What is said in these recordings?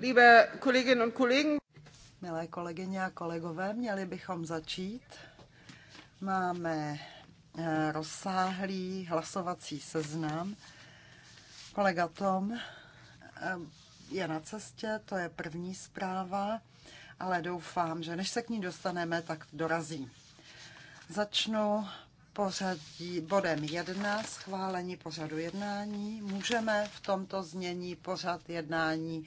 Liebe Kolleginnen und Kollegen. Milé kolegyně a kolegové, měli bychom začít. Máme eh, rozsáhlý hlasovací seznam. Kolega Tom eh, je na cestě, to je první zpráva, ale doufám, že než se k ní dostaneme, tak dorazí. Začnu pořadí bodem 1, schválení pořadu jednání. Můžeme v tomto znění pořad jednání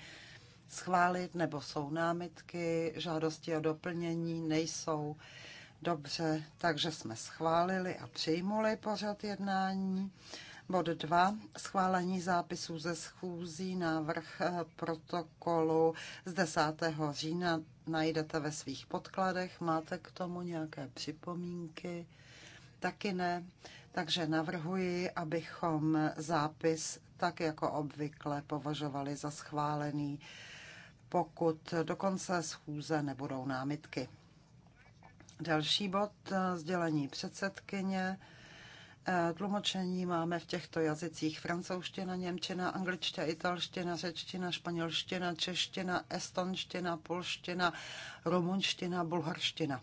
schválit, nebo jsou námitky, žádosti o doplnění nejsou. Dobře, takže jsme schválili a přijmuli pořad jednání. Bod 2. Schválení zápisů ze schůzí, návrh eh, protokolu z 10. října najdete ve svých podkladech. Máte k tomu nějaké připomínky? Taky ne. Takže navrhuji, abychom zápis tak jako obvykle považovali za schválený pokud do konce schůze nebudou námitky. Další bod eh, sdělení předsedkyně. Eh, tlumočení máme v těchto jazycích francouzština, němčina, angličtina, italština, řečtina, španělština, čeština, estonština, polština, rumunština, bulharština.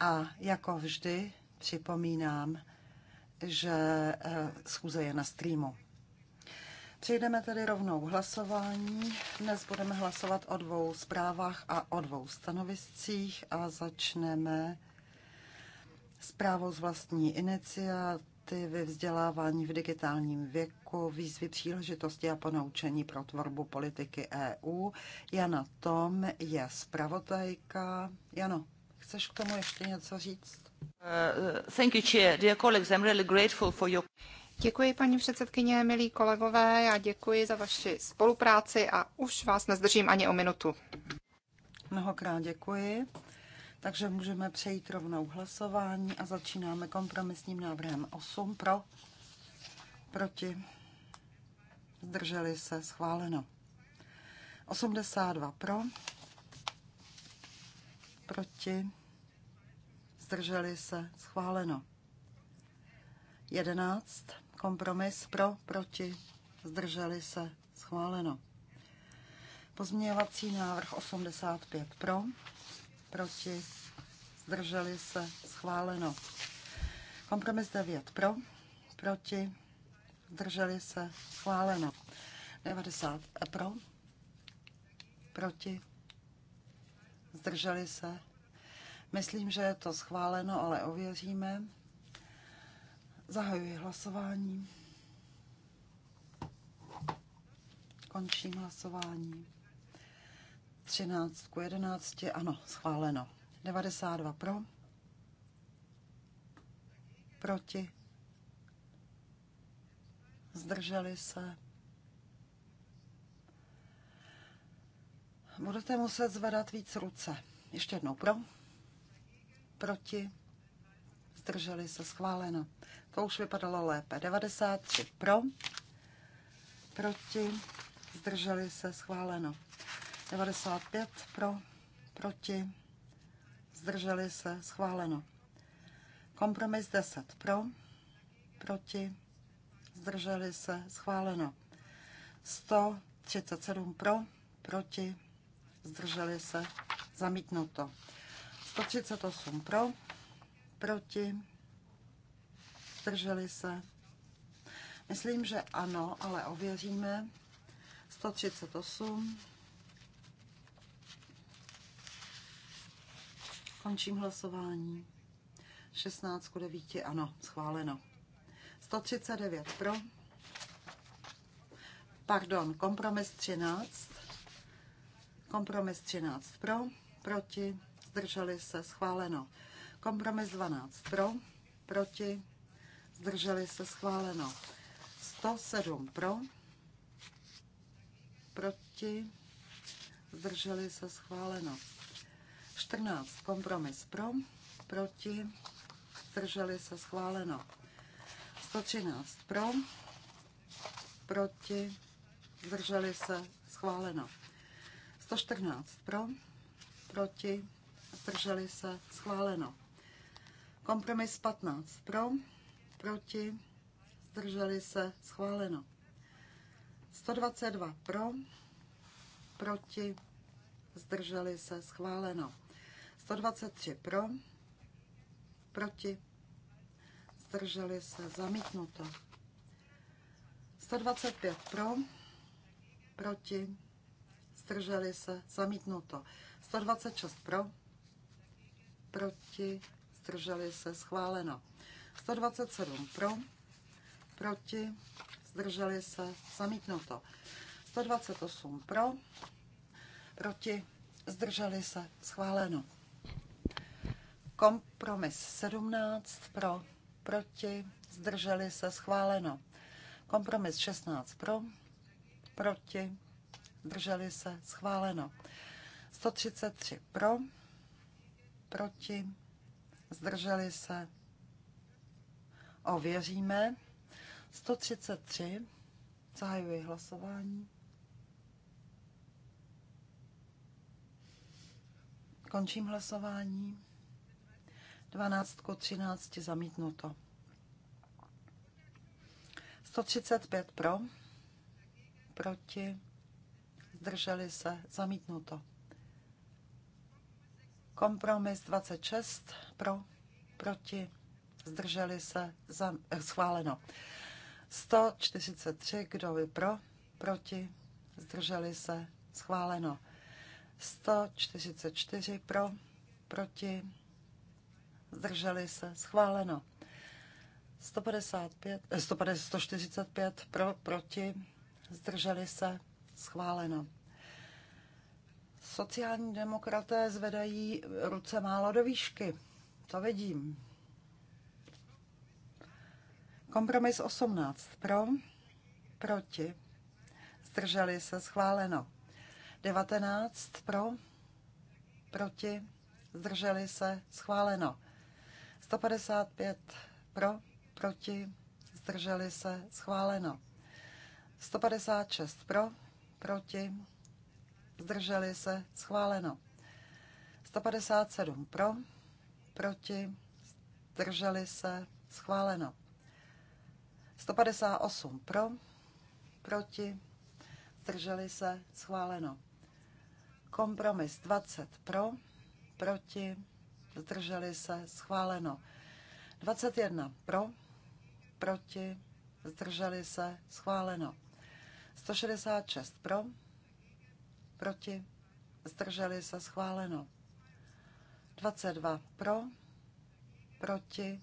A jako vždy připomínám, že eh, schůze je na streamu. Přejdeme tedy rovnou k hlasování. Dnes budeme hlasovat o dvou zprávách a o dvou stanoviscích a začneme zprávou z vlastní iniciativy vzdělávání v digitálním věku, výzvy příležitosti a ponaučení pro tvorbu politiky EU. Jana Tom je zpravotajka. Jano, chceš k tomu ještě něco říct? Uh, thank you, Chair. Dear colleagues, I'm really grateful for your... Děkuji, paní předsedkyně, milí kolegové, já děkuji za vaši spolupráci a už vás nezdržím ani o minutu. Mnohokrát děkuji. Takže můžeme přejít rovnou hlasování a začínáme kompromisním návrhem 8 pro, proti, zdrželi se, schváleno. 82 pro, proti, zdrželi se, schváleno. 11 Kompromis pro, proti, zdrželi se, schváleno. Pozměňovací návrh 85 pro, proti, zdrželi se, schváleno. Kompromis 9 pro, proti, zdrželi se, schváleno. 90 pro, proti, zdrželi se. Myslím, že je to schváleno, ale ověříme. Zahajuji hlasování. Končím hlasování. 13 ku 11, ano, schváleno. 92 pro, proti, zdrželi se. Budete muset zvedat víc ruce. Ještě jednou pro, proti, zdrželi se, schváleno to už vypadalo lépe. 93 pro, proti, zdrželi se, schváleno. 95 pro, proti, zdrželi se, schváleno. Kompromis 10 pro, proti, zdrželi se, schváleno. 137 pro, proti, zdrželi se, zamítnuto. 138 pro, proti, Zdrželi se? Myslím, že ano, ale ověříme. 138. Končím hlasování. 16 ku 9, ano, schváleno. 139 pro. Pardon, kompromis 13. Kompromis 13 pro, proti, zdrželi se, schváleno. Kompromis 12 pro, proti, zdrželi se schváleno. 107 pro, proti, zdrželi se schváleno. 14 kompromis pro, proti, zdrželi se schváleno. 113 pro, proti, zdrželi se schváleno. 114 pro, proti, zdrželi se schváleno. Kompromis 15 pro, proti, zdrželi se, schváleno. 122 pro, proti, zdrželi se, schváleno. 123 pro, proti, zdrželi se, zamítnuto. 125 pro, proti, zdrželi se, zamítnuto. 126 pro, proti, zdrželi se, schváleno. 127 pro, proti, zdrželi se, zamítnuto. 128 pro, proti, zdrželi se, schváleno. Kompromis 17 pro, proti, zdrželi se, schváleno. Kompromis 16 pro, proti, zdrželi se, schváleno. 133 pro, proti, zdrželi se, Ověříme. 133. Zahajuji hlasování. Končím hlasování. 12 k 13 zamítnuto. 135 pro, proti, zdrželi se, zamítnuto. Kompromis 26 pro, proti, zdrželi se, za, eh, schváleno. 143, kdo je pro, proti, zdrželi se, schváleno. 144 pro, proti, zdrželi se, schváleno. 155, 150, 145 pro, proti, zdrželi se, schváleno. Sociální demokraté zvedají ruce málo do výšky. To vidím. Kompromis 18 pro, proti, zdrželi se schváleno. 19 pro, proti, zdrželi se schváleno. 155 pro, proti, zdrželi se schváleno. 156 pro, proti, zdrželi se schváleno. 157 pro, proti, zdrželi se schváleno. 158 pro, proti, zdrželi se, schváleno. Kompromis 20 pro, proti, zdrželi se, schváleno. 21 pro, proti, zdrželi se, schváleno. 166 pro, proti, zdrželi se, schváleno. 22 pro, proti,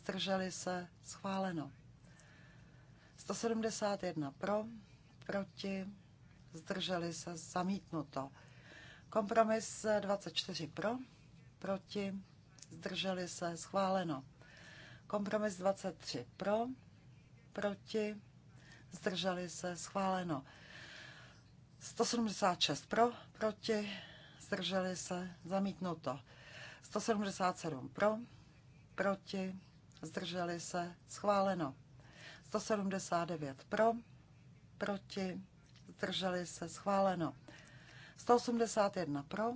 zdrželi se, schváleno. 171 pro, proti, zdrželi se, zamítnuto. Kompromis 24 pro, proti, zdrželi se, schváleno. Kompromis 23 pro, proti, zdrželi se, schváleno. 176 pro, proti, zdrželi se, zamítnuto. 177 pro, proti, zdrželi se, schváleno. 179 pro, proti, zdrželi se, schváleno. 181 pro,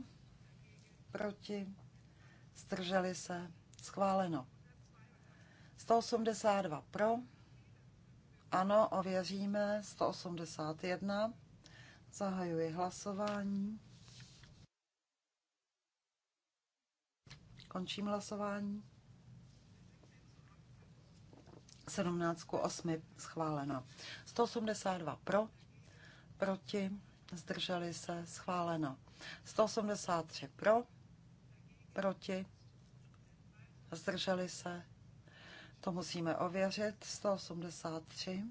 proti, zdrželi se, schváleno. 182 pro, ano, ověříme, 181, zahajuji hlasování. Končím hlasování. 17 k 8 schválena. 182 pro, proti, zdrželi se, schválena. 183 pro, proti, zdrželi se. To musíme ověřit. 183.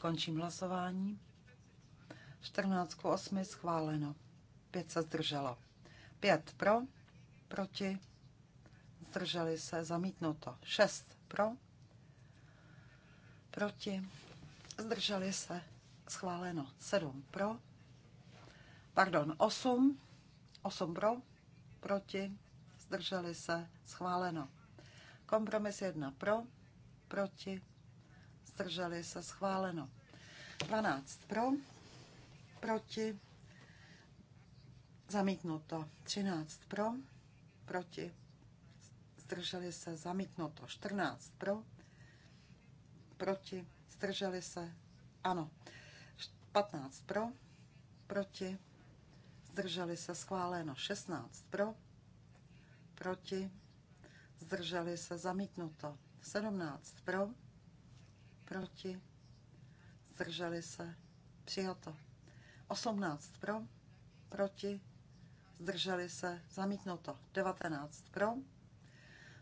Končím hlasování. 14 k 8 schváleno. 5 se zdrželo. 5 pro, proti, zdrželi se, zamítnuto. 6 pro, proti, zdrželi se, schváleno. 7 pro, pardon, 8, 8 pro, proti, zdrželi se, schváleno. Kompromis 1 pro, proti, zdrželi se, schváleno. 12 pro, proti, zamítnuto. 13 pro, proti, zdrželi se, zamítnuto. 14 pro, proti, zdrželi se, ano. 15 pro, proti, zdrželi se, schváleno. 16 pro, proti, zdrželi se, zamítnuto. 17 pro, proti, zdrželi se, přijato. 18 pro, proti, zdrželi se, zamítnuto. 19 pro,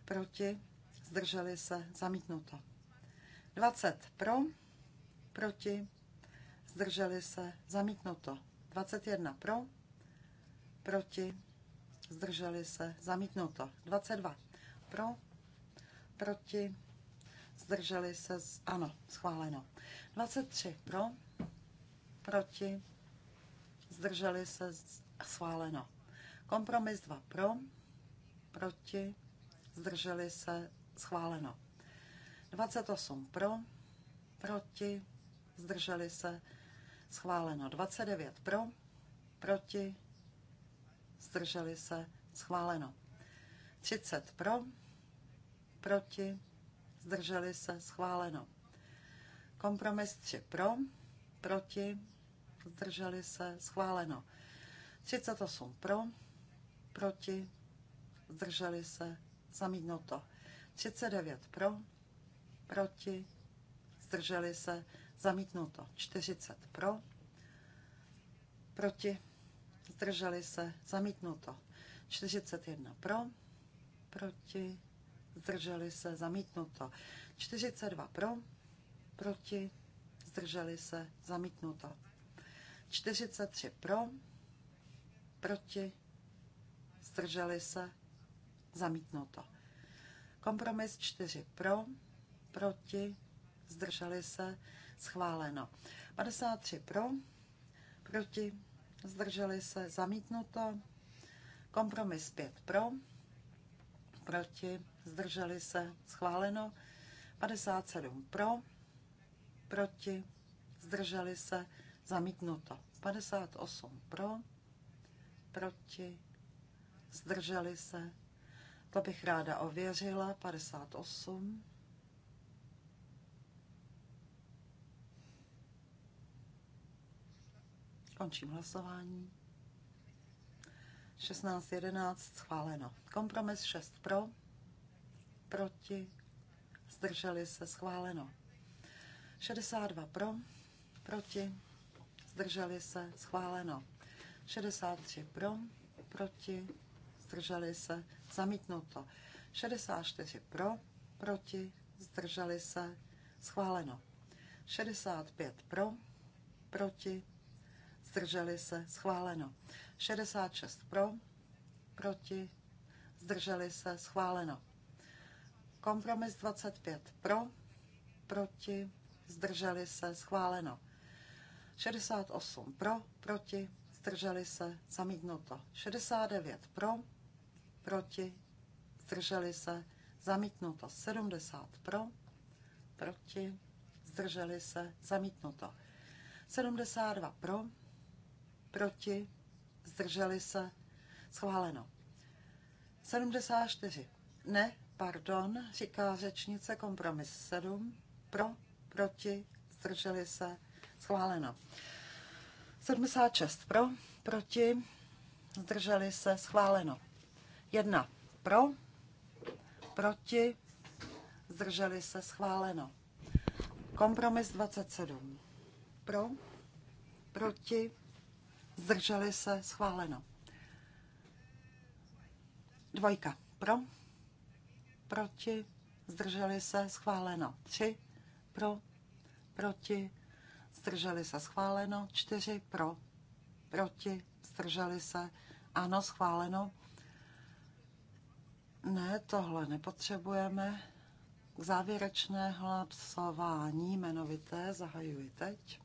proti, zdrželi se, zamítnuto. 20 pro, proti, zdrželi se, zamítnuto. 21 pro, proti, zdrželi se, zamítnuto. 22 pro, proti, zdrželi se, ano, schváleno. 23 pro, proti, zdrželi se, schváleno. Kompromis 2 pro, proti, zdrželi se, schváleno. 28 pro, proti, zdrželi se, schváleno. 29 pro, proti, zdrželi se, schváleno. 30 pro, proti, zdrželi se, schváleno. Kompromis 3 pro, proti, zdrželi se, schváleno. 38 pro, proti, zdrželi se, zamítnuto. 39 pro, proti, zdrželi se, zamítnuto. 40 pro, proti, zdrželi se, zamítnuto. 41 pro, proti, zdrželi se, zamítnuto. 42 pro, proti, zdrželi se, zamítnuto. 43 pro, proti, zdrželi se, Zamítnuto. Kompromis 4 pro, proti, zdrželi se, schváleno. 53 pro, proti, zdrželi se, zamítnuto. Kompromis 5 pro, proti, zdrželi se, schváleno. 57 pro, proti, zdrželi se, zamítnuto. 58 pro, proti, zdrželi se, to bych ráda ověřila. 58. Končím hlasování. 16.11 schváleno. Kompromis 6 pro, proti, zdrželi se schváleno. 62 pro, proti, zdrželi se schváleno. 63 pro, proti, zdrželi se, zamítnuto. 64 pro, proti, zdrželi se, schváleno. 65 pro, proti, zdrželi se, schváleno. 66 pro, proti, zdrželi se, schváleno. Kompromis 25 pro, proti, zdrželi se, schváleno. 68 pro, proti, zdrželi se, zamítnuto. 69 pro, proti, zdrželi se, zamítnuto 70 pro, proti, zdrželi se, zamítnuto 72 pro, proti, zdrželi se, schváleno. 74. Ne, pardon, říká řečnice kompromis 7. Pro, proti, zdrželi se, schváleno. 76 pro, proti, zdrželi se, schváleno. Jedna pro, proti, zdrželi se, schváleno. Kompromis 27. Pro, proti, zdrželi se, schváleno. Dvojka. Pro, proti, zdrželi se, schváleno. Tři. Pro, proti, zdrželi se, schváleno. Čtyři. Pro, proti, zdrželi se, ano, schváleno. Ne, tohle nepotřebujeme. K závěrečné hlasování jmenovité zahajuji teď.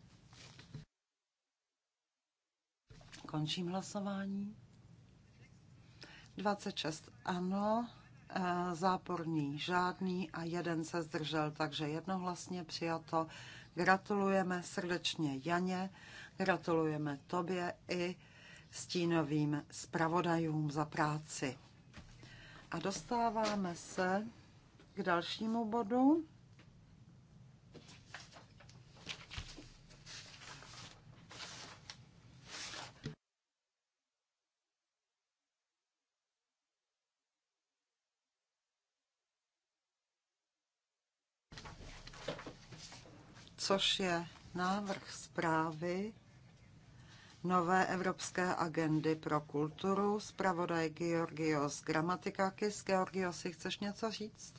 Končím hlasování. 26 ano, eh, záporný žádný a jeden se zdržel, takže jednohlasně přijato. Gratulujeme srdečně Janě, gratulujeme tobě i stínovým zpravodajům za práci. A dostáváme se k dalšímu bodu. což je návrh zprávy nové evropské agendy pro kulturu. Spravodaj Georgios Gramatikakis. Georgios, si chceš něco říct?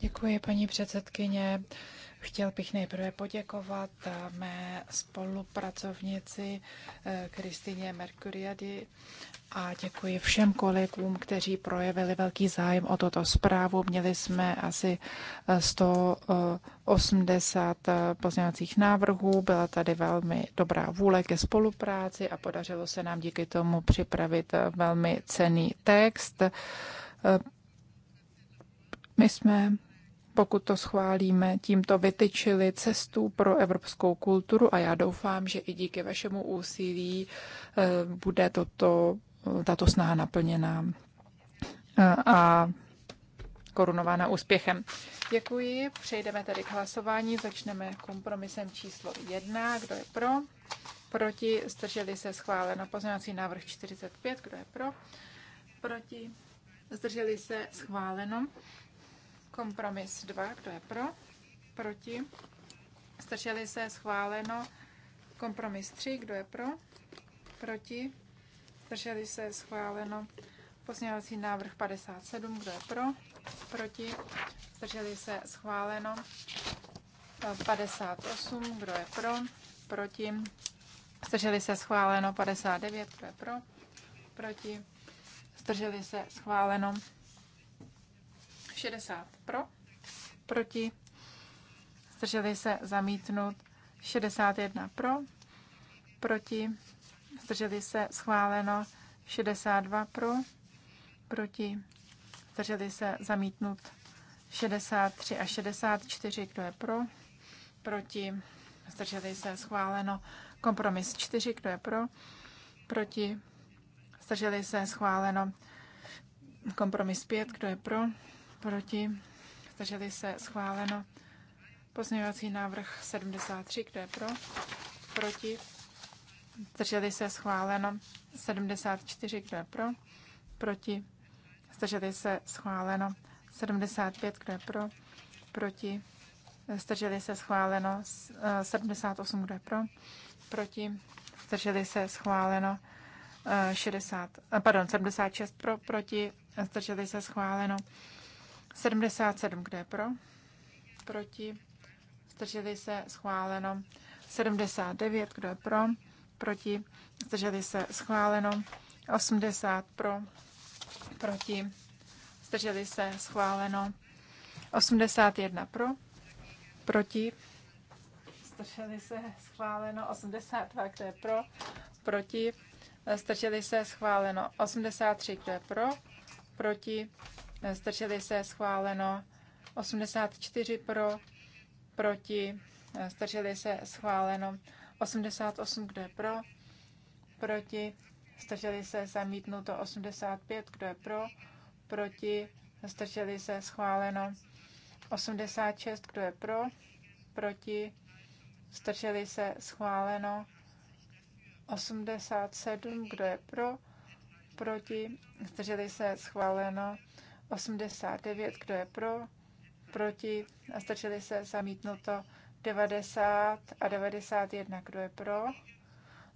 Děkuji, paní předsedkyně. Chtěl bych nejprve poděkovat mé spolupracovnici Kristině eh, Mercuriady a děkuji všem kolegům, kteří projevili velký zájem o toto zprávu. Měli jsme asi 180 eh, eh, pozměňovacích návrhů, byla tady velmi dobrá vůle ke spolupráci a podařilo se nám díky tomu připravit velmi cený text. My jsme pokud to schválíme, tímto vytyčili cestu pro evropskou kulturu a já doufám, že i díky vašemu úsilí eh, bude toto, tato snaha naplněná eh, a korunována úspěchem. Děkuji. Přejdeme tedy k hlasování. Začneme kompromisem číslo jedna. Kdo je pro? Proti? Zdrželi se schváleno. Pozměňovací návrh 45. Kdo je pro? Proti? Zdrželi se schváleno. Kompromis 2, kdo je pro? Proti? Zdrželi se schváleno. Kompromis 3, kdo je pro? Proti? Zdrželi se schváleno. Pozměňovací návrh 57, kdo je pro? Proti? Zdrželi se schváleno. 58, kdo je pro? Proti? Zdrželi se schváleno. 59, kdo je pro? Proti? Zdrželi se schváleno. 60 pro, proti, zdrželi se zamítnut 61 pro, proti, zdrželi se schváleno 62 pro, proti, zdrželi se zamítnut 63 a 64, kdo je pro, proti, zdrželi se schváleno kompromis 4, kdo je pro, proti, zdrželi se schváleno kompromis 5, kdo je pro, proti, zdrželi se, schváleno. Pozměňovací návrh 73, kdo je pro, proti, zdrželi se, schváleno. 74, kdo je pro, proti, zdrželi se, schváleno. 75, kdo je pro, proti, zdrželi se, schváleno. 78, kdo je pro, proti, zdrželi se, schváleno. 60, eh, eh, pardon, 76 pro, proti, zdrželi se schváleno, 77, kde je pro? Proti. Zdrželi se schváleno. 79, kdo je pro? Proti. Zdrželi se schváleno. 80 pro. Proti. Zdrželi se schváleno. 81 pro. Proti. Zdrželi se schváleno. 82, kdo je pro? Proti. Zdrželi se schváleno. 83, kdo je pro? Proti zdrželi se schváleno 84 pro, proti, zdrželi se schváleno 88, kdo je pro, proti, zdrželi se zamítnuto 85, kdo je pro, proti, zdrželi se schváleno 86, kdo je pro, proti, zdrželi se schváleno 87, kdo je pro, proti, zdrželi se schváleno 89, kdo je pro, proti, a stačili se zamítnuto 90 a 91, kdo je pro,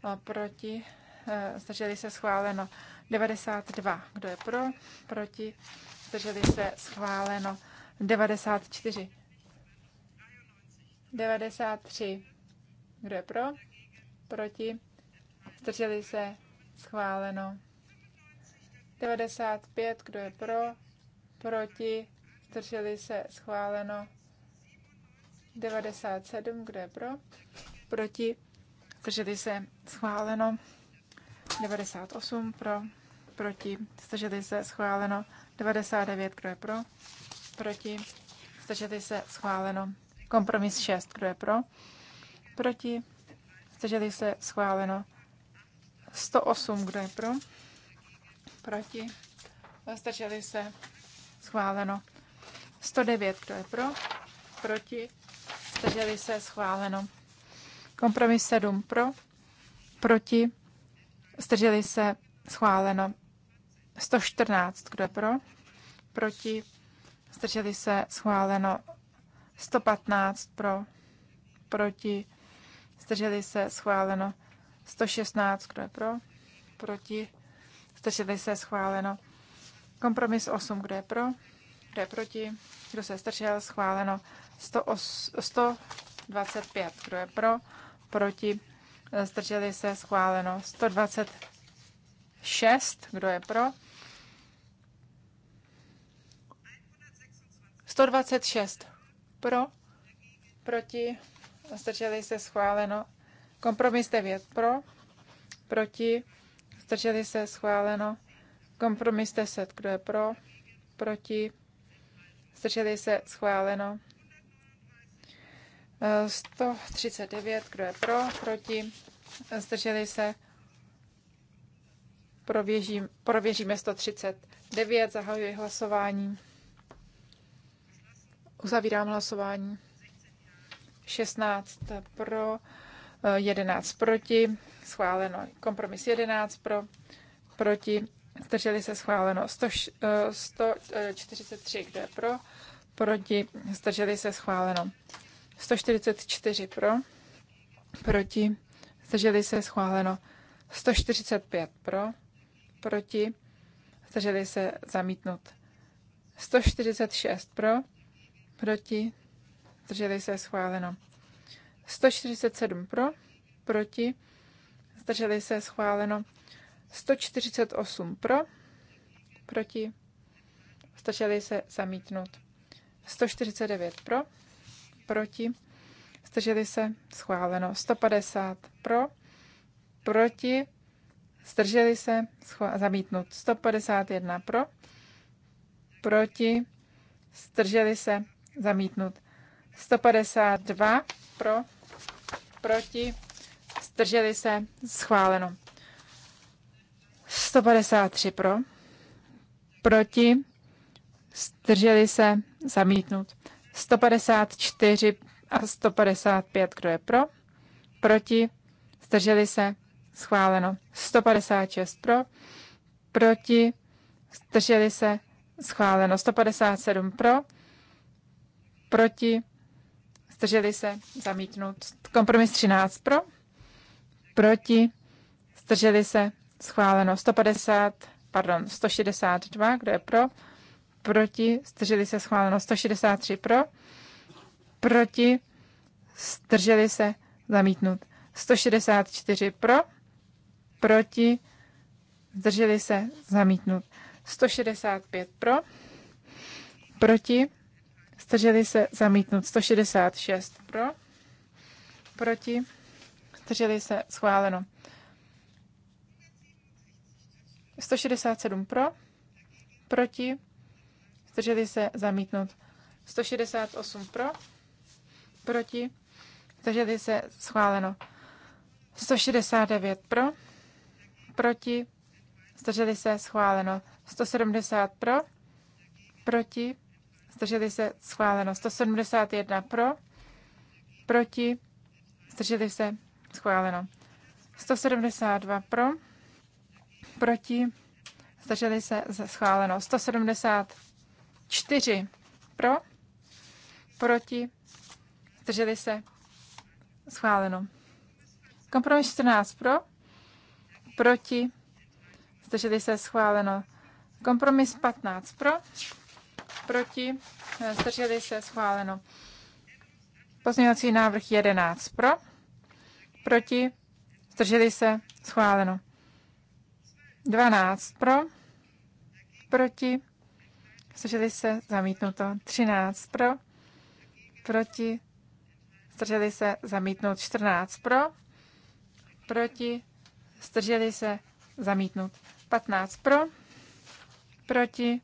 a proti, a e, stačili se schváleno 92, kdo je pro, proti, stačili se schváleno 94, 93, kdo je pro, proti, zdrželi se schváleno 95, kdo je pro, proti, zdrželi se schváleno 97, kdo je pro, proti, zdrželi se schváleno 98 pro, proti, zdrželi se schváleno 99, kdo je pro, proti, zdrželi se schváleno kompromis 6, kdo je pro, proti, zdrželi se schváleno 108, kdo je pro, proti, zdrželi se schváleno. 109, kdo je pro, proti, zdrželi se, schváleno. Kompromis 7 pro, proti, zdrželi se, schváleno. 114, kdo je pro, proti, zdrželi se, schváleno. 115 pro, proti, zdrželi se, schváleno. 116, kdo je pro, proti, zdrželi se, schváleno. Kompromis 8, kdo je pro, kdo je proti, kdo se zdržel, schváleno 108, 125, kdo je pro, proti, zdrželi se, schváleno 126, kdo je pro, 126 pro, proti, zdrželi se, schváleno kompromis 9 pro, proti, zdrželi se, schváleno Kompromis 10. Kdo je pro? Proti? Zdrželi se? Schváleno. 139. Eh, Kdo je pro? Proti? Zdrželi se? Prověřím, prověříme 139. Zahajuji hlasování. Uzavírám hlasování. 16 pro, 11 eh, proti, schváleno. Kompromis 11 pro, proti, zdrželi se schváleno. 100, 143, kde je pro, proti, zdrželi se schváleno. 144 pro, proti, zdrželi se schváleno. 145 pro, proti, zdrželi se zamítnut. 146 pro, proti, zdrželi se schváleno. 147 pro, proti, zdrželi se schváleno. 148 pro, proti, Stačili se zamítnout. 149 pro, proti, zdrželi se schváleno. 150 pro, proti, zdrželi se zamítnout. 151 pro, proti, zdrželi se zamítnout. 152 pro, proti, zdrželi se schváleno. 153 pro, proti, zdrželi se, zamítnout. 154 a 155, kdo je pro, proti, zdrželi se, schváleno. 156 pro, proti, zdrželi se, schváleno. 157 pro, proti, zdrželi se, zamítnout. Kompromis 13 pro, proti, zdrželi se, schváleno 150, pardon, 162, kdo je pro, proti, zdrželi se schváleno 163 pro, proti, zdrželi se zamítnut 164 pro, proti, zdrželi se zamítnut 165 pro, proti, zdrželi se zamítnut 166 pro, proti, zdrželi se schváleno 167 pro, proti, zdrželi se zamítnout. 168 pro, proti, zdrželi se schváleno. 169 pro, proti, zdrželi se schváleno. 170 pro, proti, zdrželi se schváleno. 171 pro, proti, zdrželi se schváleno. 172 pro, proti, zdrželi se schváleno 174 pro, proti, zdrželi se schváleno. Kompromis 14 pro, proti, zdrželi se schváleno. Kompromis 15 pro, proti, zdrželi se schváleno. Pozměňovací návrh 11 pro, proti, zdrželi se schváleno. 12 pro, proti, zdrželi se, zamítnuto. 13 pro, proti, zdrželi se, zamítnout. 14 pro, proti, zdrželi se, zamítnout. 15 pro, proti,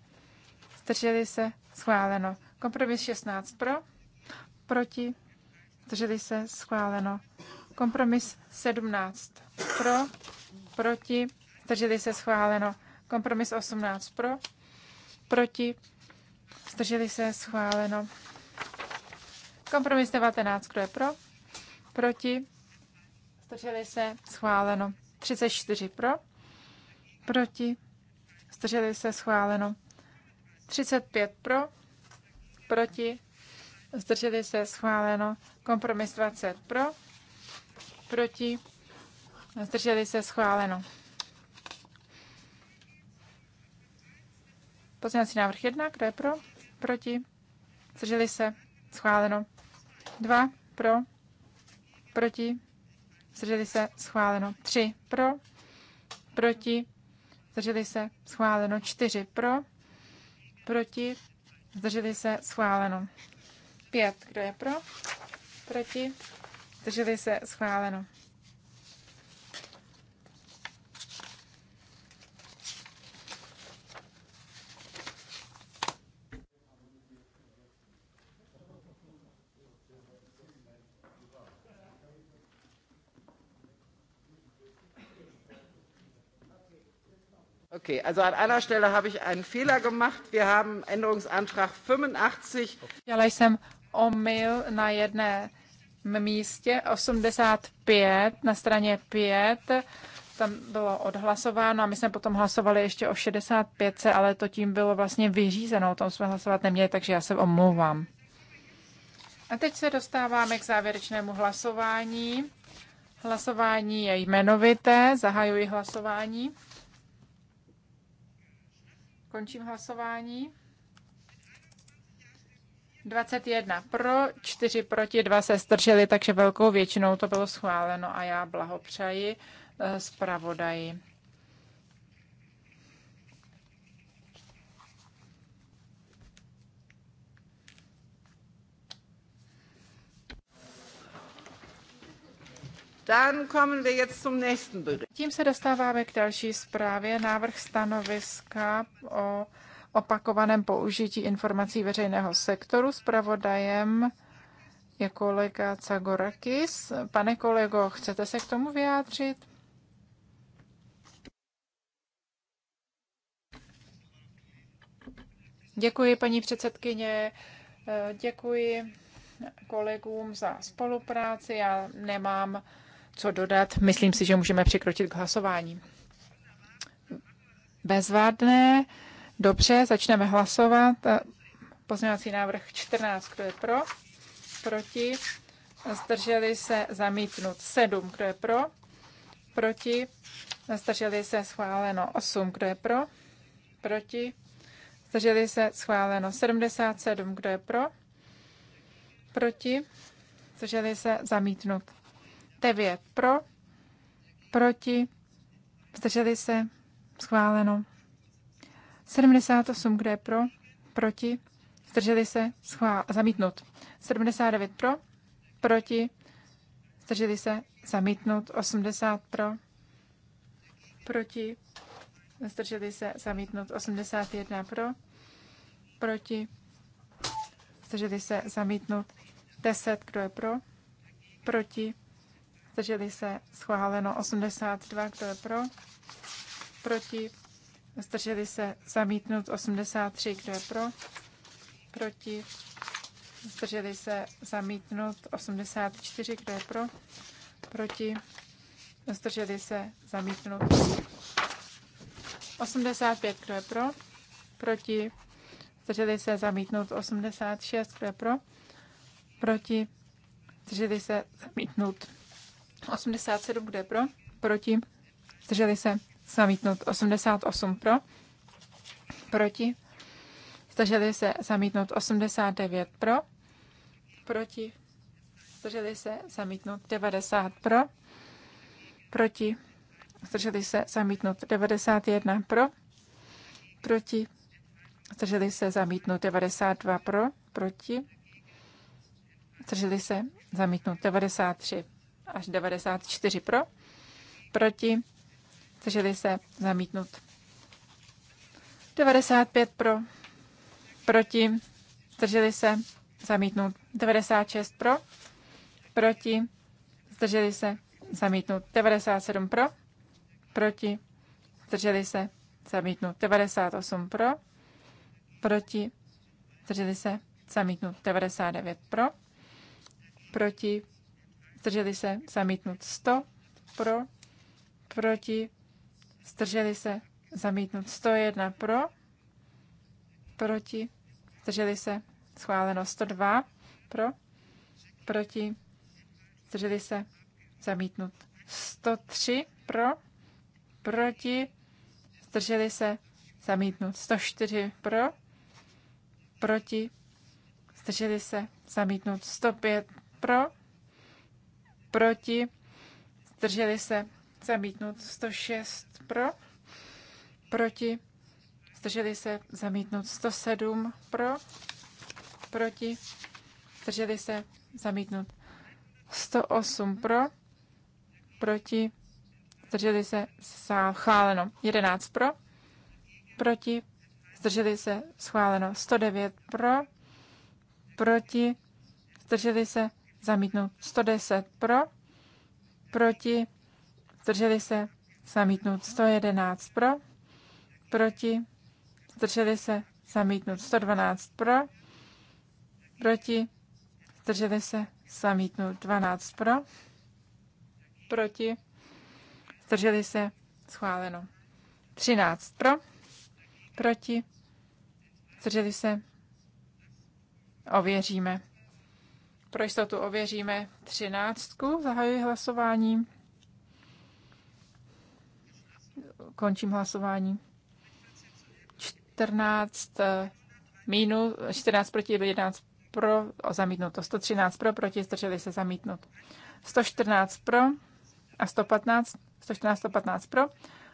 zdrželi se, schváleno. Kompromis 16 pro, proti, zdrželi se, schváleno. Kompromis 17 pro, proti, zdrželi se schváleno. Kompromis 18 pro, proti, zdrželi se schváleno. Kompromis 19, kdo je pro, proti, zdrželi se schváleno. 34 pro, proti, zdrželi se schváleno. 35 pro, proti, zdrželi se schváleno. Kompromis 20 pro, proti, zdrželi se schváleno. Pozměňovací návrh 1, kdo je pro? Proti? Zdrželi se? Schváleno. 2 pro? Proti? Zdrželi se? Schváleno. 3 pro? Proti? Zdrželi se? Schváleno. 4 pro? Proti? Zdrželi se? Schváleno. 5, kdo je pro? Proti? Zdrželi se? Schváleno. Okay, also an einer Stelle habe ich einen Fehler gemacht. Wir haben Änderungsantrag 85. jsem omyl na jedné místě 85 na straně 5. Tam bylo odhlasováno a my jsme potom hlasovali ještě o 65, ale to tím bylo vlastně vyřízeno. O tom jsme hlasovat neměli, takže já se omlouvám. A teď se dostáváme k závěrečnému hlasování. Hlasování je jmenovité. Zahajuji hlasování. Končím hlasování. 21 pro, 4 proti, 2 se strželi, takže velkou většinou to bylo schváleno a já blahopřeji eh, zpravodaji. Tím se dostáváme k další zprávě, návrh stanoviska o opakovaném použití informací veřejného sektoru. s pravodajem je kolega Cagorakis. Pane kolego, chcete se k tomu vyjádřit? Děkuji, paní předsedkyně. Děkuji kolegům za spolupráci. Já nemám co dodat. Myslím si, že můžeme přikročit k hlasování. Bezvádné. Dobře, začneme hlasovat. Pozměňovací návrh 14, kdo je pro? Proti? Zdrželi se zamítnut 7, kdo je pro? Proti? Zdrželi se schváleno 8, kdo je pro? Proti? Zdrželi se schváleno 77, kdo je pro? Proti? Zdrželi se zamítnut 9 pro, proti, zdrželi se, schváleno. 78, kde je pro, proti, zdrželi se, schvál, zamítnut. 79 pro, proti, zdrželi se, zamítnut. 80 pro, proti, zdrželi se, zamítnut. 81 pro, proti, zdrželi se, zamítnut. 10, kdo je pro, proti, zdrželi se schváleno 82, kdo je pro, proti, zdrželi se zamítnut 83, kdo je pro, proti, zdrželi se zamítnut 84, kdo je pro, proti, zdrželi se zamítnut 85, kdo je pro, proti, zdrželi se zamítnout 86, kdo je pro, proti, zdrželi se zamítnout 87, kde pro? Proti. Zdrželi se. Zamítnout. 88 pro. Proti. Zdrželi se. Zamítnout. 89 pro. Proti. Zdrželi se. Zamítnout. 90 pro. Proti. Zdrželi se. Zamítnout. 91 pro. Proti. Zdrželi se. Zamítnout. 92 pro. Proti. Zdrželi se. Zamítnout. 93 až 94 pro, proti, zdrželi se zamítnut. 95 pro, proti, zdrželi se zamítnut. 96 pro, proti, zdrželi se zamítnut. 97 pro, proti, zdrželi se zamítnut. 98 pro, proti, zdrželi se zamítnut. 99 pro, proti, zdrželi se, zamítnut 100 pro, proti, zdrželi se, zamítnut 101 pro, proti, zdrželi se, schváleno 102 pro, proti, zdrželi se, zamítnut 103 pro, proti, zdrželi se, zamítnut 104 pro, proti, zdrželi se, zamítnut 105 pro, proti, zdrželi se, zamítnout 106 pro, proti, zdrželi se, zamítnout 107 pro, proti, zdrželi se, zamítnout 108 pro, proti, zdrželi se, schváleno 11 pro, proti, zdrželi se, schváleno 109 pro, proti, zdrželi se, zamítnout. 110 pro, proti, zdrželi se, zamítnout. 111 pro, proti, zdrželi se, zamítnout. 112 pro, proti, zdrželi se, zamítnout. 12 pro, proti, zdrželi se, schváleno. 13 pro, proti, zdrželi se, ověříme. Pro jistotu ověříme třináctku. Zahajuji hlasování. Končím hlasování. 14 minus, 14 proti 11 pro, o zamítnuto. 113 pro, proti, zdrželi se zamítnut. 114 pro a 115, 114, 115 pro,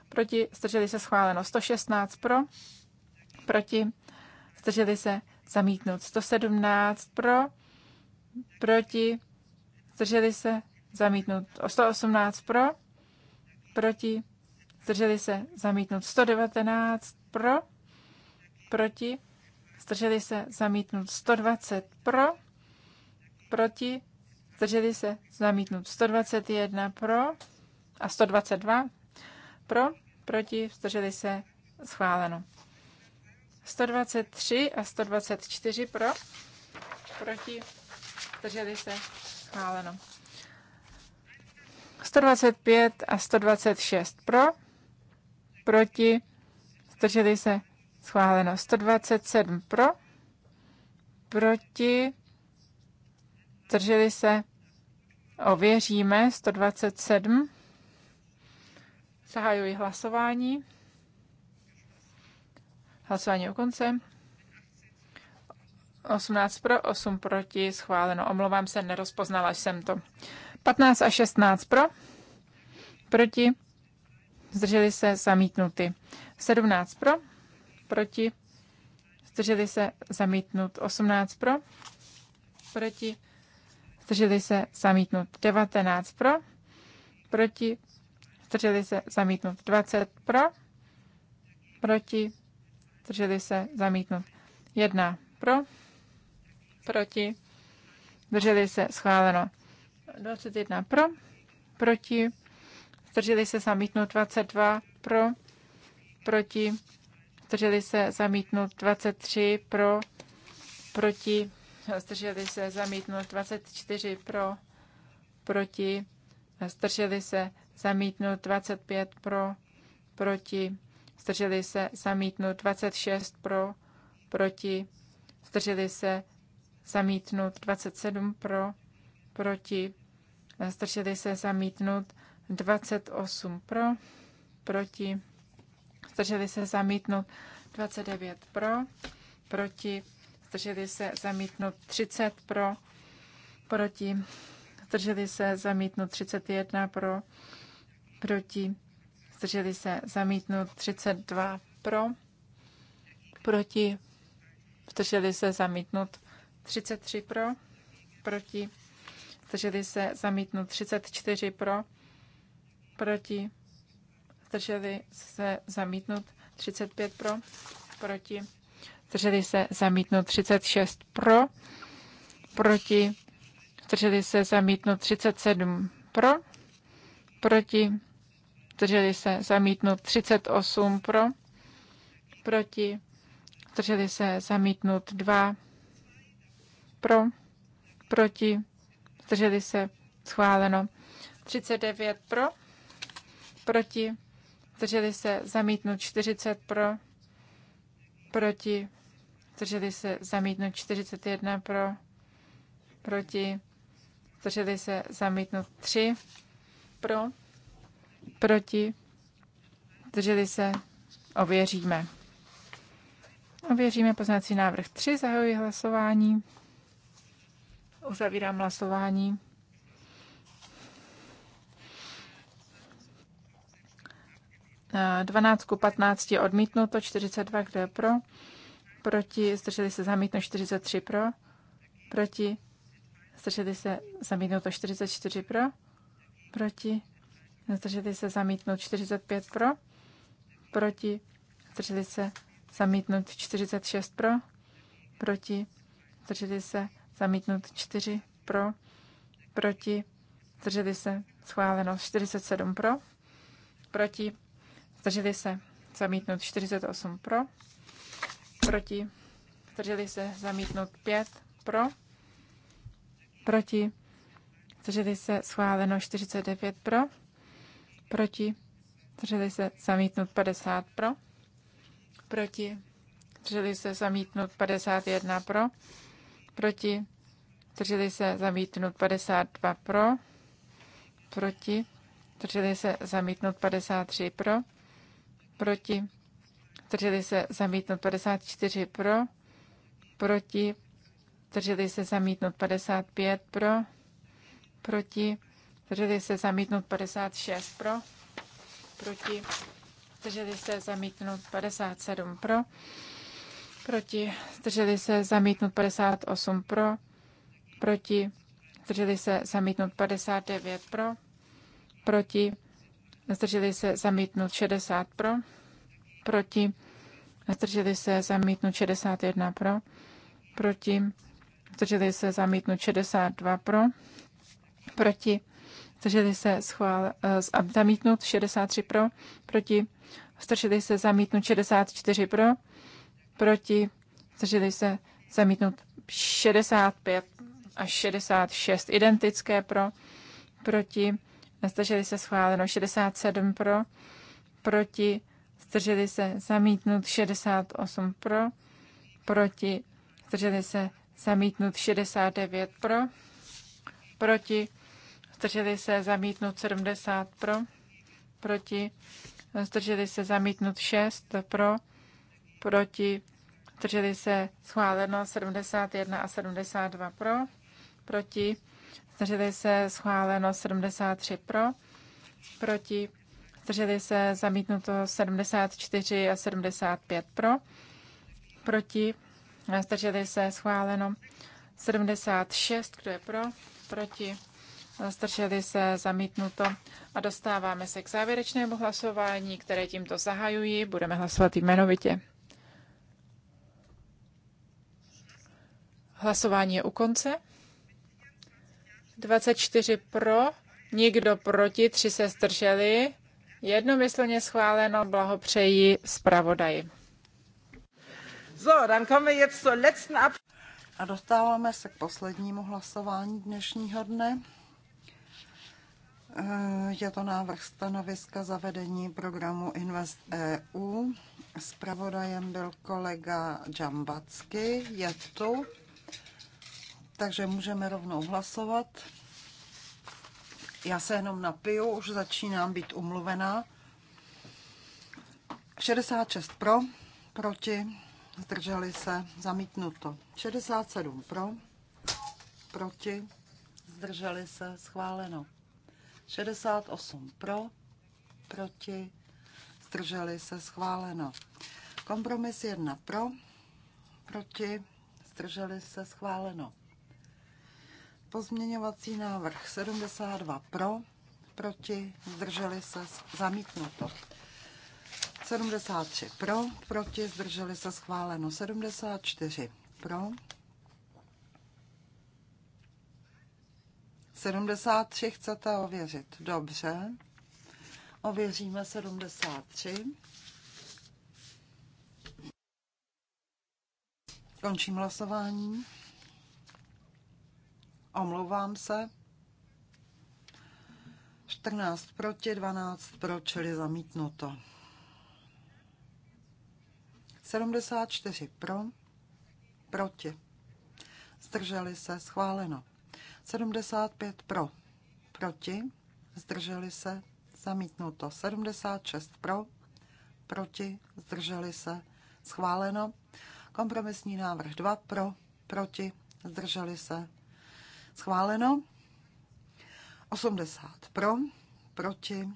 proti, zdrželi se schváleno. 116 pro, proti, zdrželi se zamítnut. 117 pro, proti, zdrželi se, zamítnut. 118 pro, proti, zdrželi se, zamítnut. 119 pro, proti, zdrželi se, zamítnut. 120 pro, proti, zdrželi se, zamítnut. 121 pro a 122 pro, proti, zdrželi se, schváleno. 123 a 124 pro, proti, drželi se, schváleno. 125 a 126 pro, proti, zdrželi se, schváleno. 127 pro, proti, zdrželi se, ověříme, 127. Zahajuji hlasování. Hlasování o konce. 18 pro, 8 proti, schváleno. Omlouvám se, nerozpoznala jsem to. 15 a 16 pro, proti, zdrželi se, zamítnuty. 17 pro, proti, zdrželi se, zamítnut. 18 pro, proti, zdrželi se, zamítnut. 19 pro, proti, zdrželi se, zamítnut. 20 pro, proti, zdrželi se, zamítnut. 1 pro, proti, Drželi se, schváleno. 21 pro, proti, zdrželi se, zamítnout 22 pro, proti, zdrželi se, zamítnout 23 pro, proti, zdrželi se, zamítnout 24 pro, proti, zdrželi se, zamítnout 25 pro, proti, zdrželi se, zamítnout 26 pro, proti, zdrželi se, zamítnut, 27 pro, proti, zdrželi se zamítnut, 28 pro, proti, zdrželi se zamítnut, 29 pro, proti, zdrželi se zamítnut, 30 pro, proti, zdrželi se zamítnut, 31 pro, proti, zdrželi se zamítnut, 32 pro, proti, zdrželi se zamítnut, 33 pro, proti, zdrželi se zamítnut 34 pro, proti, zdrželi se zamítnut 35 pro, proti, zdrželi se zamítnut 36 pro, proti, zdrželi se zamítnut 37 pro, proti, zdrželi se zamítnut 38 pro, proti, zdrželi se zamítnut 2 pro, proti, zdrželi se, schváleno. 39 pro, proti, zdrželi se, zamítnout 40 pro, proti, zdrželi se, zamítnout 41 pro, proti, zdrželi se, zamítnout 3 pro, proti, zdrželi se, ověříme. Ověříme poznací návrh 3, zahajuji hlasování. Uzavírám hlasování. Dvanáctku 12 15 odmítnuto, 42 kdo je pro, proti zdrželi se zamítnuto 43 pro, proti zdrželi se zamítnuto 44 pro, proti zdrželi se zamítnout 45 pro, proti zdrželi se zamítnout 46 pro, proti zdrželi se zamítnut 4 pro, proti, zdrželi se, schváleno 47 pro, proti, zdrželi se, zamítnut 48 pro, proti, zdrželi se, zamítnut 5 pro, proti, zdrželi se, schváleno 49 pro, proti, zdrželi se, zamítnut 50 pro, proti, zdrželi se, zamítnut 51 pro, proti, drželi se zamítnout 52 pro, proti, drželi se zamítnout 53 pro, proti, drželi se zamítnout 54 pro, proti, drželi se zamítnout 55 pro, proti, drželi se zamítnout 56 pro, proti, drželi se zamítnout 57 pro, proti, drželi se zamítnout 58 pro, proti, zdrželi se zamítnout 59 pro, proti, zdrželi se zamítnout 60 pro, proti, zdrželi se zamítnout 61 pro, proti, zdrželi se zamítnout 62 pro, proti, zdrželi se schvál, eh, zamítnout 63 pro, proti, zdrželi se zamítnout 64 pro, proti, zdrželi se zamítnout 65 až 66 identické pro, proti, zdrželi se schváleno 67 pro, proti, zdrželi se zamítnut 68 pro, proti, zdrželi se zamítnut 69 pro, proti, zdrželi se zamítnut 70 pro, proti, zdrželi se zamítnut 6 pro, proti, zdrželi se schváleno 71 a 72 pro, proti, zdrželi se schváleno 73 pro, proti, zdrželi se zamítnuto 74 a 75 pro, proti, zdrželi se schváleno 76, kdo je pro, proti, zdrželi se zamítnuto a dostáváme se k závěrečnému hlasování, které tímto zahajují. Budeme hlasovat jmenovitě. Hlasování je u konce. 24 pro, nikdo proti, tři se zdrželi. Jednomyslně schváleno, blahopřeji zpravodaji. So, dann kommen wir jetzt zur letzten Ab A dostáváme se k poslednímu hlasování dnešního dne. Eh, je to návrh stanoviska zavedení programu Invest EU. Spravodajem byl kolega Džambacky. Je tu takže můžeme rovnou hlasovat. Já se jenom napiju, už začínám být umluvená. 66 pro, proti, zdrželi se, zamítnuto. 67 pro, proti, zdrželi se, schváleno. 68 pro, proti, zdrželi se, schváleno. Kompromis 1 pro, proti, zdrželi se, schváleno. Pozměňovací návrh 72 pro, proti, zdrželi se, zamítnuto. 73 pro, proti, zdrželi se, schváleno. 74 pro, 73 chcete ověřit. Dobře. Ověříme 73. Končím hlasování. Omlouvám se. 14 proti, 12 pro, čili zamítnuto. 74 pro, proti. Zdrželi se, schváleno. 75 pro, proti. Zdrželi se, zamítnuto. 76 pro, proti. Zdrželi se, schváleno. Kompromisní návrh 2 pro, proti. Zdrželi se, Schváleno. 80 pro, proti.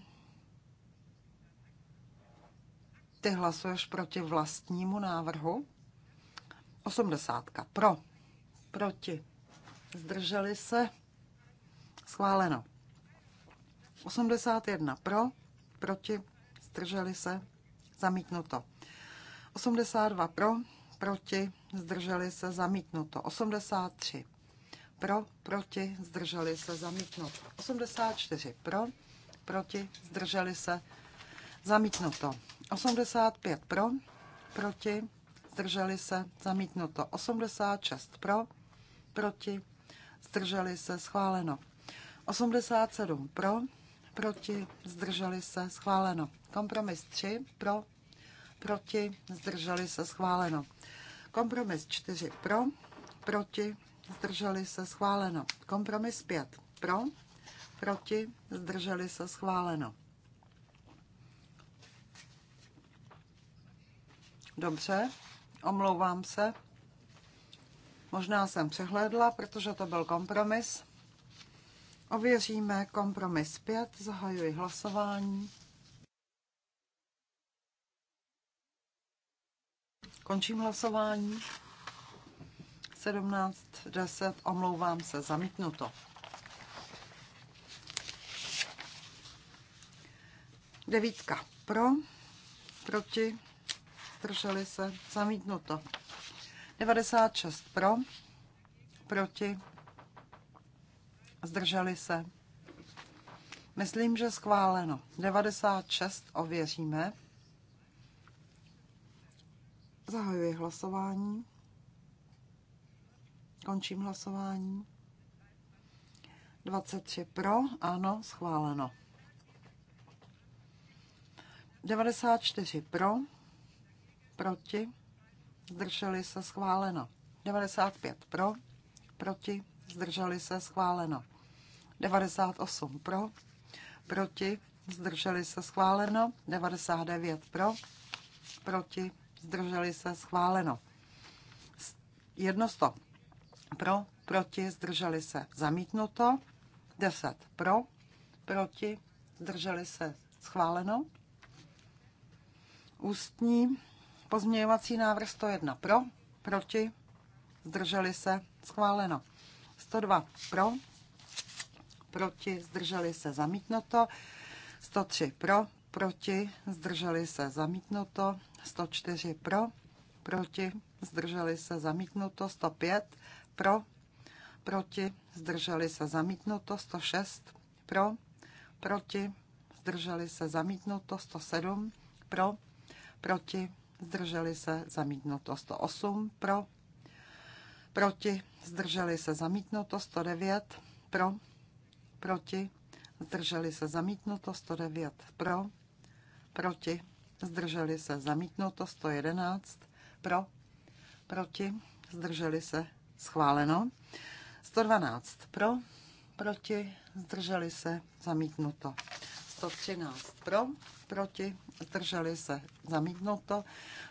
Ty hlasuješ proti vlastnímu návrhu. 80 pro, proti. Zdrželi se. Schváleno. 81 pro, proti, zdrželi se, zamítnuto. 82 pro, proti, zdrželi se, zamítnuto. 83 pro, proti, zdrželi se, zamítnout. 84 pro, proti, zdrželi se, zamítnuto. 85 pro, proti, zdrželi se, zamítnuto. 86 pro, proti, zdrželi se, schváleno. 87 pro, proti, zdrželi se, schváleno. Kompromis 3 pro, proti, zdrželi se, schváleno. Kompromis 4 pro, proti, zdrželi se schváleno. Kompromis 5 pro, proti, zdrželi se schváleno. Dobře, omlouvám se. Možná jsem přehlédla, protože to byl kompromis. Ověříme kompromis 5, zahajuji hlasování. Končím hlasování. 17.10, omlouvám se, zamítnuto. Devítka pro, proti, zdrželi se, zamítnuto. 96 pro, proti, zdrželi se. Myslím, že schváleno. 96 ověříme. Zahajuji hlasování. Končím hlasování. 23 pro, ano, schváleno. 94 pro, proti, zdrželi se schváleno. 95 pro, proti, zdrželi se schváleno. 98 pro, proti, zdrželi se schváleno. 99 pro, proti, zdrželi se schváleno. Jedno 100 pro, proti, zdrželi se, zamítnuto. 10 pro, proti, zdrželi se, schváleno. Ústní pozměňovací návrh 101 pro, proti, zdrželi se, schváleno. 102 pro, proti, zdrželi se, zamítnuto. 103 pro, proti, zdrželi se, zamítnuto. 104 pro, proti, zdrželi se, zamítnuto. 105 pro, proti, zdrželi se zamítnuto, 106 pro, proti, zdrželi se zamítnuto, 107 pro, proti, zdrželi se zamítnuto, 108 pro, proti, zdrželi se zamítnuto, 109 pro, proti, zdrželi se zamítnuto, 109 pro, proti, zdrželi se zamítnuto, 111 pro, proti, zdrželi se schváleno. 112 pro, proti, zdrželi se, zamítnuto. 113 pro, proti, zdrželi se, zamítnuto.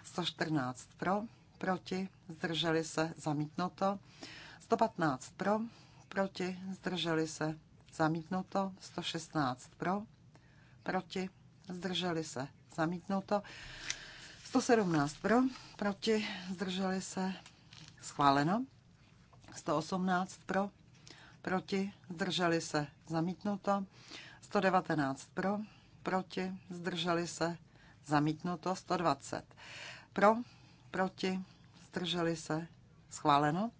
114 pro, proti, zdrželi se, zamítnuto. 115 pro, proti, zdrželi se, zamítnuto. 116 pro, proti, zdrželi se, zamítnuto. 117 pro, proti, zdrželi se, schváleno. 118 pro, proti, zdrželi se, zamítnuto. 119 pro, proti, zdrželi se, zamítnuto. 120 pro, proti, zdrželi se, schváleno.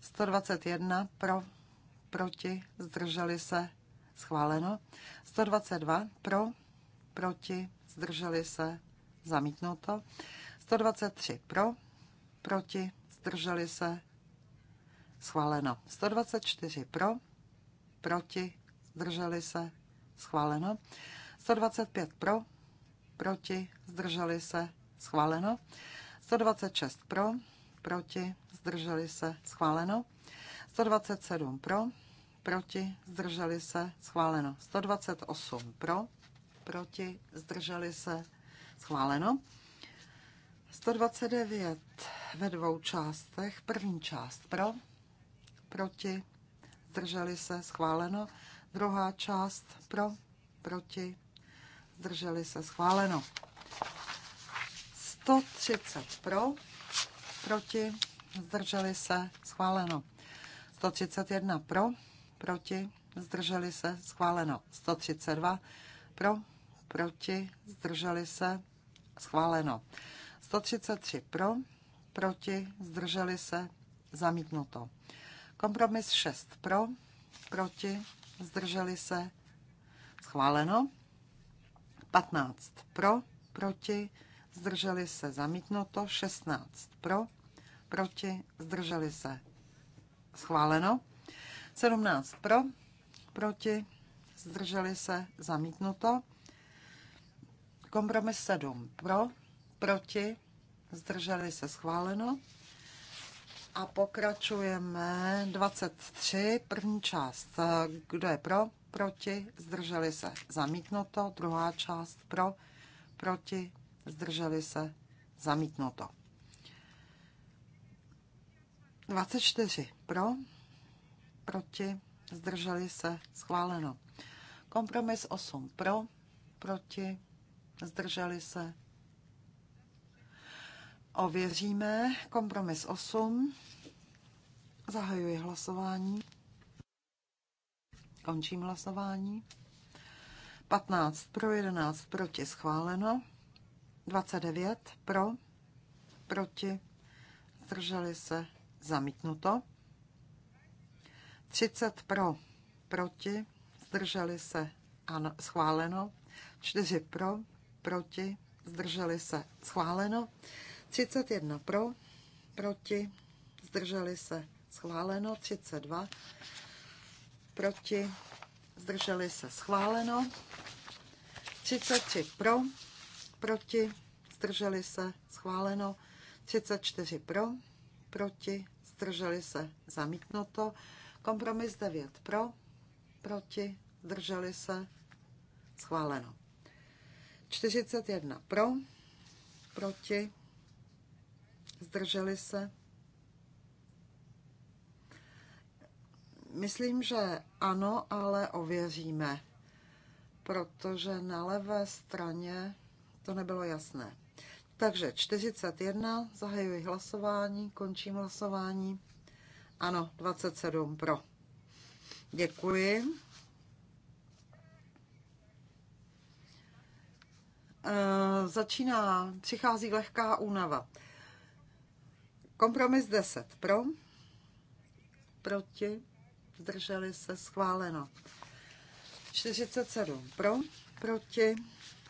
121 pro, proti, zdrželi se, schváleno. 122 pro, proti, zdrželi se, zamítnuto. 123 pro, proti, zdrželi se, schváleno. 124 pro, proti, zdrželi se, schváleno. 125 pro, proti, zdrželi se, schváleno. 126 pro, proti, zdrželi se, schváleno. 127 pro, proti, zdrželi se, schváleno. 128 pro, proti, zdrželi se, schváleno. 129 ve dvou částech. První část pro, proti, zdrželi se, schváleno. Druhá část pro, proti, zdrželi se, schváleno. 130 pro, proti, zdrželi se, schváleno. 131 pro, proti, zdrželi se, schváleno. 132 pro, proti, zdrželi se, schváleno. 133 pro, proti, zdrželi se, zamítnuto. Kompromis 6 pro, proti, zdrželi se, schváleno. 15 pro, proti, zdrželi se, zamítnuto. 16 pro, proti, zdrželi se, schváleno. 17 pro, proti, zdrželi se, zamítnuto. Kompromis 7 pro, proti, zdrželi se, schváleno. A pokračujeme 23, první část. Eh, kdo je pro? Proti? Zdrželi se? Zamítnuto. Druhá část pro? Proti? Zdrželi se? Zamítnuto. 24 pro? Proti? Zdrželi se? Schváleno. Kompromis 8 pro? Proti? Zdrželi se? Ověříme kompromis 8. Zahajuji hlasování. Končím hlasování. 15 pro, 11 proti schváleno. 29 pro, proti, zdrželi se, zamítnuto. 30 pro, proti, zdrželi se, ano, schváleno. 4 pro, proti, zdrželi se, schváleno. 31 pro, proti, zdrželi se schváleno, 32 proti, zdrželi se schváleno, 33 pro, proti, zdrželi se schváleno, 34 pro, proti, zdrželi se zamítnuto, kompromis 9 pro, proti, zdrželi se schváleno. 41 pro, proti, zdrželi se. Myslím, že ano, ale ověříme, protože na levé straně to nebylo jasné. Takže 41, zahajuji hlasování, končím hlasování. Ano, 27 pro. Děkuji. E, začíná, přichází lehká únava. Kompromis 10 pro, proti, zdrželi se, schváleno. 47 pro, proti,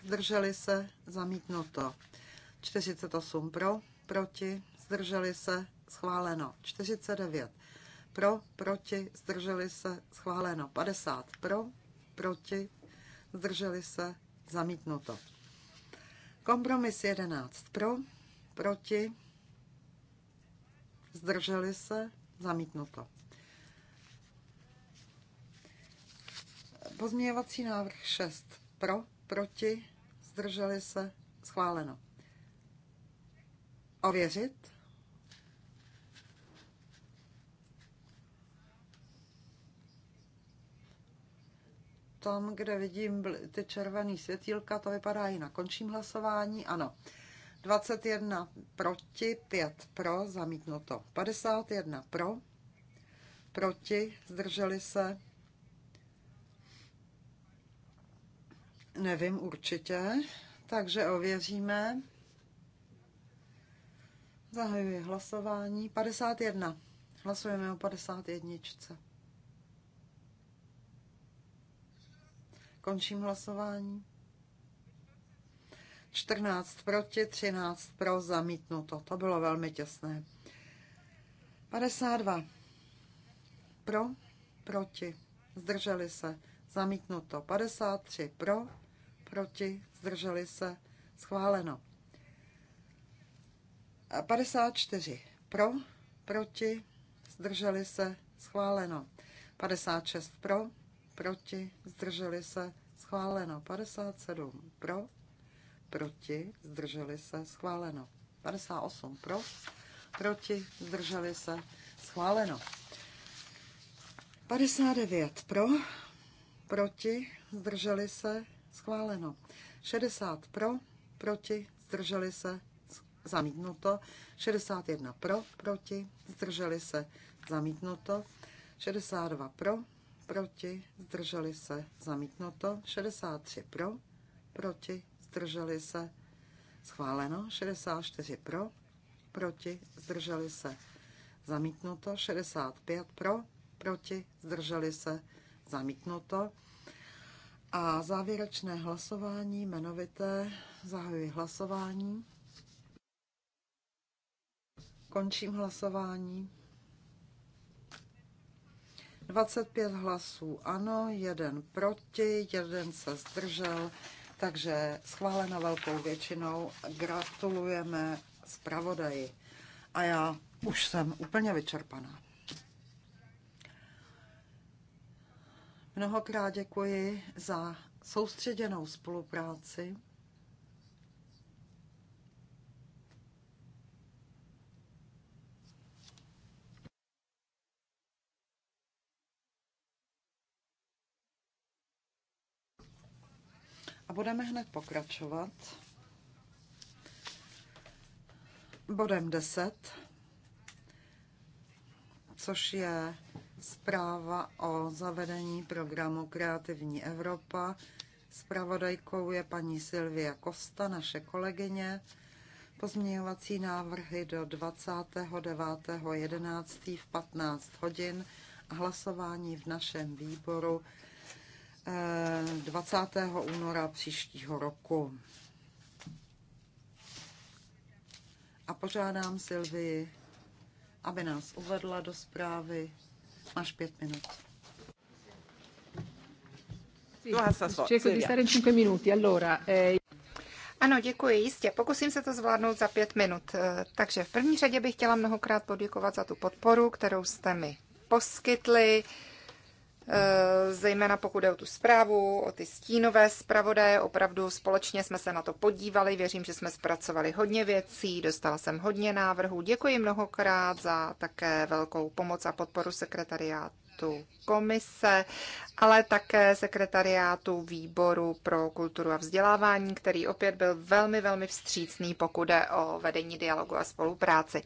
zdrželi se, zamítnuto. 48 pro, proti, zdrželi se, schváleno. 49 pro, proti, zdrželi se, schváleno. 50 pro, proti, zdrželi se, zamítnuto. Kompromis 11 pro, proti, zdrželi se, zamítnuto. Pozměňovací návrh 6. Pro, proti, zdrželi se, schváleno. Ověřit. Tam, kde vidím ty červený světílka, to vypadá jinak. Končím hlasování. Ano. 21 proti, 5 pro, zamítnuto. 51 pro, proti, zdrželi se. Nevím určitě, takže ověříme. Zahajuji hlasování. 51. Hlasujeme o 51. Končím hlasování. 14 proti, 13 pro, zamítnuto. To bylo velmi těsné. 52 pro, proti, zdrželi se, zamítnuto. 53 pro, proti, zdrželi se, schváleno. 54 pro, proti, zdrželi se, schváleno. 56 pro, proti, zdrželi se, schváleno. 57 pro, proti, zdrželi se, schváleno. 58 pro, proti, zdrželi se, schváleno. 59 pro, proti, zdrželi se, schváleno. 60 pro, proti, zdrželi se, zamítnuto. 61 pro, proti, zdrželi se, zamítnuto. 62 pro, proti, zdrželi se, zamítnuto. 63 pro, proti, zdrželi se, schváleno. 64 pro, proti, zdrželi se, zamítnuto. 65 pro, proti, zdrželi se, zamítnuto. A závěrečné hlasování, jmenovité, zahajuji hlasování. Končím hlasování. 25 hlasů ano, jeden proti, jeden se zdržel. Takže schváleno velkou většinou. Gratulujeme zpravodaji. A já už jsem úplně vyčerpaná. Mnohokrát děkuji za soustředěnou spolupráci. A budeme hned pokračovat bodem 10, což je zpráva o zavedení programu Kreativní Evropa. Spravodajkou je paní Silvia Kosta, naše kolegyně. Pozměňovací návrhy do 29.11. v 15 hodin a hlasování v našem výboru 20. února příštího roku. A požádám Silvii, aby nás uvedla do zprávy. Máš pět minut. Eh, ano, děkuji, jistě. Pokusím se to zvládnout za pět minut. Eh, takže v první řadě bych chtěla mnohokrát poděkovat za tu podporu, kterou jste mi poskytli. Eh, zejména pokud je o tu zprávu, o ty stínové zpravodaje. Opravdu společně jsme se na to podívali, věřím, že jsme zpracovali hodně věcí, dostala jsem hodně návrhů. Děkuji mnohokrát za také velkou pomoc a podporu sekretariátu komise, ale také sekretariátu výboru pro kulturu a vzdělávání, který opět byl velmi, velmi vstřícný, pokud je o vedení dialogu a spolupráci.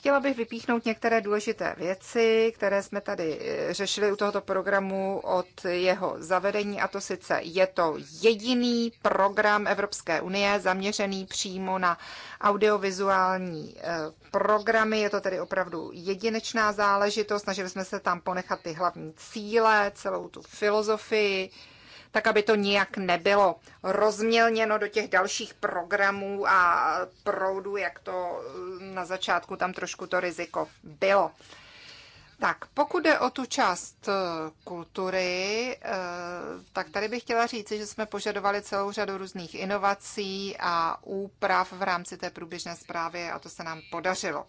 Chtěla bych vypíchnout některé důležité věci, které jsme tady eh, řešili u tohoto programu od jeho zavedení, a to sice je to jediný program Evropské unie zaměřený přímo na audiovizuální eh, programy. Je to tedy opravdu jedinečná záležitost. Snažili jsme se tam ponechat ty hlavní cíle, celou tu filozofii tak aby to nijak nebylo rozmělněno do těch dalších programů a proudu, jak to eh, na začátku tam trošku to riziko bylo. Tak, pokud jde o tu část eh, kultury, eh, tak tady bych chtěla říci, že jsme požadovali celou řadu různých inovací a úprav v rámci té průběžné zprávy a to se nám podařilo.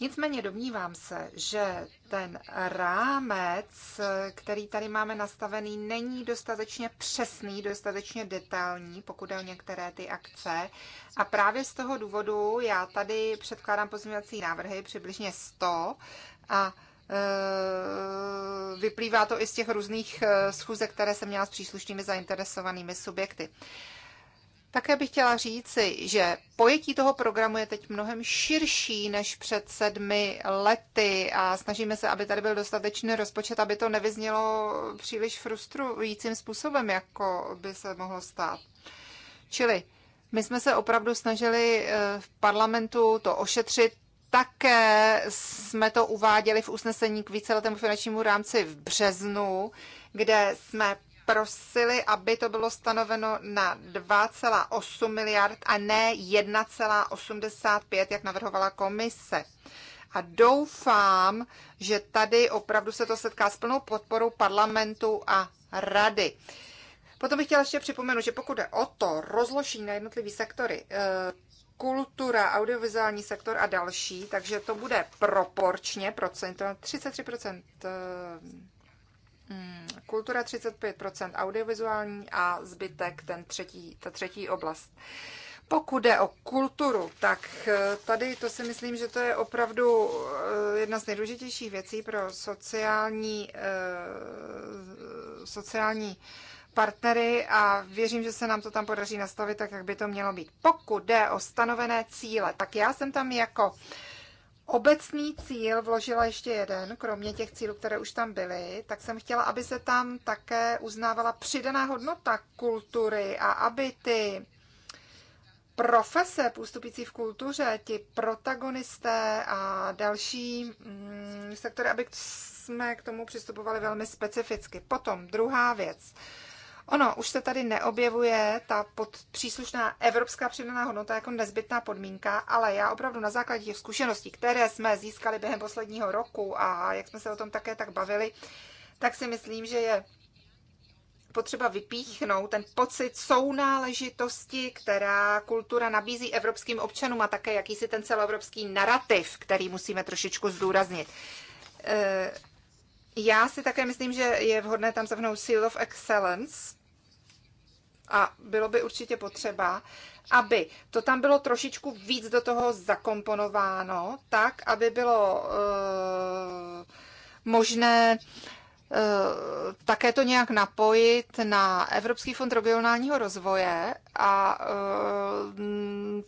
Nicméně domnívám se, že ten rámec, který tady máme nastavený, není dostatečně přesný, dostatečně detailní, pokud je o některé ty akce. A právě z toho důvodu já tady předkládám pozměňovací návrhy, přibližně 100, a e, Vyplývá to i z těch různých e, schůzek, které jsem měla s příslušnými zainteresovanými subjekty. Také bych chtěla říci, že pojetí toho programu je teď mnohem širší než před sedmi lety a snažíme se, aby tady byl dostatečný rozpočet, aby to nevyznělo příliš frustrujícím způsobem, jako by se mohlo stát. Čili my jsme se opravdu snažili eh, v parlamentu to ošetřit také jsme to uváděli v usnesení k víceletému finančnímu rámci v březnu, kde jsme prosili, aby to bylo stanoveno na 2,8 miliard a ne 1,85, jak navrhovala komise. A doufám, že tady opravdu se to setká s plnou podporou parlamentu a rady. Potom bych chtěla ještě připomenout, že pokud je o to rozložení na jednotlivý sektory, eh, kultura, audiovizuální sektor a další, takže to bude proporčně procento, 33% kultura 35%, audiovizuální a zbytek, ten třetí, ta třetí oblast. Pokud jde o kulturu, tak eh, tady to si myslím, že to je opravdu eh, jedna z nejdůležitějších věcí pro sociální, eh, sociální partnery a věřím, že se nám to tam podaří nastavit tak, jak by to mělo být. Pokud jde o stanovené cíle, tak já jsem tam jako obecný cíl vložila ještě jeden, kromě těch cílů, které už tam byly, tak jsem chtěla, aby se tam také uznávala přidaná hodnota kultury a aby ty profese působící v kultuře, ti protagonisté a další mm, sektory, aby jsme k tomu přistupovali velmi specificky. Potom druhá věc. Ono už se tady neobjevuje ta pod příslušná evropská přidaná hodnota jako nezbytná podmínka, ale já opravdu na základě těch zkušeností, které jsme získali během posledního roku a jak jsme se o tom také tak bavili, tak si myslím, že je potřeba vypíchnout ten pocit sounáležitosti, která kultura nabízí evropským občanům a také jakýsi ten celoevropský narrativ, který musíme trošičku zdůraznit. Eh, já si také myslím, že je vhodné tam zavnout Seal of Excellence, a bylo by určitě potřeba, aby to tam bylo trošičku víc do toho zakomponováno, tak, aby bylo uh, možné eh, také to nějak napojit na Evropský fond regionálního rozvoje a uh,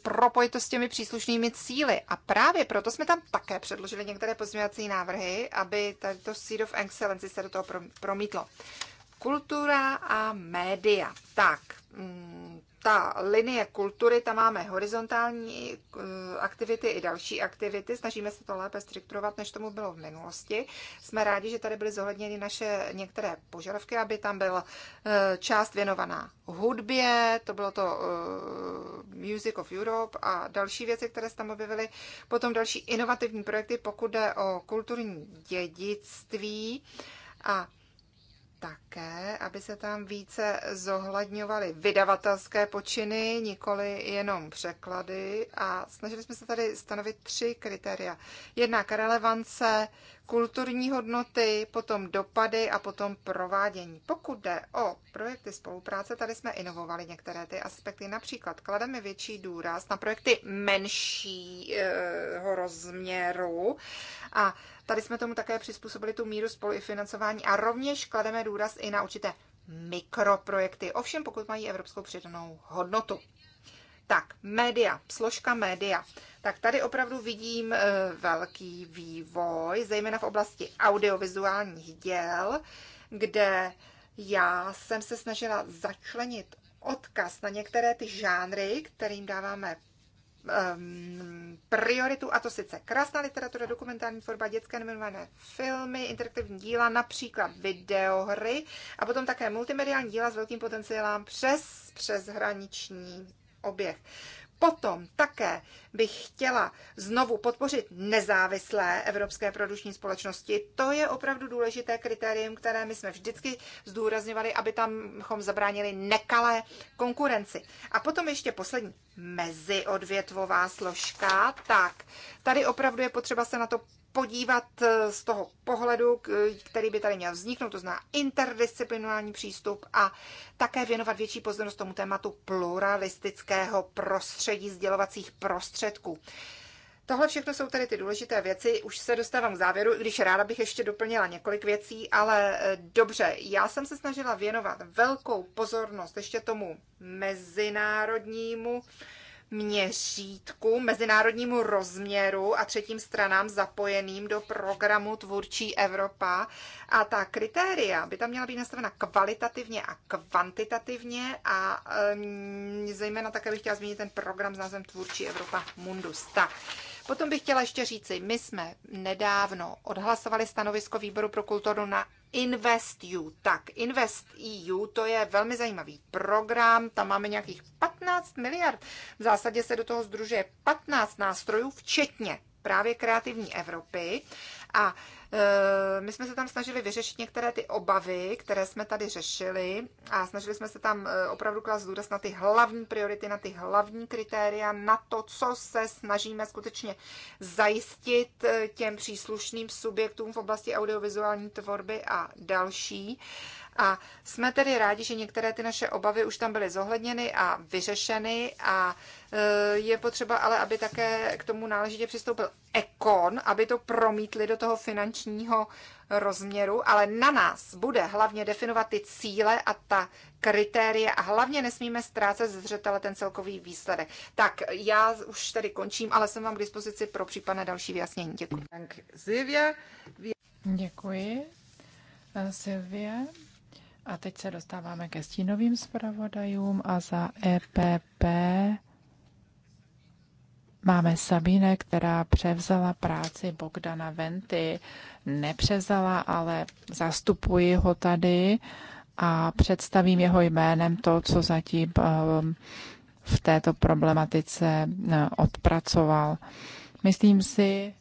propojit to s těmi příslušnými cíly. A právě proto jsme tam také předložili některé pozměňovací návrhy, aby to Seed of Excellence se do toho promítlo. Kultura a média. Tak, mm, ta linie kultury, tam máme horizontální eh, aktivity i další aktivity. Snažíme se to lépe strukturovat, než tomu bylo v minulosti. Jsme rádi, že tady byly zohledněny naše některé požadavky, aby tam byla eh, část věnovaná hudbě, to bylo to eh, Music of Europe a další věci, které se tam objevily. Potom další inovativní projekty, pokud jde o kulturní dědictví. A také, aby se tam více zohledňovaly vydavatelské počiny, nikoli jenom překlady a snažili jsme se tady stanovit tři kritéria. Jednak relevance, kulturní hodnoty, potom dopady a potom provádění. Pokud jde o projekty spolupráce, tady jsme inovovali některé ty aspekty. Například klademe větší důraz na projekty menšího rozměru a tady jsme tomu také přizpůsobili tu míru spolufinancování a rovněž klademe důraz i na určité mikroprojekty, ovšem pokud mají evropskou přidanou hodnotu. Tak, média, složka média. Tak tady opravdu vidím eh, velký vývoj, zejména v oblasti audiovizuálních děl, kde já jsem se snažila začlenit odkaz na některé ty žánry, kterým dáváme ehm, prioritu, a to sice krásná literatura, dokumentární tvorba, dětské nominované filmy, interaktivní díla, například videohry a potom také multimediální díla s velkým potenciálem přes přeshraniční oběh. Potom také bych chtěla znovu podpořit nezávislé evropské produční společnosti. To je opravdu důležité kritérium, které my jsme vždycky zdůrazňovali, aby tam zabránili nekalé konkurenci. A potom ještě poslední meziodvětvová složka. Tak, tady opravdu je potřeba se na to podívat eh, z toho pohledu, který by tady měl vzniknout, to zná interdisciplinární přístup a také věnovat větší pozornost tomu tématu pluralistického prostředí sdělovacích prostředků. Tohle všechno jsou tedy ty důležité věci. Už se dostávám k závěru, i když ráda bych ještě doplnila několik věcí, ale eh, dobře, já jsem se snažila věnovat velkou pozornost ještě tomu mezinárodnímu měřítku, mezinárodnímu rozměru a třetím stranám zapojeným do programu Tvůrčí Evropa. A ta kritéria by tam měla být nastavena kvalitativně a kvantitativně a e, zejména také bych chtěla zmínit ten program s názvem Tvůrčí Evropa Mundus. Tak, Potom bych chtěla ještě říci, my jsme nedávno odhlasovali stanovisko výboru pro kulturu na InvestEU. Tak, InvestEU, to je velmi zajímavý program, tam máme nějakých 15 miliard. V zásadě se do toho združuje 15 nástrojů, včetně právě kreativní Evropy. A e, my jsme se tam snažili vyřešit některé ty obavy, které jsme tady řešili a snažili jsme se tam e, opravdu klást důraz na ty hlavní priority, na ty hlavní kritéria, na to, co se snažíme skutečně zajistit e, těm příslušným subjektům v oblasti audiovizuální tvorby a další. A jsme tedy rádi, že některé ty naše obavy už tam byly zohledněny a vyřešeny a e, je potřeba ale, aby také k tomu náležitě přistoupil ekon, aby to promítli do toho finančního rozměru, ale na nás bude hlavně definovat ty cíle a ta kritéria a hlavně nesmíme ztrácet ze zřetele ten celkový výsledek. Tak já už tady končím, ale jsem vám k dispozici pro případné další vyjasnění. Děkuji. Děkuji. Silvia. A teď se dostáváme ke stínovým zpravodajům a za EPP máme Sabine, která převzala práci Bogdana Venty. Nepřevzala, ale zastupuji ho tady a představím jeho jménem to, co zatím um, v této problematice uh, odpracoval. Myslím si,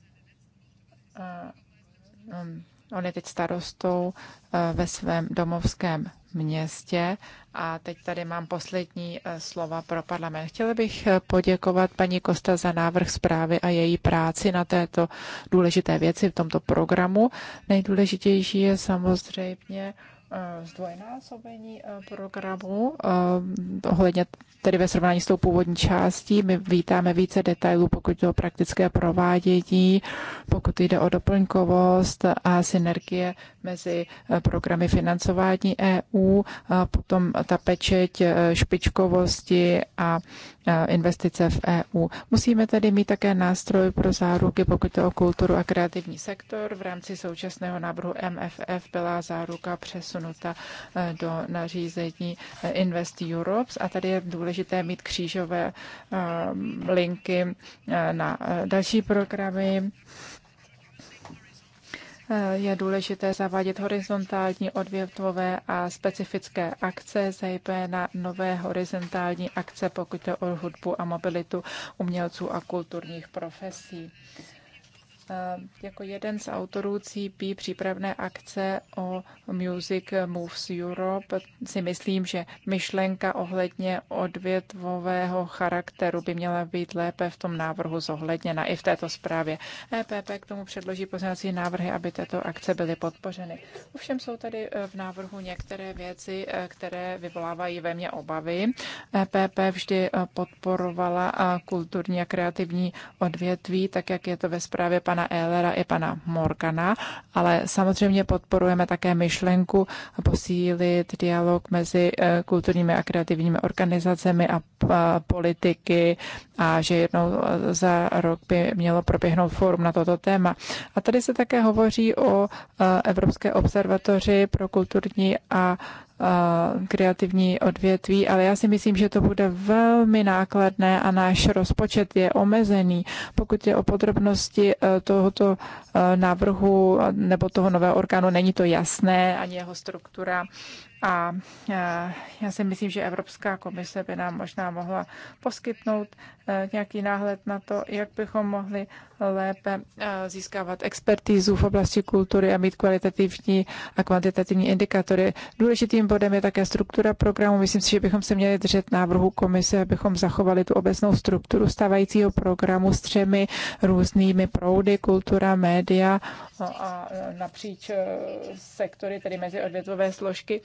uh, um, On je teď starostou eh, ve svém domovském městě. A teď tady mám poslední eh, slova pro parlament. Chtěla bych eh, poděkovat paní Kosta za návrh zprávy a její práci na této důležité věci v tomto programu. Nejdůležitější je samozřejmě Eh, zdvojnásobení eh, programu, eh, ohledně tedy ve srovnání s tou původní částí. My vítáme více detailů, pokud jde o praktické provádění, pokud jde o doplňkovost a synergie mezi programy financování EU, a potom ta pečeť špičkovosti a investice v EU. Musíme tedy mít také nástroj pro záruky, pokud jde o kulturu a kreativní sektor. V rámci současného návrhu MFF byla záruka přesun přesunuta eh, do nařízení eh, Invest Europe a tady je důležité mít křížové eh, linky na další programy. Je důležité zavádět horizontální odvětvové a specifické akce, zejména nové horizontální akce, pokud je o hudbu a mobilitu umělců a kulturních profesí. Eh, jako jeden z autorů cípí přípravné akce o Music Moves Europe si myslím, že myšlenka ohledně odvětvového charakteru by měla být lépe v tom návrhu zohledněna i v této zprávě. EPP k tomu předloží poznací návrhy, aby této akce byly podpořeny. Ovšem jsou tady eh, v návrhu některé věci, eh, které vyvolávají ve mně obavy. EPP vždy podporovala kulturní a kreativní odvětví, tak jak je to ve zprávě pana pana Ehlera i pana Morgana, ale samozřejmě podporujeme také myšlenku posílit dialog mezi eh, kulturními a kreativními organizacemi a politiky a že jednou eh, za rok by mělo proběhnout fórum na toto téma. A tady se také hovoří o eh, Evropské observatoři pro kulturní a kreativní odvětví, ale já si myslím, že to bude velmi nákladné a náš rozpočet je omezený. Pokud je o podrobnosti e, tohoto e, návrhu nebo toho nového orgánu, není to jasné, ani jeho struktura. A e, já si myslím, že Evropská komise by nám možná mohla poskytnout Eh, nějaký náhled na to, jak bychom mohli lépe eh, získávat expertízu v oblasti kultury a mít kvalitativní a kvantitativní indikatory. Důležitým bodem je také struktura programu. Myslím si, že bychom se měli držet návrhu komise, abychom zachovali tu obecnou strukturu stávajícího programu s třemi různými proudy, kultura, média no a eh, napříč sektory, tedy mezi odvětvové složky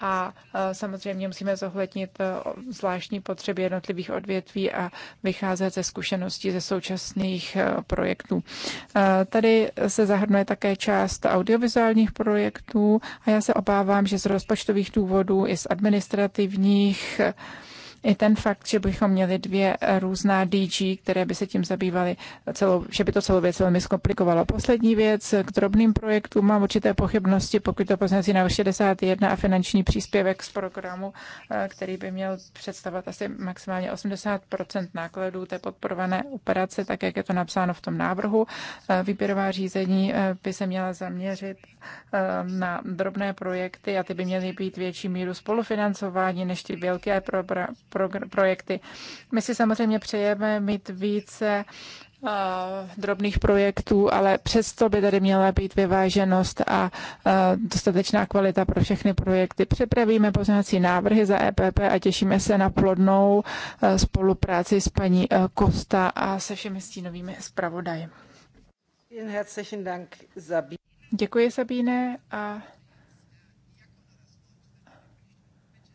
a e, samozřejmě musíme zohlednit e, zvláštní potřeby jednotlivých odvětví a vycházet ze zkušeností ze současných e, projektů. Tady se zahrnuje také část audiovizuálních projektů a já se obávám, že z rozpočtových důvodů i z administrativních i ten fakt, že bychom měli dvě různá DG, které by se tím zabývaly, celou, že by to celou věc velmi zkomplikovalo. Poslední věc k drobným projektům. Mám určité pochybnosti, pokud to poznací na 61 a finanční příspěvek z programu, eh, který by měl představovat asi maximálně 80 nákladů té podporované operace, tak jak je to napsáno v tom návrhu. Eh, výběrová řízení eh, by se měla zaměřit na drobné projekty a ty by měly být větší míru spolufinancování než ty velké pro projekty. My si samozřejmě přejeme mít více eh, drobných projektů, ale přesto by tady měla být vyváženost a eh, dostatečná kvalita pro všechny projekty. Připravíme poznací návrhy za EPP a těšíme se na plodnou eh, spolupráci s paní Kosta a se všemi stínovými zpravodaji. Děkuji, Sabine A,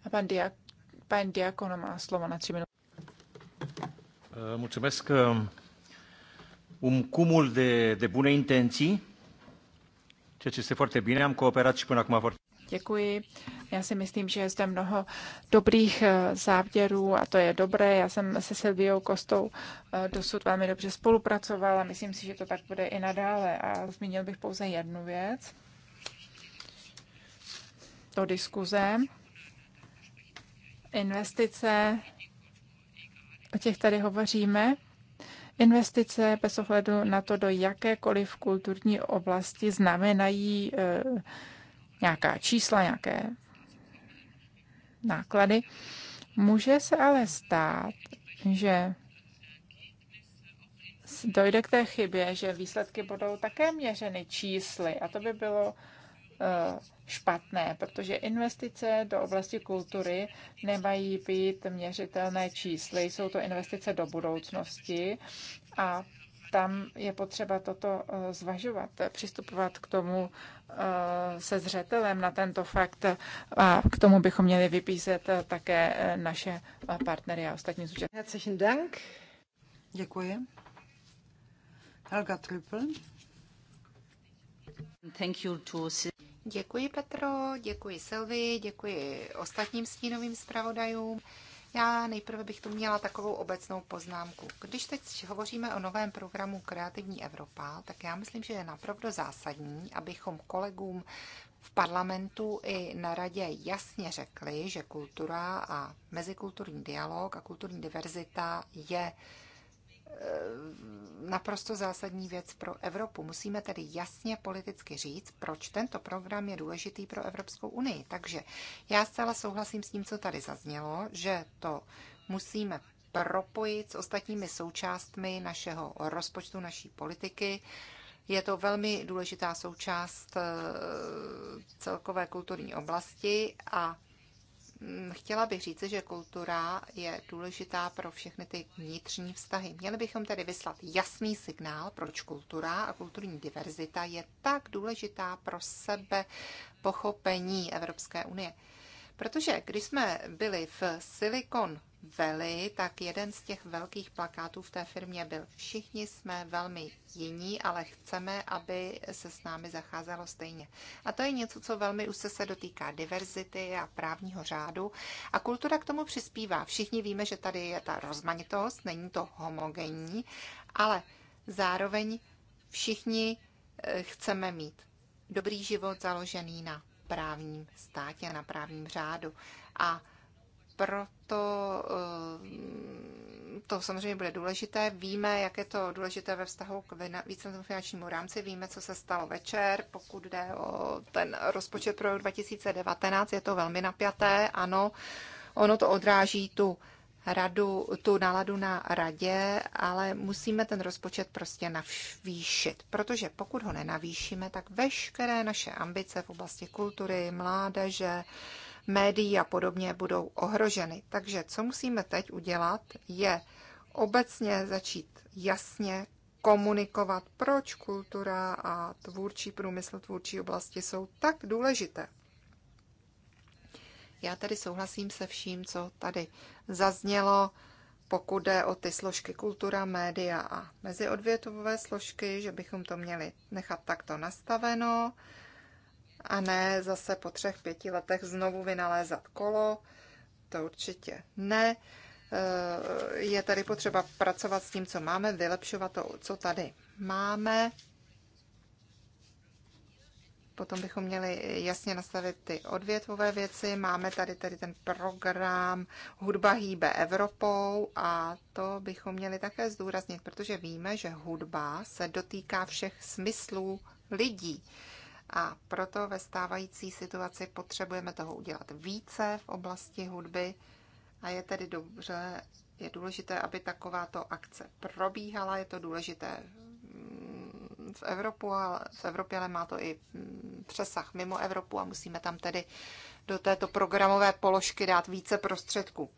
a pan Diak, Pan Diakon má slovo na tři minuty. Eh, mulțumesc. Eh, un cumul de, de bune intenții, ceea ce este foarte bine. Am cooperat și până acum foarte Děkuji. Já si myslím, že je zde mnoho dobrých eh, závěrů a to je dobré. Já jsem se Silviou Kostou dosud velmi dobře spolupracovala. Myslím si, že to tak bude i nadále. A zmínil bych pouze jednu věc. To diskuze investice, o těch tady hovoříme, Investice bez ohledu na to, do jakékoliv kulturní oblasti znamenají e, nějaká čísla, nějaké náklady. Může se ale stát, že dojde k té chybě, že výsledky budou také měřeny čísly a to by bylo Eh, špatné, protože investice do oblasti kultury nemají být měřitelné čísly, jsou to investice do budoucnosti a tam je potřeba toto eh, zvažovat, přistupovat k tomu eh, se zřetelem na tento fakt a k tomu bychom měli vypíset také naše partnery a ostatní zúčastnění. Dank. Děkuji. Helga Trüppel. Thank you to Děkuji Petro, děkuji Silvi, děkuji ostatním stínovým zpravodajům. Já nejprve bych tu měla takovou obecnou poznámku. Když teď hovoříme o novém programu Kreativní Evropa, tak já myslím, že je naprosto zásadní, abychom kolegům v parlamentu i na radě jasně řekli, že kultura a mezikulturní dialog a kulturní diverzita je Eh, naprosto zásadní věc pro Evropu. Musíme tedy jasně politicky říct, proč tento program je důležitý pro Evropskou unii. Takže já zcela souhlasím s tím, co tady zaznělo, že to musíme propojit s ostatními součástmi našeho rozpočtu, naší politiky. Je to velmi důležitá součást eh, celkové kulturní oblasti a Mm, chtěla bych říct, že kultura je důležitá pro všechny ty vnitřní vztahy. Měli bychom tedy vyslat jasný signál, proč kultura a kulturní diverzita je tak důležitá pro sebe pochopení Evropské unie. Protože když jsme byli v Silicon Valley, tak jeden z těch velkých plakátů v té firmě byl Všichni jsme velmi jiní, ale chceme, aby se s námi zacházelo stejně. A to je něco, co velmi už se, se dotýká diverzity a právního řádu. A kultura k tomu přispívá. Všichni víme, že tady je ta rozmanitost, není to homogenní, ale zároveň všichni eh, chceme mít dobrý život založený na právním státě na právním řádu. A proto eh, to samozřejmě bude důležité. Víme, jak je to důležité ve vztahu k víceletému finančnímu rámci. Víme, co se stalo večer, pokud jde o ten rozpočet pro 2019. Je to velmi napjaté, ano. Ono to odráží tu radu, tu náladu na radě, ale musíme ten rozpočet prostě navýšit, protože pokud ho nenavýšíme, tak veškeré naše ambice v oblasti kultury, mládeže, médií a podobně budou ohroženy. Takže co musíme teď udělat, je obecně začít jasně komunikovat, proč kultura a tvůrčí průmysl, tvůrčí oblasti jsou tak důležité. Já tady souhlasím se vším, co tady zaznělo, pokud jde o ty složky kultura, média a meziodvětové složky, že bychom to měli nechat takto nastaveno a ne zase po třech, pěti letech znovu vynalézat kolo. To určitě ne. Eh, je tady potřeba pracovat s tím, co máme, vylepšovat to, co tady máme. Potom bychom měli jasně nastavit ty odvětvové věci. Máme tady tady ten program Hudba hýbe Evropou a to bychom měli také zdůraznit, protože víme, že hudba se dotýká všech smyslů lidí. A proto ve stávající situaci potřebujeme toho udělat více v oblasti hudby a je tedy dobře, je důležité, aby takováto akce probíhala, je to důležité v, Evropu, ale, v Evropě, ale má to i mm, přesah mimo Evropu a musíme tam tedy do této programové položky dát více prostředků.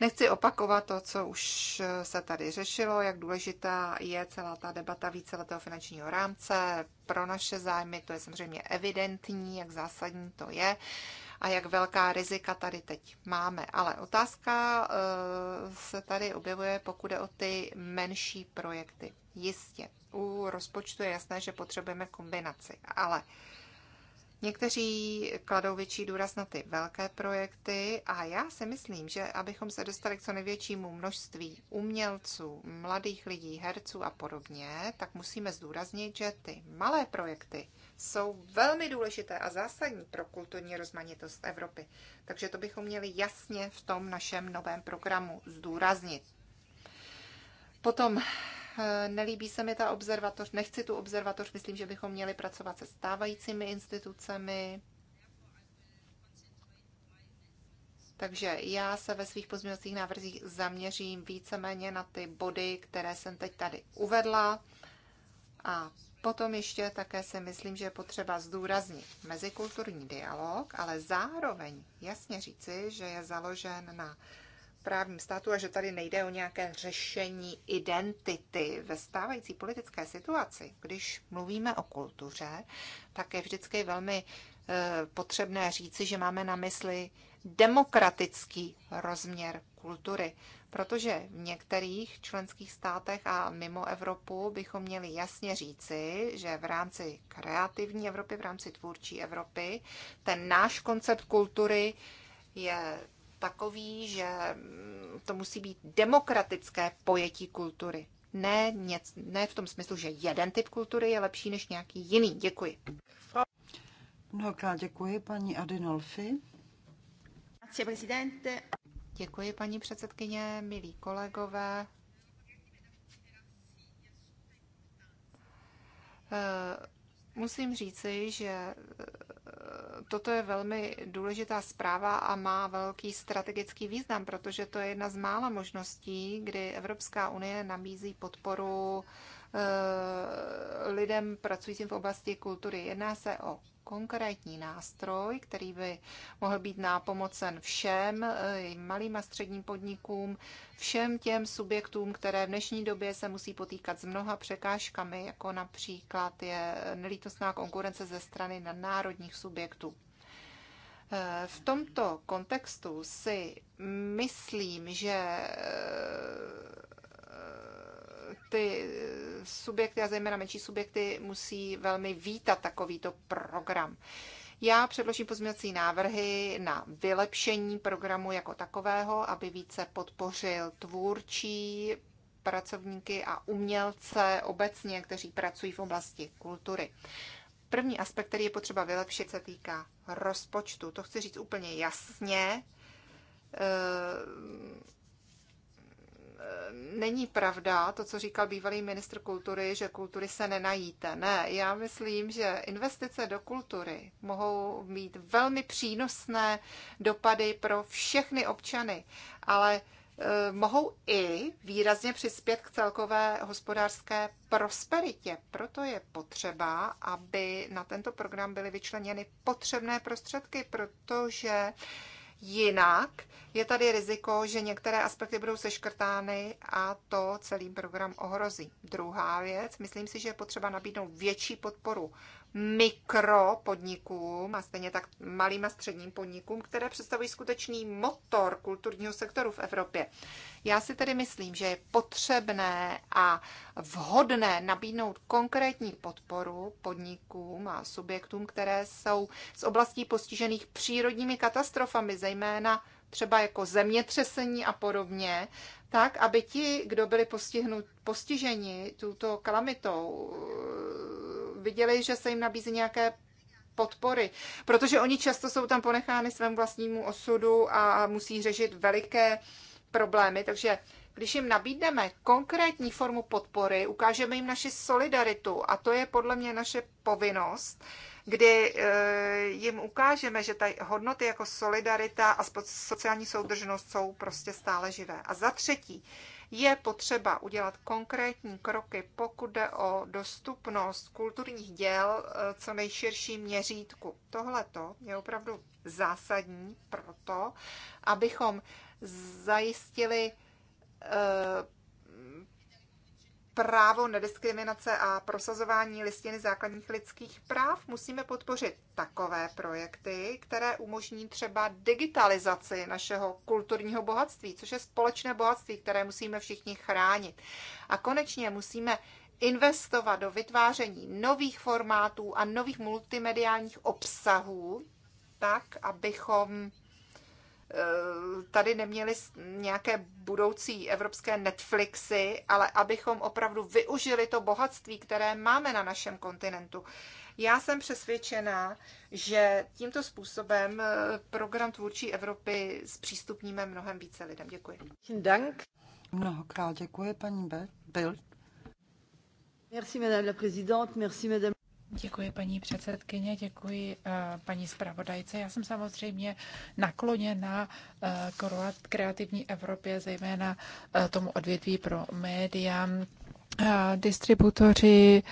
Nechci opakovat to, co už se tady řešilo, jak důležitá je celá ta debata víceletého finančního rámce pro naše zájmy. To je samozřejmě evidentní, jak zásadní to je a jak velká rizika tady teď máme. Ale otázka eh, se tady objevuje, pokud je o ty menší projekty. Jistě u rozpočtu je jasné, že potřebujeme kombinaci, ale Někteří kladou větší důraz na ty velké projekty a já si myslím, že abychom se dostali k co největšímu množství umělců, mladých lidí, herců a podobně, tak musíme zdůraznit, že ty malé projekty jsou velmi důležité a zásadní pro kulturní rozmanitost Evropy. Takže to bychom měli jasně v tom našem novém programu zdůraznit. Potom Eh, nelíbí se mi ta observatoř, nechci tu observatoř, myslím, že bychom měli pracovat se stávajícími institucemi. Takže já se ve svých pozměňovacích návrzích zaměřím víceméně na ty body, které jsem teď tady uvedla. A potom ještě také si myslím, že je potřeba zdůraznit mezikulturní dialog, ale zároveň jasně říci, že je založen na právním státu a že tady nejde o nějaké řešení identity. Ve stávající politické situaci, když mluvíme o kultuře, tak je vždycky velmi eh, potřebné říci, že máme na mysli demokratický rozměr kultury, protože v některých členských státech a mimo Evropu bychom měli jasně říci, že v rámci kreativní Evropy, v rámci tvůrčí Evropy, ten náš koncept kultury je takový, že mm, to musí být demokratické pojetí kultury. Ne, něc, ne v tom smyslu, že jeden typ kultury je lepší než nějaký jiný. Děkuji. Mnohokrát děkuji paní Adinolfi. Děkuji paní předsedkyně, milí kolegové. Eh, musím říci, že toto je velmi důležitá zpráva a má velký strategický význam, protože to je jedna z mála možností, kdy Evropská unie nabízí podporu eh, lidem pracujícím v oblasti kultury. Jedná se o konkrétní nástroj, který by mohl být nápomocen všem eh, malým a středním podnikům, všem těm subjektům, které v dnešní době se musí potýkat s mnoha překážkami, jako například je nelítostná konkurence ze strany nadnárodních subjektů. Eh, v tomto kontextu si myslím, že eh, ty eh, subjekty a zejména menší subjekty musí velmi vítat takovýto program. Já předložím pozměňovací návrhy na vylepšení programu jako takového, aby více podpořil tvůrčí pracovníky a umělce obecně, kteří pracují v oblasti kultury. První aspekt, který je potřeba vylepšit, se týká rozpočtu. To chci říct úplně jasně. Eh, není pravda to, co říkal bývalý ministr kultury, že kultury se nenajíte. Ne, já myslím, že investice do kultury mohou mít velmi přínosné dopady pro všechny občany, ale e, mohou i výrazně přispět k celkové hospodářské prosperitě. Proto je potřeba, aby na tento program byly vyčleněny potřebné prostředky, protože Jinak je tady riziko, že některé aspekty budou seškrtány a to celý program ohrozí. Druhá věc, myslím si, že je potřeba nabídnout větší podporu mikropodnikům a stejně tak malým a středním podnikům, které představují skutečný motor kulturního sektoru v Evropě. Já si tedy myslím, že je potřebné a vhodné nabídnout konkrétní podporu podnikům a subjektům, které jsou z oblastí postižených přírodními katastrofami, zejména třeba jako zemětřesení a podobně, tak, aby ti, kdo byli postiženi tuto kalamitou, viděli, že se jim nabízí nějaké podpory, protože oni často jsou tam ponechány svému vlastnímu osudu a musí řešit veliké problémy, takže když jim nabídneme konkrétní formu podpory, ukážeme jim naši solidaritu a to je podle mě naše povinnost, kdy eh, jim ukážeme, že ta hodnoty jako solidarita a sociální soudržnost jsou prostě stále živé. A za třetí, je potřeba udělat konkrétní kroky, pokud jde o dostupnost kulturních děl eh, co nejširším měřítku. Tohle je opravdu zásadní proto, abychom zajistili eh, právo nediskriminace a prosazování listiny základních lidských práv musíme podpořit takové projekty, které umožní třeba digitalizaci našeho kulturního bohatství, což je společné bohatství, které musíme všichni chránit. A konečně musíme investovat do vytváření nových formátů a nových multimediálních obsahů, tak, abychom Eh, tady neměli nějaké budoucí evropské Netflixy, ale abychom opravdu využili to bohatství, které máme na našem kontinentu. Já jsem přesvědčená, že tímto způsobem eh, program Tvůrčí Evropy zpřístupníme mnohem více lidem. Děkuji. Dank. Mnohokrát děkuji, paní Bild. Merci, madame la présidente. Merci, madame. Děkuji paní předsedkyně, děkuji eh, paní zpravodajce. Já jsem samozřejmě nakloněna eh, k kreativní Evropě, zejména eh, tomu odvětví pro média, Distributoři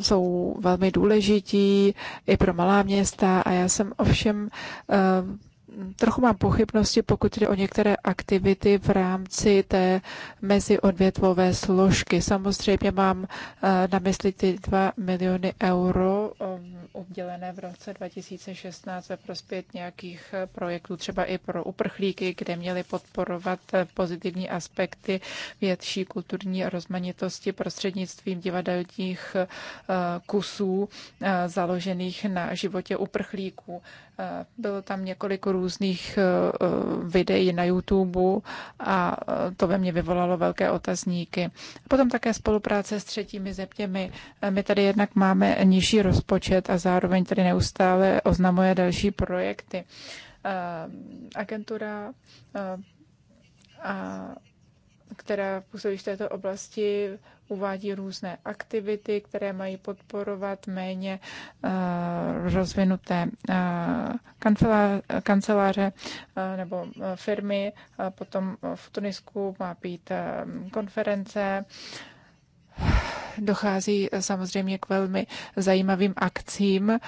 jsou velmi důležití i pro malá města a já jsem ovšem trochu mám pochybnosti, pokud jde o některé aktivity v rámci té meziodvětvové složky. Samozřejmě mám eh, na mysli ty 2 miliony euro udělené um, v roce 2016 ve prospěch nějakých eh, projektů, třeba i pro uprchlíky, kde měli podporovat eh, pozitivní aspekty větší kulturní rozmanitosti prostřednictvím divadelních kusů založených na životě uprchlíků. Eh, bylo tam několik různých eh, videí na YouTube a eh, to ve mně vyvolalo velké otazníky. Potom také spolupráce s třetími zeměmi. My tady jednak máme nižší rozpočet a zároveň tady neustále oznamuje další projekty. Agentura a která působí v této oblasti, uvádí různé aktivity, které mají podporovat méně uh, rozvinuté uh, kanceláře uh, nebo firmy. Potom v Tunisku má být konference dochází samozřejmě k velmi zajímavým akcím, eh,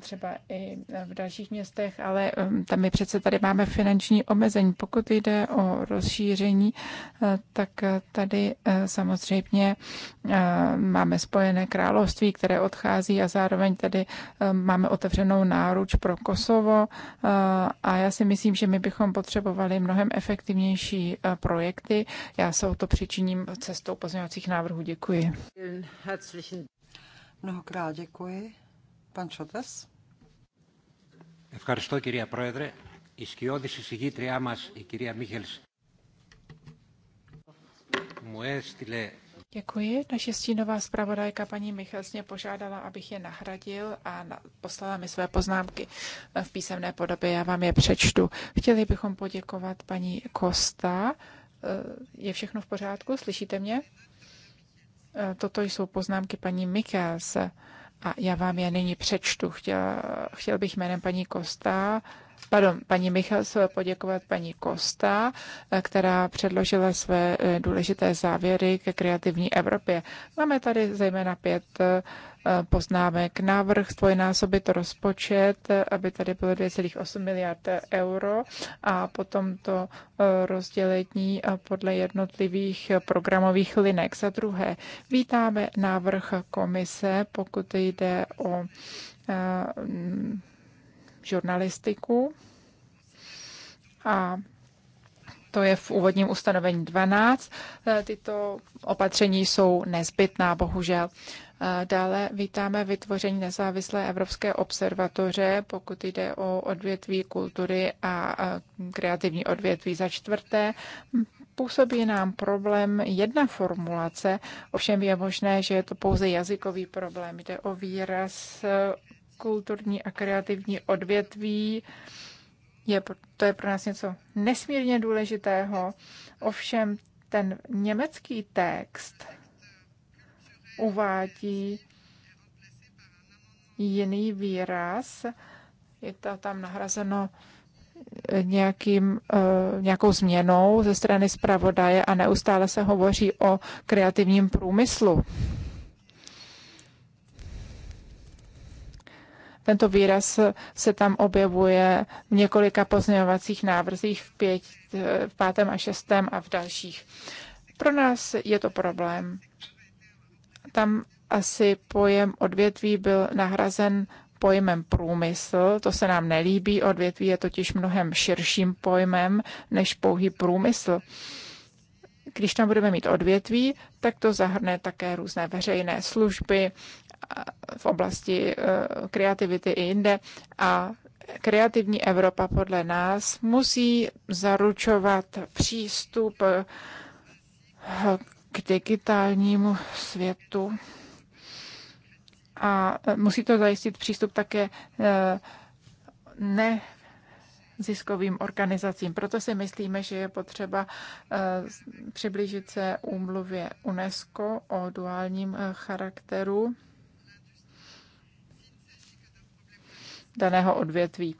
třeba i v dalších městech, ale eh, tam my přece tady máme finanční omezení. Pokud jde o rozšíření, eh, tak tady samozřejmě máme Spojené království, které odchází a zároveň tady máme otevřenou náruč pro Kosovo a já si myslím, že my bychom potřebovali mnohem efektivnější projekty. Já se o to přičiním cestou pozměňovacích návrhů. Děkuji. Mnohokrát děkuji. Pan Šotes. Ευχαριστώ κυρία Πρόεδρε. Η σκιώδης εισηγήτριά μας, η κυρία Μίχελς, μου έστειλε Děkuji. Naše stínová zpravodajka paní Michals mě požádala, abych je nahradil a poslala mi své poznámky v písemné podobě. Já vám je přečtu. Chtěli bychom poděkovat paní Kosta. Eh, je všechno v pořádku? Slyšíte mě? Eh, toto jsou poznámky paní Mikelse a já vám je nyní přečtu. Chtěl, chtěl bych jménem paní Kosta pardon, paní Michals poděkovat paní Kosta, eh, která předložila své eh, důležité závěry ke kreativní Evropě. Máme tady zejména pět eh, poznámek. Návrh dvojnásobit rozpočet, aby tady bylo 2,8 miliard euro a potom to rozdělení podle jednotlivých programových linek. Za druhé, vítáme návrh komise, pokud jde o žurnalistiku. A to je v úvodním ustanovení 12. E, tyto opatření jsou nezbytná, bohužel. E, dále vítáme vytvoření nezávislé Evropské observatoře, pokud jde o odvětví kultury a kreativní odvětví za čtvrté. Působí nám problém jedna formulace, ovšem je možné, že je to pouze jazykový problém. Jde o výraz kulturní a kreativní odvětví. Je, to je pro nás něco nesmírně důležitého. Ovšem ten německý text uvádí jiný výraz. Je to tam nahrazeno nějakým, eh, nějakou změnou ze strany zpravodaje a neustále se hovoří o kreativním průmyslu. Tento výraz se tam objevuje v několika pozměňovacích návrzích v, pět, v pátém a šestém a v dalších. Pro nás je to problém. Tam asi pojem odvětví byl nahrazen pojmem průmysl. To se nám nelíbí, odvětví je totiž mnohem širším pojmem než pouhý průmysl. Když tam budeme mít odvětví, tak to zahrne také různé veřejné služby, v oblasti eh, kreativity i jinde a kreativní Evropa podle nás musí zaručovat přístup eh, k digitálnímu světu a eh, musí to zajistit přístup také ne ziskovým organizacím. Proto si myslíme, že je potřeba přiblížit se úmluvě UNESCO o duálním charakteru daného odvětví.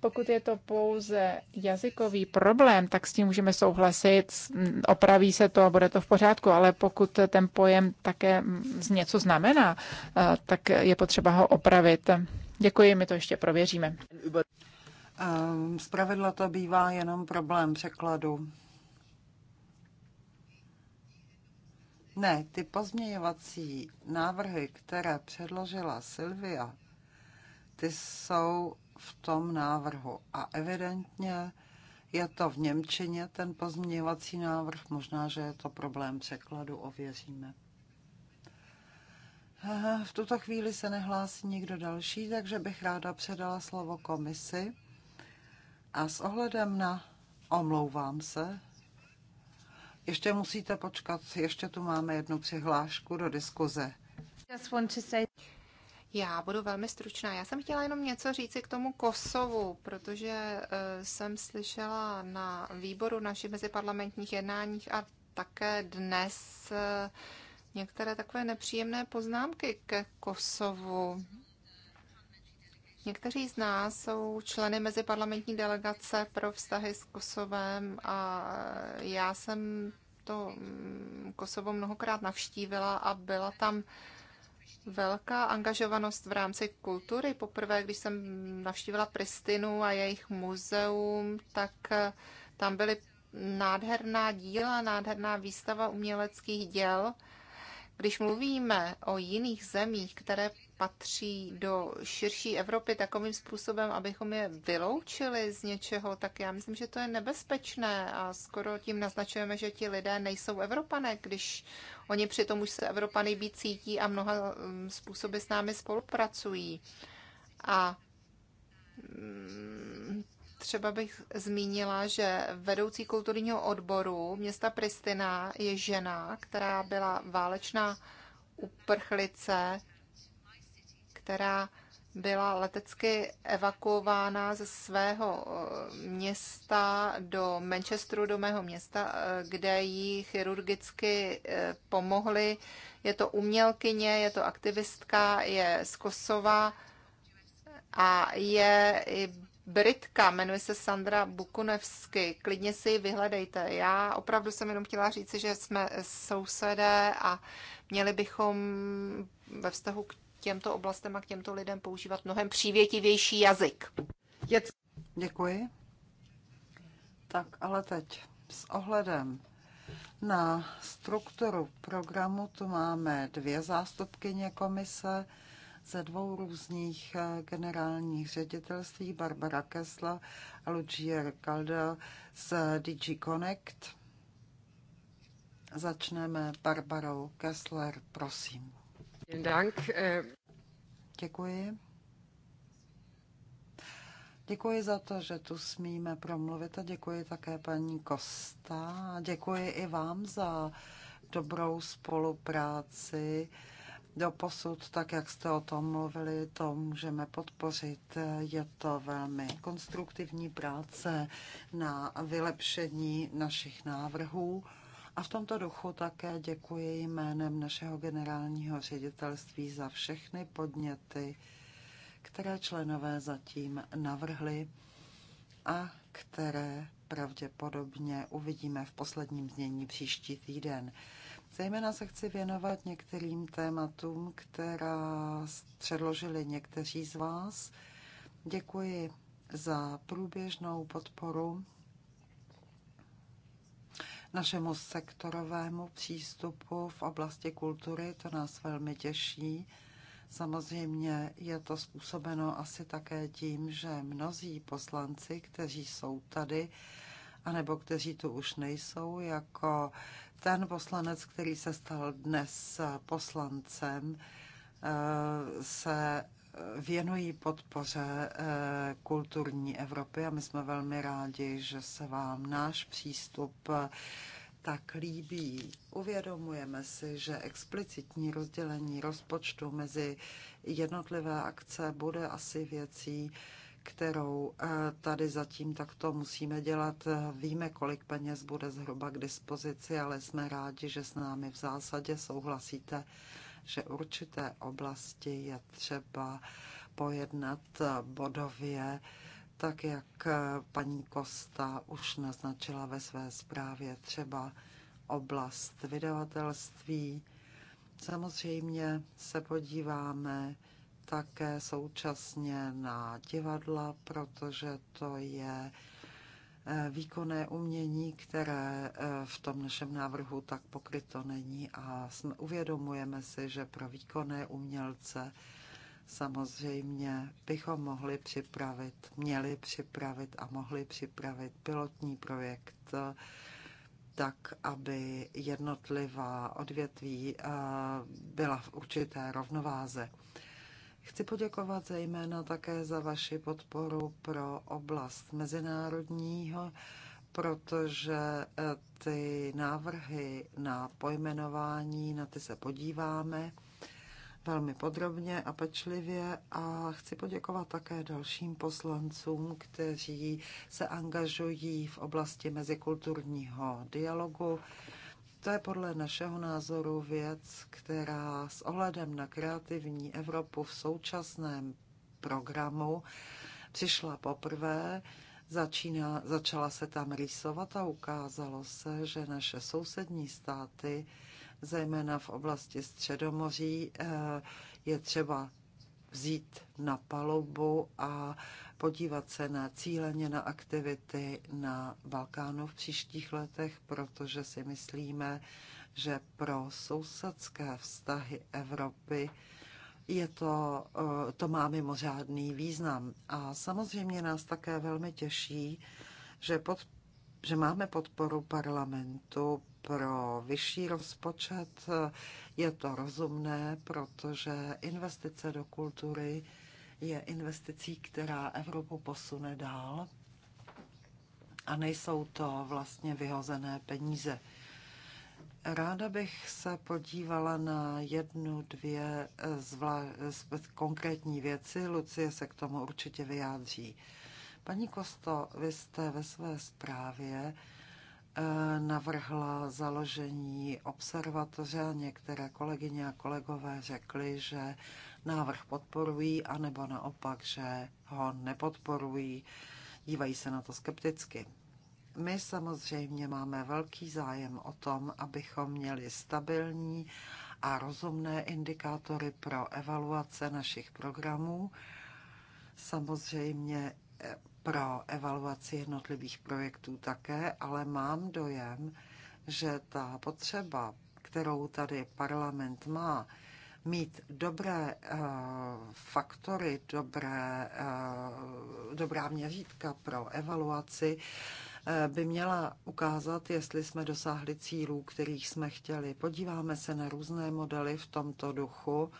Pokud je to pouze jazykový problém, tak s tím můžeme souhlasit, opraví se to a bude to v pořádku, ale pokud ten pojem také z něco znamená, eh, tak je potřeba ho opravit. Děkuji, my to ještě prověříme. Eh, zpravidla to bývá jenom problém překladu. Ne, ty pozměňovací návrhy, které předložila Silvia, ty jsou v tom návrhu. A evidentně je to v Němčině ten pozměňovací návrh, možná, že je to problém překladu, ověříme. Eh, v tuto chvíli se nehlásí nikdo další, takže bych ráda předala slovo komisi. A s ohledem na omlouvám se, ještě musíte počkat, ještě tu máme jednu přihlášku do diskuze. Já budu velmi stručná. Já jsem chtěla jenom něco říci k tomu Kosovu, protože eh, jsem slyšela na výboru našich meziparlamentních jednáních a také dnes eh, některé takové nepříjemné poznámky ke Kosovu. Někteří z nás jsou členy meziparlamentní delegace pro vztahy s Kosovem a eh, já jsem to mm, Kosovo mnohokrát navštívila a byla tam velká angažovanost v rámci kultury. Poprvé, když jsem navštívila Pristinu a jejich muzeum, tak eh, tam byly nádherná díla, nádherná výstava uměleckých děl. Když mluvíme o jiných zemích, které patří do širší Evropy takovým způsobem, abychom je vyloučili z něčeho, tak já myslím, že to je nebezpečné a skoro tím naznačujeme, že ti lidé nejsou Evropané, když oni přitom už se Evropany být cítí a mnoha mm, způsoby s námi spolupracují. A mm, třeba bych zmínila, že vedoucí kulturního odboru města Pristina je žena, která byla válečná uprchlice která byla letecky evakuována ze svého eh, města do Manchesteru, do mého města, eh, kde jí chirurgicky eh, pomohli. Je to umělkyně, je to aktivistka, je z Kosova a je i Britka, jmenuje se Sandra Bukunevsky. Klidně si ji vyhledejte. Já opravdu jsem jenom chtěla říci, že jsme sousedé a měli bychom ve vztahu k těmto oblastem a k těmto lidem používat mnohem přívětivější jazyk. Děkuji. Tak ale teď s ohledem na strukturu programu tu máme dvě zástupkyně komise ze dvou různých eh, generálních ředitelství, Barbara Kesla a Lucia Calda z DG Connect. Začneme Barbarou Kessler, prosím. Äh, děkuji. Děkuji za to, že tu smíme promluvit a děkuji také paní Kosta. Děkuji i vám za dobrou spolupráci. do posud, tak jak jste o tom mluvili, to můžeme podpořit. Je to velmi konstruktivní práce na vylepšení našich návrhů. A v tomto duchu také děkuji jménem našeho generálního ředitelství za všechny podněty, které členové zatím navrhli a které pravděpodobně uvidíme v posledním znění příští týden. Zejména se chci věnovat některým tématům, která předložili někteří z vás. Děkuji za průběžnou podporu našemu sektorovému přístupu v oblasti kultury. To nás velmi těší. Samozřejmě je to způsobeno asi také tím, že mnozí poslanci, kteří jsou tady, anebo kteří tu už nejsou, jako ten poslanec, který se stal dnes poslancem, eh, se věnují podpoře eh, kulturní Evropy a my jsme velmi rádi, že se vám náš přístup eh, tak líbí. Uvědomujeme si, že explicitní rozdělení rozpočtu mezi jednotlivé akce bude asi věcí, kterou eh, tady zatím takto musíme dělat. Víme, kolik peněz bude zhruba k dispozici, ale jsme rádi, že s námi v zásadě souhlasíte že určité oblasti je třeba pojednat bodově, tak jak paní Kosta už naznačila ve své zprávě, třeba oblast vydavatelství. Samozřejmě se podíváme také současně na divadla, protože to je Eh, výkonné umění, které eh, v tom našem návrhu tak pokryto není a jsme, uvědomujeme si, že pro výkonné umělce samozřejmě bychom mohli připravit, měli připravit a mohli připravit pilotní projekt eh, tak, aby jednotlivá odvětví byla v určité rovnováze. Chci poděkovat zejména také za vaši podporu pro oblast mezinárodního, protože eh, ty návrhy na pojmenování, na ty se podíváme velmi podrobně a pečlivě a chci poděkovat také dalším poslancům, kteří se angažují v oblasti mezikulturního dialogu. To je podle našeho názoru věc, která s ohledem na kreativní Evropu v současném programu přišla poprvé, začíná, začala se tam rýsovat a ukázalo se, že naše sousední státy, zejména v oblasti Středomoří, eh, je třeba vzít na palubu a podívat se na cíleně na aktivity na Balkánu v příštích letech, protože si myslíme, že pro sousedské vztahy Evropy je to, eh, to má mimořádný význam. A samozřejmě nás také velmi těší, že, pod, že máme podporu parlamentu pro vyšší rozpočet. Je to rozumné, protože investice do kultury je investicí, která Evropu posune dál a nejsou to vlastně vyhozené peníze. Ráda bych se podívala na jednu, dvě zvla- konkrétní věci. Lucie se k tomu určitě vyjádří. Paní Kosto, vy jste ve své zprávě eh, navrhla založení observatoře a některé kolegyně a kolegové řekli, že návrh podporují, anebo naopak, že ho nepodporují, dívají se na to skepticky. My samozřejmě máme velký zájem o tom, abychom měli stabilní a rozumné indikátory pro evaluace našich programů. Samozřejmě eh, pro evaluaci jednotlivých projektů také, ale mám dojem, že ta potřeba, kterou tady parlament má, mít dobré uh, faktory, dobré, uh, dobrá měřítka pro evaluaci, eh, by měla ukázat, jestli jsme dosáhli cílů, kterých jsme chtěli. Podíváme se na různé modely v tomto duchu.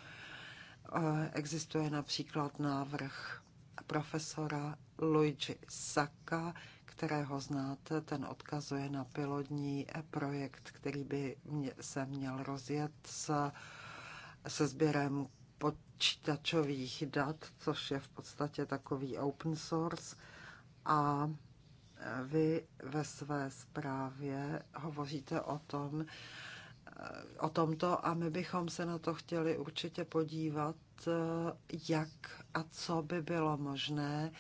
Existuje například návrh profesora Luigi Saka, kterého znáte, ten odkazuje na pilotní projekt, který by se měl rozjet s se sběrem počítačových dat, což je v podstatě takový open source. A vy ve své zprávě hovoříte o tom, o tomto a my bychom se na to chtěli určitě podívat jak a co by bylo možné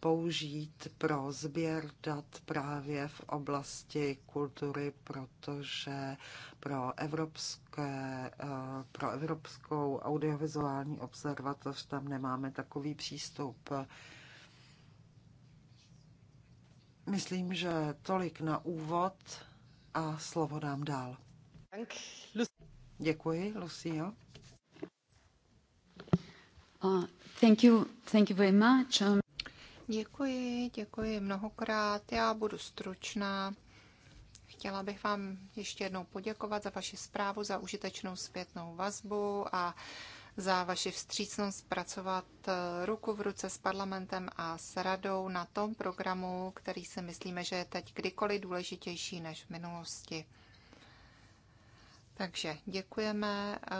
použít pro sběr dat právě v oblasti kultury, protože pro, evropské, eh, pro Evropskou audiovizuální observatoř tam nemáme takový přístup. Myslím, že tolik na úvod a slovo dám dál. Děkuji, Lucio. Uh, um, děkuji, děkuji mnohokrát. Já budu stručná. Chtěla bych vám ještě jednou poděkovat za vaši zprávu, za užitečnou zpětnou vazbu a za vaši vstřícnost pracovat uh, ruku v ruce s parlamentem a s radou na tom programu, který si myslíme, že je teď kdykoliv důležitější než v minulosti. Takže děkujeme, uh,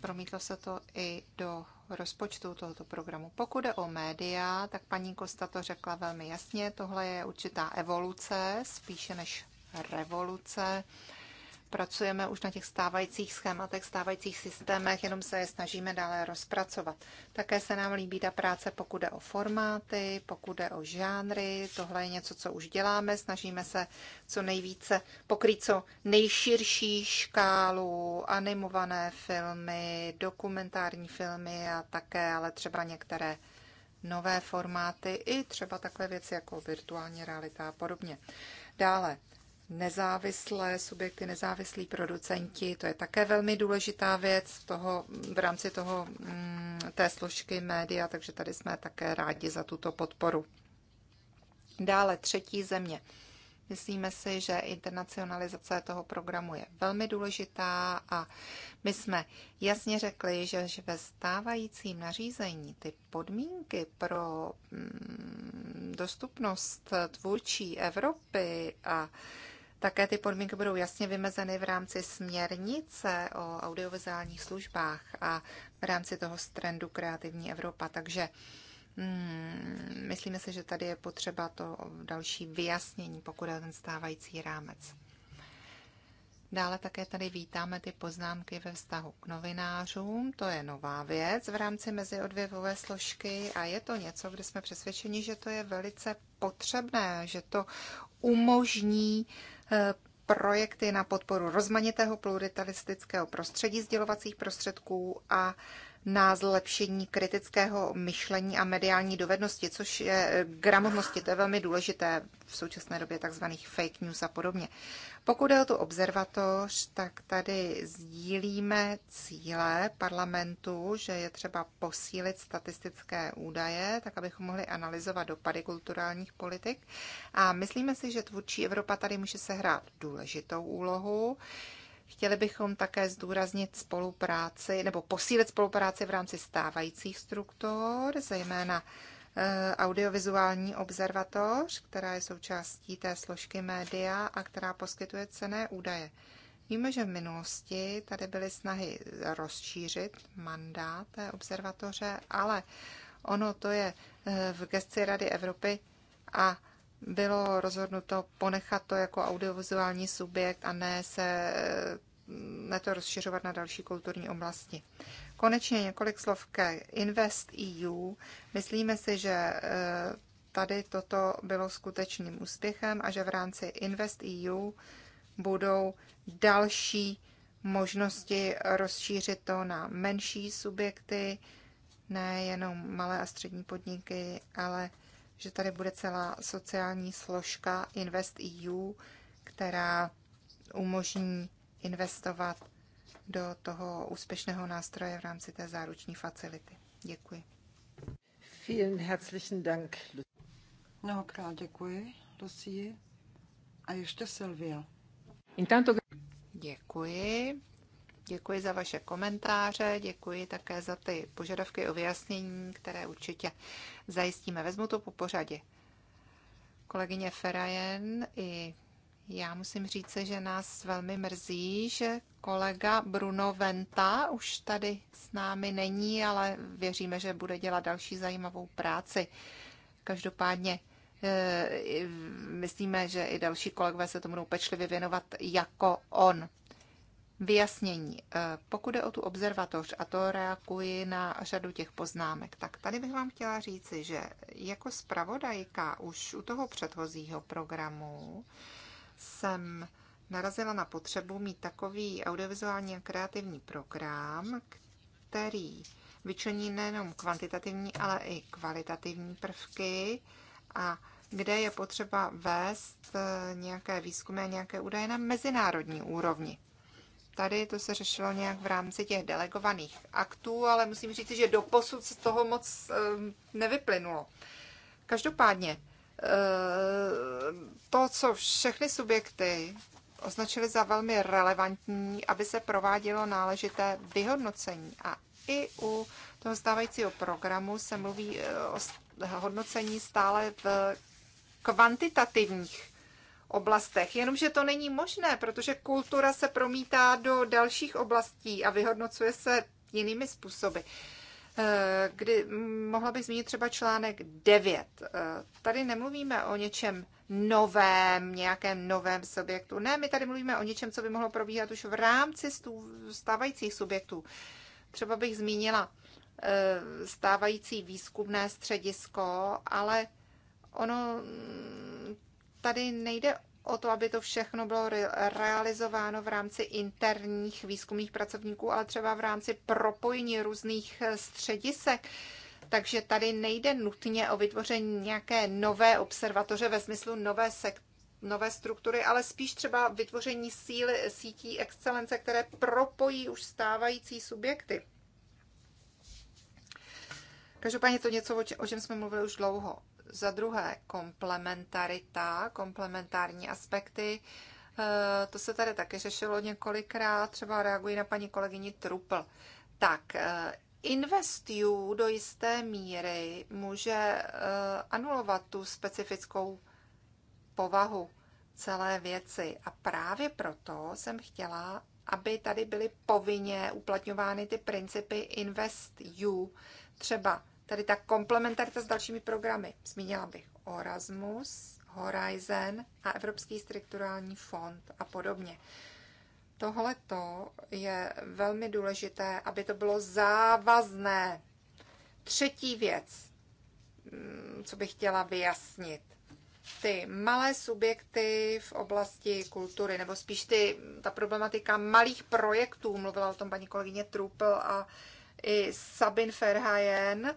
promítlo se to i do rozpočtu tohoto programu. Pokud je o média, tak paní Kosta to řekla velmi jasně, tohle je určitá evoluce, spíše než revoluce pracujeme už na těch stávajících schématech, stávajících systémech, jenom se je snažíme dále rozpracovat. Také se nám líbí ta práce, pokud jde o formáty, pokud jde o žánry, tohle je něco, co už děláme, snažíme se co nejvíce pokrýt co nejširší škálu, animované filmy, dokumentární filmy a také ale třeba některé nové formáty i třeba takové věci jako virtuální realita a podobně. Dále nezávislé subjekty, nezávislí producenti, to je také velmi důležitá věc toho, v rámci toho, mm, té složky média, takže tady jsme také rádi za tuto podporu. Dále třetí země. Myslíme si, že internacionalizace toho programu je velmi důležitá a my jsme jasně řekli, že ve stávajícím nařízení ty podmínky pro mm, dostupnost tvůrčí Evropy a také ty podmínky budou jasně vymezeny v rámci směrnice o audiovizuálních službách a v rámci toho trendu Kreativní Evropa. Takže hmm, myslíme si, že tady je potřeba to další vyjasnění, pokud je ten stávající rámec. Dále také tady vítáme ty poznámky ve vztahu k novinářům. To je nová věc v rámci meziodvěvové složky a je to něco, kde jsme přesvědčeni, že to je velice potřebné, že to umožní uh, Eh, projekty na podporu rozmanitého pluralistického prostředí sdělovacích prostředků a na zlepšení kritického myšlení a mediální dovednosti, což je eh, gramotnosti, to je velmi důležité v současné době takzvaných fake news a podobně. Pokud je o tu observatoř, tak tady sdílíme cíle parlamentu, že je třeba posílit statistické údaje, tak abychom mohli analyzovat dopady kulturálních politik. A myslíme si, že Tvůrčí Evropa tady může sehrát důležitou úlohu. Chtěli bychom také zdůraznit spolupráci nebo posílit spolupráci v rámci stávajících struktur, zejména eh, audiovizuální observatoř, která je součástí té složky média a která poskytuje cené údaje. Víme, že v minulosti tady byly snahy rozšířit mandát té observatoře, ale ono to je eh, v gesci Rady Evropy a bylo rozhodnuto ponechat to jako audiovizuální subjekt a ne se ne to rozšiřovat na další kulturní oblasti. Konečně několik slov ke Invest EU. Myslíme si, že eh, tady toto bylo skutečným úspěchem a že v rámci Invest EU budou další možnosti rozšířit to na menší subjekty, nejenom malé a střední podniky, ale že tady bude celá sociální složka Invest EU, která umožní investovat do toho úspěšného nástroje v rámci té záruční facility. Děkuji. Vielen herzlichen Dank. Mnohokrát děkuji, Lucie. A ještě Silvia. Děkuji. Děkuji za vaše komentáře, děkuji také za ty požadavky o vyjasnění, které určitě zajistíme. Vezmu to po pořadě. Kolegyně Ferajen i já musím říct, že nás velmi mrzí, že kolega Bruno Venta už tady s námi není, ale věříme, že bude dělat další zajímavou práci. Každopádně eh, myslíme, že i další kolegové se tomu budou pečlivě věnovat jako on vyjasnění. Eh, pokud je o tu observatoř, a to reaguji na řadu těch poznámek, tak tady bych vám chtěla říci, že jako zpravodajka už u toho předchozího programu jsem narazila na potřebu mít takový audiovizuální a kreativní program, který vyčlení nejenom kvantitativní, ale i kvalitativní prvky a kde je potřeba vést eh, nějaké výzkumy a nějaké údaje na mezinárodní úrovni. Tady to se řešilo nějak v rámci těch delegovaných aktů, ale musím říct, že do posud z toho moc ehm, nevyplynulo. Každopádně, ehm, to, co všechny subjekty označili za velmi relevantní, aby se provádělo náležité vyhodnocení. A i u toho stávajícího programu se mluví eh, o hodnocení stále v kvantitativních oblastech. Jenomže to není možné, protože kultura se promítá do dalších oblastí a vyhodnocuje se jinými způsoby. Eh, kdy mm, mohla bych zmínit třeba článek 9. Eh, tady nemluvíme o něčem novém, nějakém novém subjektu. Ne, my tady mluvíme o něčem, co by mohlo probíhat už v rámci stávajících subjektů. Třeba bych zmínila eh, stávající výzkumné středisko, ale ono tady nejde o to, aby to všechno bylo realizováno v rámci interních výzkumných pracovníků, ale třeba v rámci propojení různých eh, středisek. Takže tady nejde nutně o vytvoření nějaké nové observatoře ve smyslu nové sektory nové struktury, ale spíš třeba vytvoření síly, sítí excelence, které propojí už stávající subjekty. Každopádně to něco, o čem jsme mluvili už dlouho. Za druhé, komplementarita, komplementární aspekty. E, to se tady také řešilo několikrát, třeba reaguji na paní kolegyni Trupl. Tak, e, investiu do jisté míry může e, anulovat tu specifickou povahu celé věci. A právě proto jsem chtěla, aby tady byly povinně uplatňovány ty principy Invest You, třeba Tady ta komplementarita s dalšími programy. Zmínila bych Orasmus, Horizon a Evropský strukturální fond a podobně. Tohle je velmi důležité, aby to bylo závazné. Třetí věc, mm, co bych chtěla vyjasnit. Ty malé subjekty v oblasti kultury, nebo spíš ty, ta problematika malých projektů, mluvila o tom paní kolegyně Trupl a i Sabin Ferhajen,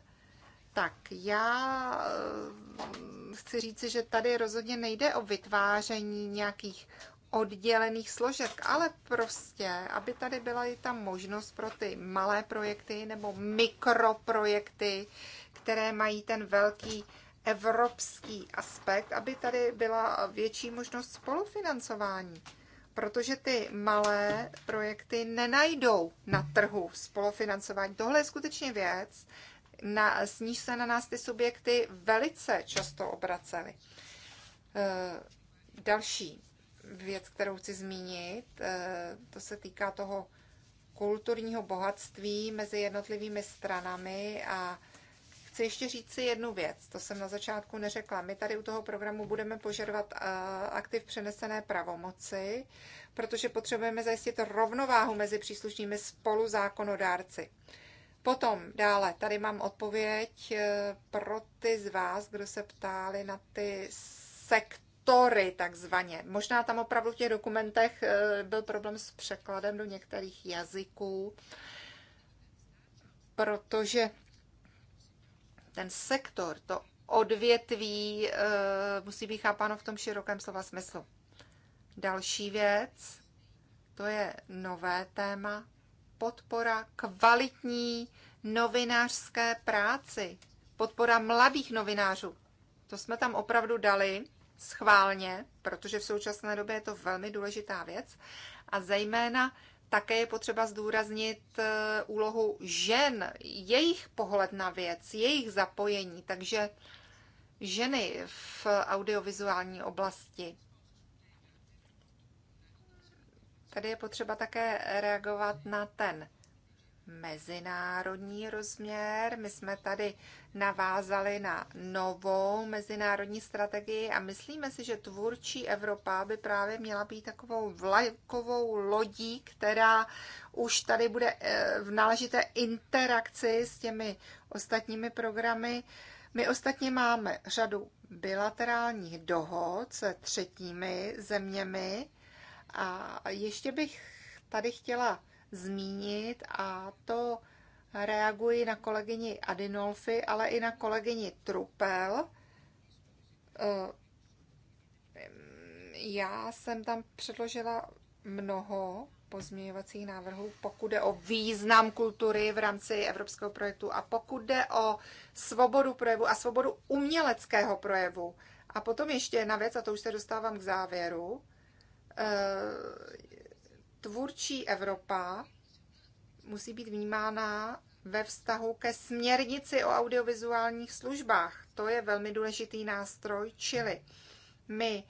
tak já eh, chci říci, že tady rozhodně nejde o vytváření nějakých oddělených složek, ale prostě, aby tady byla i ta možnost pro ty malé projekty nebo mikroprojekty, které mají ten velký evropský aspekt, aby tady byla větší možnost spolufinancování. Protože ty malé projekty nenajdou na trhu spolufinancování. Tohle je skutečně věc, na, s níž se na nás ty subjekty velice často obracely. E, další věc, kterou chci zmínit, e, to se týká toho kulturního bohatství mezi jednotlivými stranami a chci ještě říct si jednu věc, to jsem na začátku neřekla. My tady u toho programu budeme požadovat e, aktiv přenesené pravomoci, protože potřebujeme zajistit rovnováhu mezi příslušnými spoluzákonodárci. Potom dále, tady mám odpověď eh, pro ty z vás, kdo se ptáli na ty sektory takzvaně. Možná tam opravdu v těch dokumentech eh, byl problém s překladem do některých jazyků, protože ten sektor, to odvětví eh, musí být chápáno v tom širokém slova smyslu. Další věc, to je nové téma, podpora kvalitní novinářské práci, podpora mladých novinářů. To jsme tam opravdu dali schválně, protože v současné době je to velmi důležitá věc. A zejména také je potřeba zdůraznit eh, úlohu žen, jejich pohled na věc, jejich zapojení. Takže ženy v audiovizuální oblasti Tady je potřeba také reagovat na ten mezinárodní rozměr. My jsme tady navázali na novou mezinárodní strategii a myslíme si, že tvůrčí Evropa by právě měla být takovou vlajkovou lodí, která už tady bude eh, v náležité interakci s těmi ostatními programy. My ostatně máme řadu bilaterálních dohod se třetími zeměmi, a ještě bych tady chtěla zmínit, a to reaguji na kolegyni Adinolfi, ale i na kolegyni Trupel. Já jsem tam předložila mnoho pozměňovacích návrhů, pokud jde o význam kultury v rámci evropského projektu a pokud jde o svobodu projevu a svobodu uměleckého projevu. A potom ještě jedna věc, a to už se dostávám k závěru, Eh, tvůrčí Evropa musí být vnímána ve vztahu ke směrnici o audiovizuálních službách. To je velmi důležitý nástroj, čili my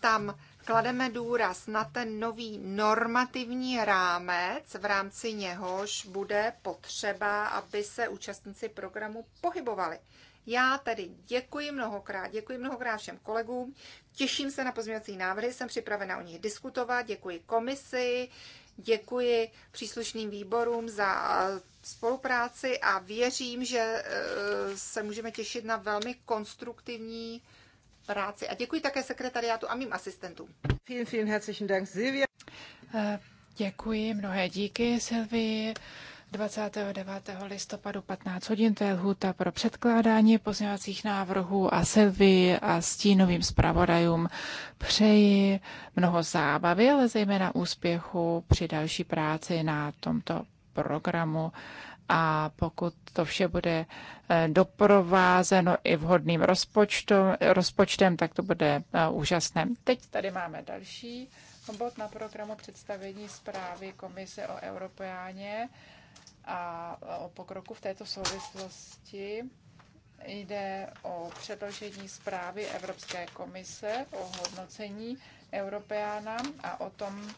tam klademe důraz na ten nový normativní rámec, v rámci něhož bude potřeba, aby se účastníci programu pohybovali. Já tady děkuji mnohokrát, děkuji mnohokrát všem kolegům, těším se na pozměňovací návrhy, jsem připravena o nich diskutovat, děkuji komisi, děkuji příslušným výborům za e, spolupráci a věřím, že e, se můžeme těšit na velmi konstruktivní práci. A děkuji také sekretariátu a mým asistentům. Vielen, vielen herzlichen Dank, Silvia. E, děkuji, mnohé díky, Silvii. 29. listopadu 15 hodin, to je lhůta pro předkládání pozměňovacích návrhů a Silvi a stínovým zpravodajům přeji mnoho zábavy, ale zejména úspěchu při další práci na tomto programu a pokud to vše bude eh, doprovázeno i vhodným rozpočtem, rozpočtem tak to bude eh, úžasné. Teď tady máme další bod na programu představení zprávy Komise o Europeáně a o pokroku v této souvislosti. Jde o předložení zprávy Evropské komise o hodnocení Europeana a o tom,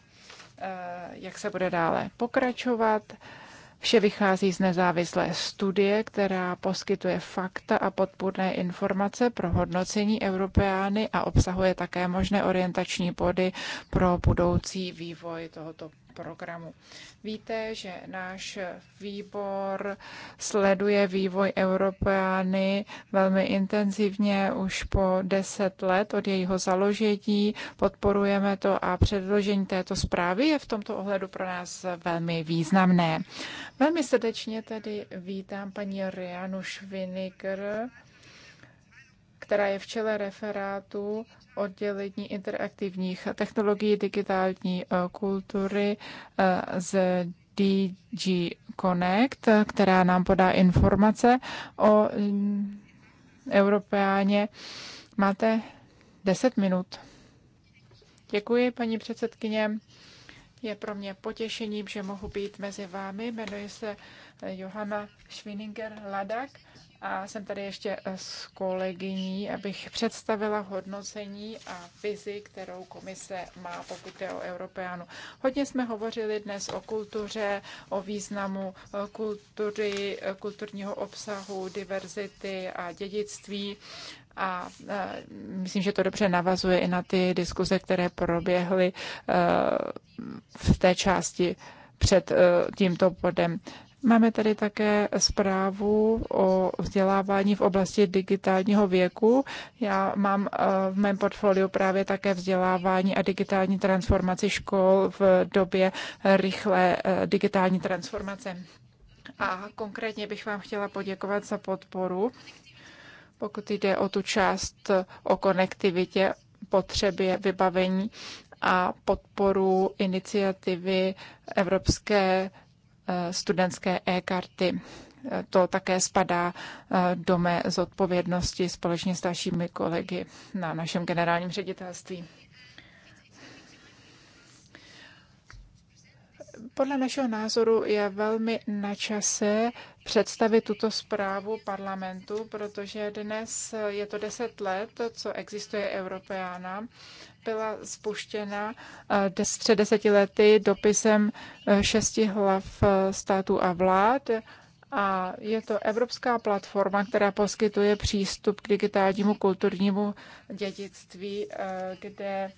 e, jak se bude dále pokračovat. Vše vychází z nezávislé studie, která poskytuje fakta a podpůrné informace pro hodnocení Europeány a obsahuje také možné orientační body pro budoucí vývoj tohoto programu. Víte, že náš výbor sleduje vývoj Europeány velmi intenzivně už po deset let od jejího založení. Podporujeme to a předložení této zprávy je v tomto ohledu pro nás velmi významné. Velmi srdečně tedy vítám paní Rianu Švinikr, která je v čele referátu oddělení interaktivních technologií digitální eh, kultury eh, z DG Connect, která nám podá informace o mm, Evropáně. Máte 10 minut. Děkuji, paní předsedkyně. Je pro mě potěšením, že mohu být mezi vámi. Jmenuji se Johanna Schwininger Ladak a jsem tady ještě eh, s kolegyní, abych představila hodnocení a vizi, kterou komise má, pokud je o Europeanu. Hodně jsme hovořili dnes o kultuře, o významu eh, kultury, eh, kulturního obsahu, diverzity a dědictví. A myslím, že to dobře navazuje i na ty diskuze, které proběhly v té části před tímto bodem. Máme tady také zprávu o vzdělávání v oblasti digitálního věku. Já mám eh, v mém portfoliu právě také vzdělávání a digitální transformaci škol v době rychlé eh, digitální transformace. A konkrétně bych vám chtěla poděkovat za podporu, pokud jde o tu část eh, o konektivitě, potřebě vybavení a podporu iniciativy Evropské Eh, studentské e-karty. Eh, to také spadá eh, do mé zodpovědnosti společně s dalšími kolegy na našem generálním ředitelství. Podle našeho názoru je velmi na čase představit tuto zprávu parlamentu, protože dnes je to deset let, co existuje Europeana. Byla spuštěna eh, před deseti lety dopisem eh, šesti hlav eh, států a vlád a je to evropská platforma, která poskytuje přístup k digitálnímu kulturnímu dědictví, kde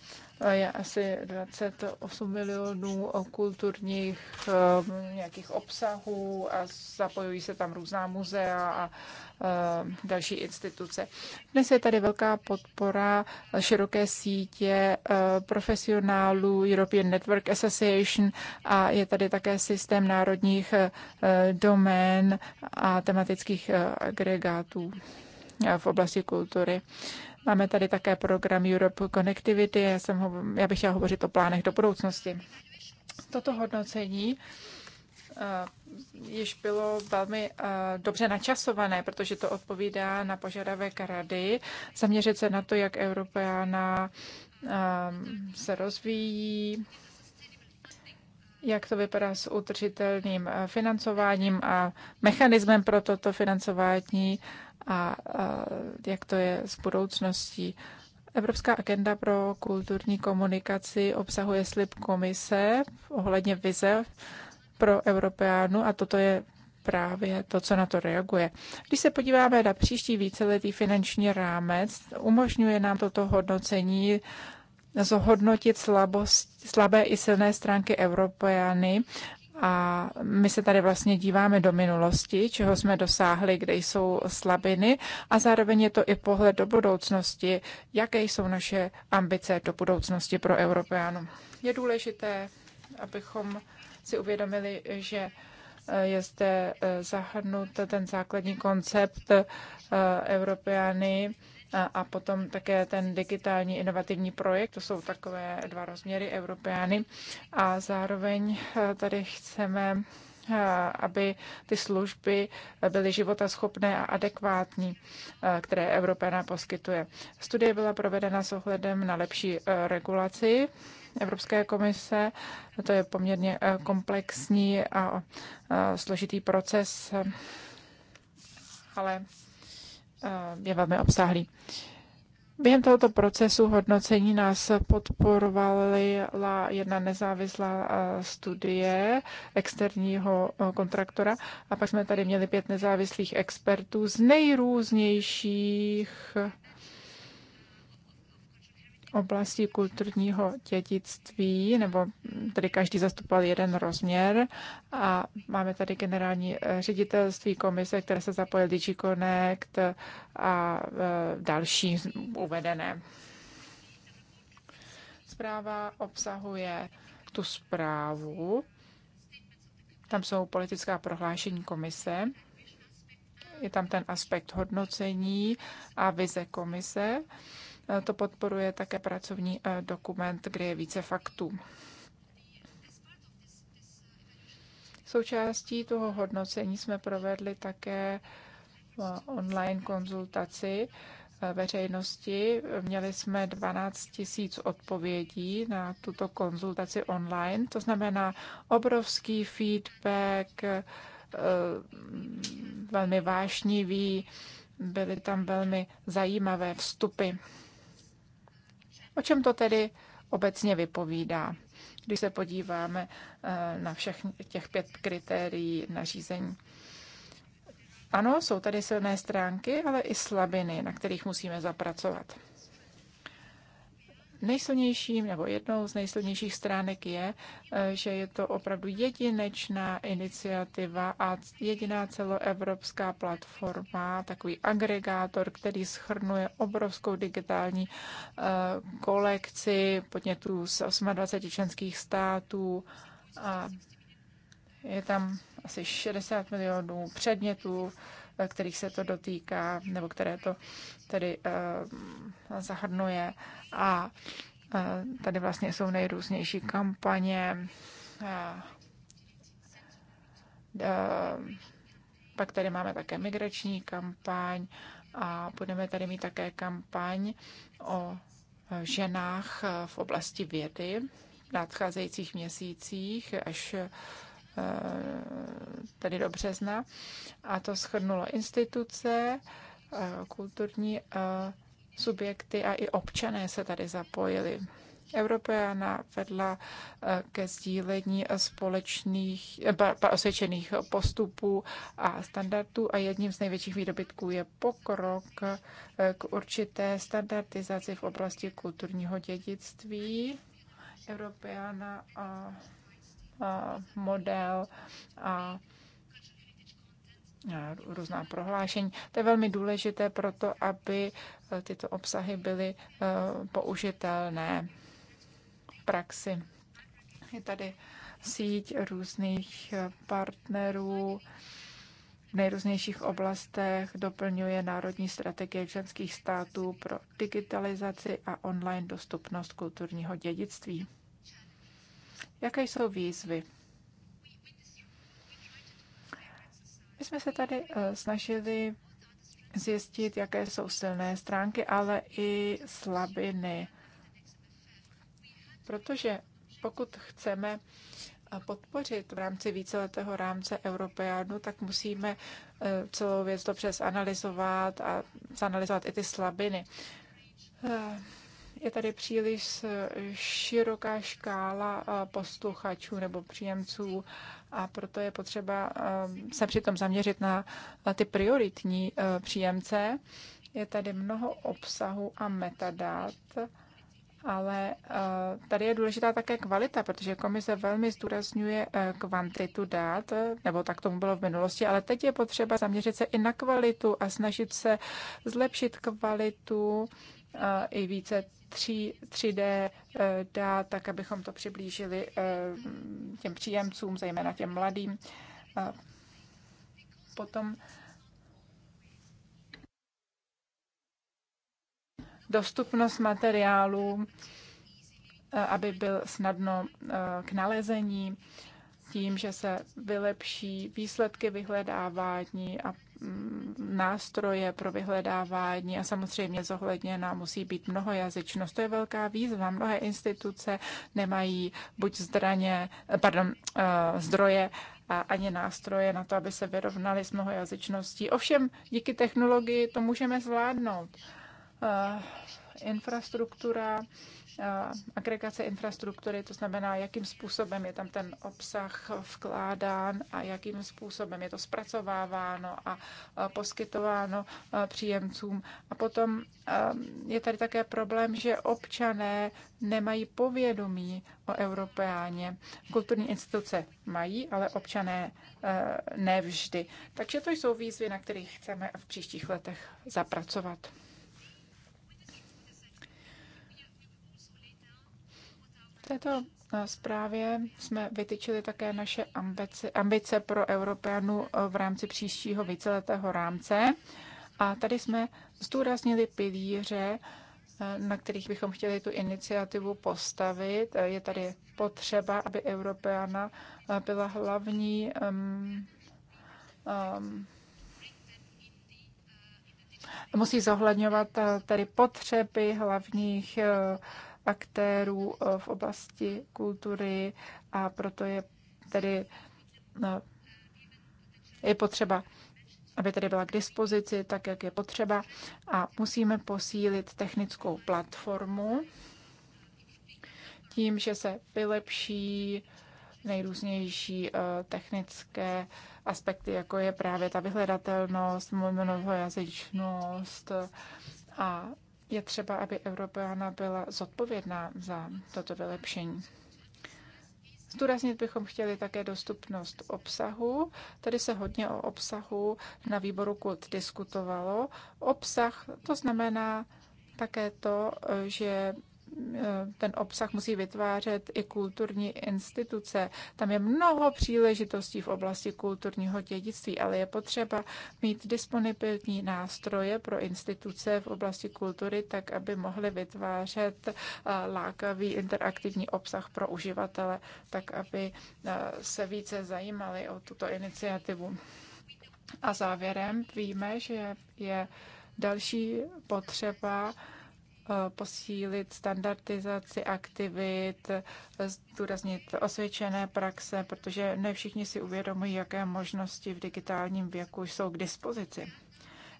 je asi 28 milionů kulturních um, nějakých obsahů a zapojují se tam různá muzea a um, další instituce. Dnes je tady velká podpora široké sítě uh, profesionálů European Network Association a je tady také systém národních uh, domén a tematických uh, agregátů v oblasti kultury. Máme tady také program Europe Connectivity. Já, jsem ho, já bych chtěla hovořit o plánech do budoucnosti. Toto hodnocení eh, již bylo velmi eh, dobře načasované, protože to odpovídá na požadavek rady zaměřit se na to, jak uh, se rozvíjí, jak to vypadá s udržitelným financováním a mechanismem pro toto financování a jak to je s budoucností. Evropská agenda pro kulturní komunikaci obsahuje slib komise ohledně vize pro Evropeánu a toto je právě to, co na to reaguje. Když se podíváme na příští víceletý finanční rámec, umožňuje nám toto hodnocení zohodnotit slabost, slabé i silné stránky Evropeány a my se tady vlastně díváme do minulosti, čeho jsme dosáhli, kde jsou slabiny a zároveň je to i pohled do budoucnosti, jaké jsou naše ambice do budoucnosti pro Europeánu. Je důležité, abychom si uvědomili, že eh, je zde eh, zahrnut ten základní koncept Europeány, eh, a potom také ten digitální inovativní projekt, to jsou takové dva rozměry Evropiány. a zároveň e, tady chceme e, aby ty služby byly životaschopné a adekvátní, e, které Evropa poskytuje. Studie byla provedena s ohledem na lepší regulaci Evropské komise. To je poměrně komplexní a složitý proces, ale Eh, je velmi obsáhlý. Během tohoto procesu hodnocení nás podporovala jedna nezávislá eh, studie externího eh, kontraktora a pak jsme tady měli pět nezávislých expertů z nejrůznějších oblasti kulturního dědictví, nebo tady každý zastupoval jeden rozměr a máme tady generální eh, ředitelství komise, které se zapojil DigiConnect a eh, další uvedené. Zpráva obsahuje tu zprávu, tam jsou politická prohlášení komise, je tam ten aspekt hodnocení a vize komise to podporuje také pracovní eh, dokument, kde je více faktů. Součástí toho hodnocení jsme provedli také eh, online konzultaci eh, veřejnosti. Měli jsme 12 000 odpovědí na tuto konzultaci online, to znamená obrovský feedback, velmi vášnivý, byly tam velmi zajímavé vstupy. O čem to tedy obecně vypovídá? Když se podíváme eh, na všech těch pět kritérií nařízení. Ano, jsou tady silné stránky, ale i slabiny, na kterých musíme zapracovat. Nejsilnějším nebo jednou z nejsilnějších stránek je, eh, že je to opravdu jedinečná iniciativa a jediná celoevropská platforma, takový agregátor, který schrnuje obrovskou digitální eh, kolekci podnětů z 28 členských států a je tam asi 60 milionů předmětů, Eh, kterých se to dotýká, nebo které to tedy eh, zahrnuje. A eh, tady vlastně jsou nejrůznější kampaně, pak tady máme také migrační kampaň a budeme tady mít také kampaň o ženách v oblasti vědy v nadcházejících měsících, až tedy do března. A to schrnulo instituce, eh, kulturní eh, subjekty a i občané se tady zapojili. Europeana vedla eh, ke sdílení společných osvědčených postupů a standardů a jedním z největších výdobytků je pokrok k určité standardizaci v oblasti kulturního dědictví. Europeana Eh, model a eh, různá prohlášení. To je velmi důležité pro to, aby eh, tyto obsahy byly použitelné v praxi. Je tady síť různých partnerů v nejrůznějších oblastech, doplňuje národní strategie členských států pro digitalizaci a online dostupnost kulturního dědictví. Jaké jsou výzvy? My jsme se tady eh, snažili zjistit, jaké jsou silné stránky, ale i slabiny. Protože pokud chceme eh, podpořit v rámci víceletého rámce Europeánu, tak musíme eh, celou věc dobře zanalizovat a zanalizovat i ty slabiny je tady příliš eh, široká škála eh, posluchačů nebo příjemců a proto je potřeba eh, se přitom zaměřit na ty prioritní příjemce. Je tady mnoho obsahu a metadat, ale tady je důležitá také kvalita, protože komise velmi zdůrazňuje kvantitu dát, nebo tak tomu bylo v minulosti, ale teď je potřeba zaměřit se i na kvalitu a snažit se zlepšit kvalitu i více 3, 3D eh, dát, tak abychom to přiblížili eh, těm příjemcům, zejména těm mladým. Potom dostupnost materiálů, eh, aby byl snadno k nalezení, tím, že se vylepší výsledky vyhledávání a Mm, nástroje pro vyhledávání a samozřejmě zohledněna musí být mnohojazyčnost. To je velká výzva. Mnohé instituce nemají buď zdraně, pardon, eh, zdroje a ani nástroje na to, aby se vyrovnali s mnohojazyčností. Ovšem, díky technologii to můžeme zvládnout. Eh, infrastruktura agregace infrastruktury, to znamená, jakým způsobem je tam ten obsah vkládán a jakým způsobem je to zpracováváno a poskytováno příjemcům. A potom je tady také problém, že občané nemají povědomí o Evropáně. Kulturní instituce mají, ale občané nevždy. Takže to jsou výzvy, na kterých chceme v příštích letech zapracovat. této eh, zprávě jsme vytyčili také naše ambice, ambice pro Evropanu eh, v rámci příštího víceletého rámce. A tady jsme zdůraznili pilíře, eh, na kterých bychom chtěli tu iniciativu postavit. Je tady potřeba, aby Europeana byla hlavní um, um, musí zohledňovat tedy potřeby hlavních uh, aktérů eh, v oblasti kultury a proto je tedy eh, je potřeba, aby tedy byla k dispozici tak, jak je potřeba a musíme posílit technickou platformu tím, že se vylepší nejrůznější eh, technické aspekty, jako je právě ta vyhledatelnost, mnohojazyčnost a je třeba, aby Evropána byla zodpovědná za toto vylepšení. Zdůraznit bychom chtěli také dostupnost obsahu. Tady se hodně o obsahu na výboru kult diskutovalo. Obsah to znamená také to, že ten obsah musí vytvářet i kulturní instituce. Tam je mnoho příležitostí v oblasti kulturního dědictví, ale je potřeba mít disponibilní nástroje pro instituce v oblasti kultury, tak aby mohly vytvářet eh, lákavý interaktivní obsah pro uživatele, tak aby eh, se více zajímali o tuto iniciativu. A závěrem víme, že je další potřeba Eh, posílit standardizaci aktivit, zdůraznit osvědčené praxe, protože ne všichni si uvědomují, jaké možnosti v digitálním věku jsou k dispozici.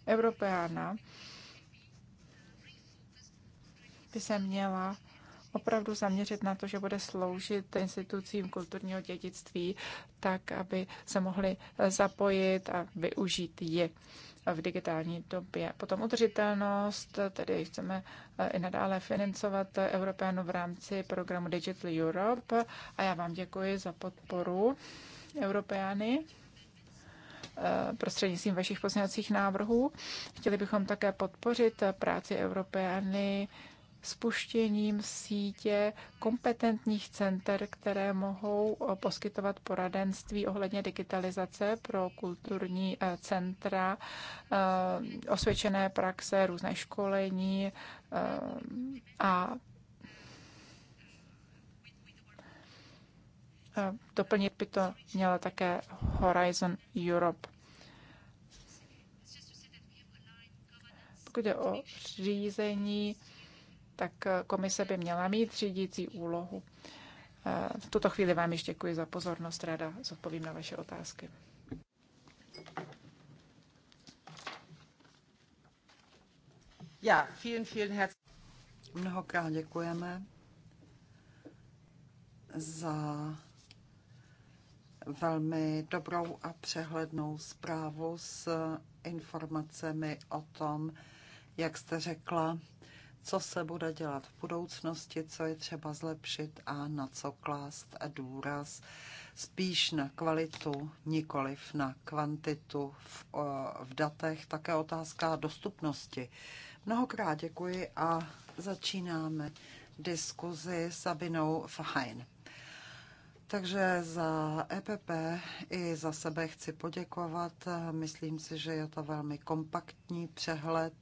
Europeána by se měla opravdu zaměřit na to, že bude sloužit institucím kulturního dědictví tak, aby se mohli zapojit a využít ji v digitální době. Potom udržitelnost, tedy chceme eh, i nadále financovat Europeanu v rámci programu Digital Europe a já vám děkuji za podporu Europeany eh, prostřednictvím vašich pozměňovacích návrhů. Chtěli bychom také podpořit práci Europeany spuštěním sítě kompetentních center, které mohou eh, poskytovat poradenství ohledně digitalizace pro kulturní eh, centra, eh, osvědčené praxe, různé školení a doplnit by to měla také Horizon Europe. Pokud jde o řízení tak eh, komise by měla mít řídící úlohu. Eh, v tuto chvíli vám již děkuji za pozornost, ráda zodpovím na vaše otázky. Já, vielen, vielen herz. Mnohokrát děkujeme za velmi dobrou a přehlednou zprávu s informacemi o tom, jak jste řekla, co se bude dělat v budoucnosti, co je třeba zlepšit a na co klást důraz. Spíš na kvalitu, nikoliv na kvantitu v, v datech, také otázka dostupnosti. Mnohokrát děkuji a začínáme diskuzi s Abinou Fahajn. Takže za EPP i za sebe chci poděkovat. Myslím si, že je to velmi kompaktní přehled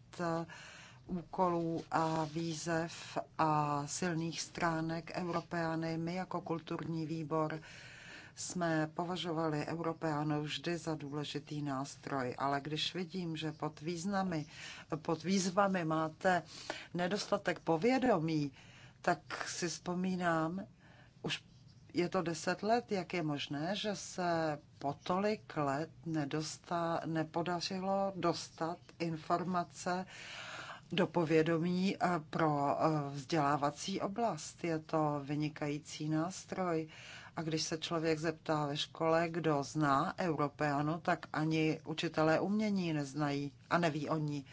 úkolů a výzev a silných stránek Europeány. My jako kulturní výbor jsme považovali Europeánu vždy za důležitý nástroj, ale když vidím, že pod, významy, pod výzvami máte nedostatek povědomí, tak si vzpomínám, už je to deset let, jak je možné, že se po tolik let nedostá, nepodařilo dostat informace do povědomí eh, pro eh, vzdělávací oblast. Je to vynikající nástroj. A když se člověk zeptá ve škole, kdo zná Europeanu, tak ani učitelé umění neznají a neví o ní.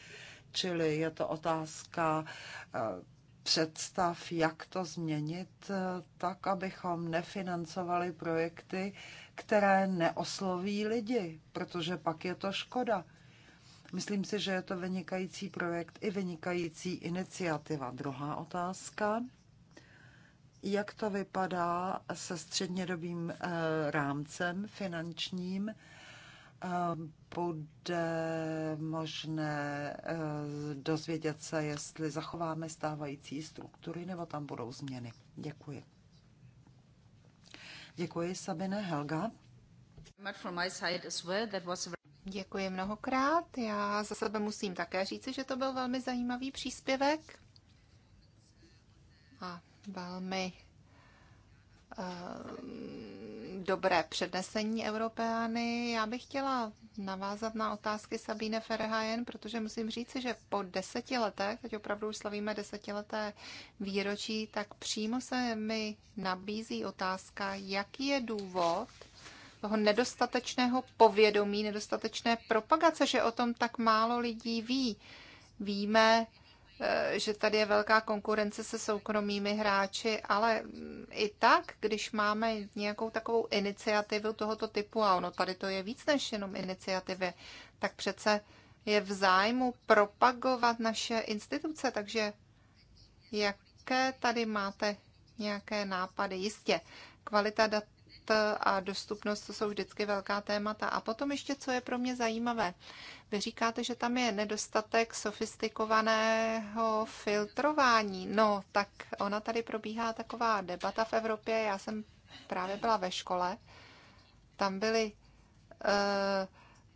Čili je to otázka eh, představ, jak to změnit tak, abychom nefinancovali projekty, které neosloví lidi, protože pak je to škoda. Myslím si, že je to vynikající projekt i vynikající iniciativa. Druhá otázka. Jak to vypadá se střednědobým eh, rámcem finančním? Eh, bude možné eh, dozvědět se, jestli zachováme stávající struktury nebo tam budou změny. Děkuji. Děkuji, Sabine Helga. Děkuji mnohokrát. Já za sebe musím také říci, že to byl velmi zajímavý příspěvek a velmi uh, dobré přednesení Europeány. Já bych chtěla navázat na otázky Sabine Ferhajen, protože musím říci, že po deseti letech, teď opravdu už slavíme desetileté výročí, tak přímo se mi nabízí otázka, jaký je důvod, toho nedostatečného povědomí, nedostatečné propagace, že o tom tak málo lidí ví. Víme, eh, že tady je velká konkurence se soukromými hráči, ale mm, i tak, když máme nějakou takovou iniciativu tohoto typu, a ono tady to je víc než jenom iniciativy, tak přece je v zájmu propagovat naše instituce, takže jaké tady máte nějaké nápady? Jistě, kvalita dat a dostupnost, to jsou vždycky velká témata. A potom ještě, co je pro mě zajímavé. Vy říkáte, že tam je nedostatek sofistikovaného filtrování. No, tak ona tady probíhá taková debata v Evropě. Já jsem právě byla ve škole. Tam byly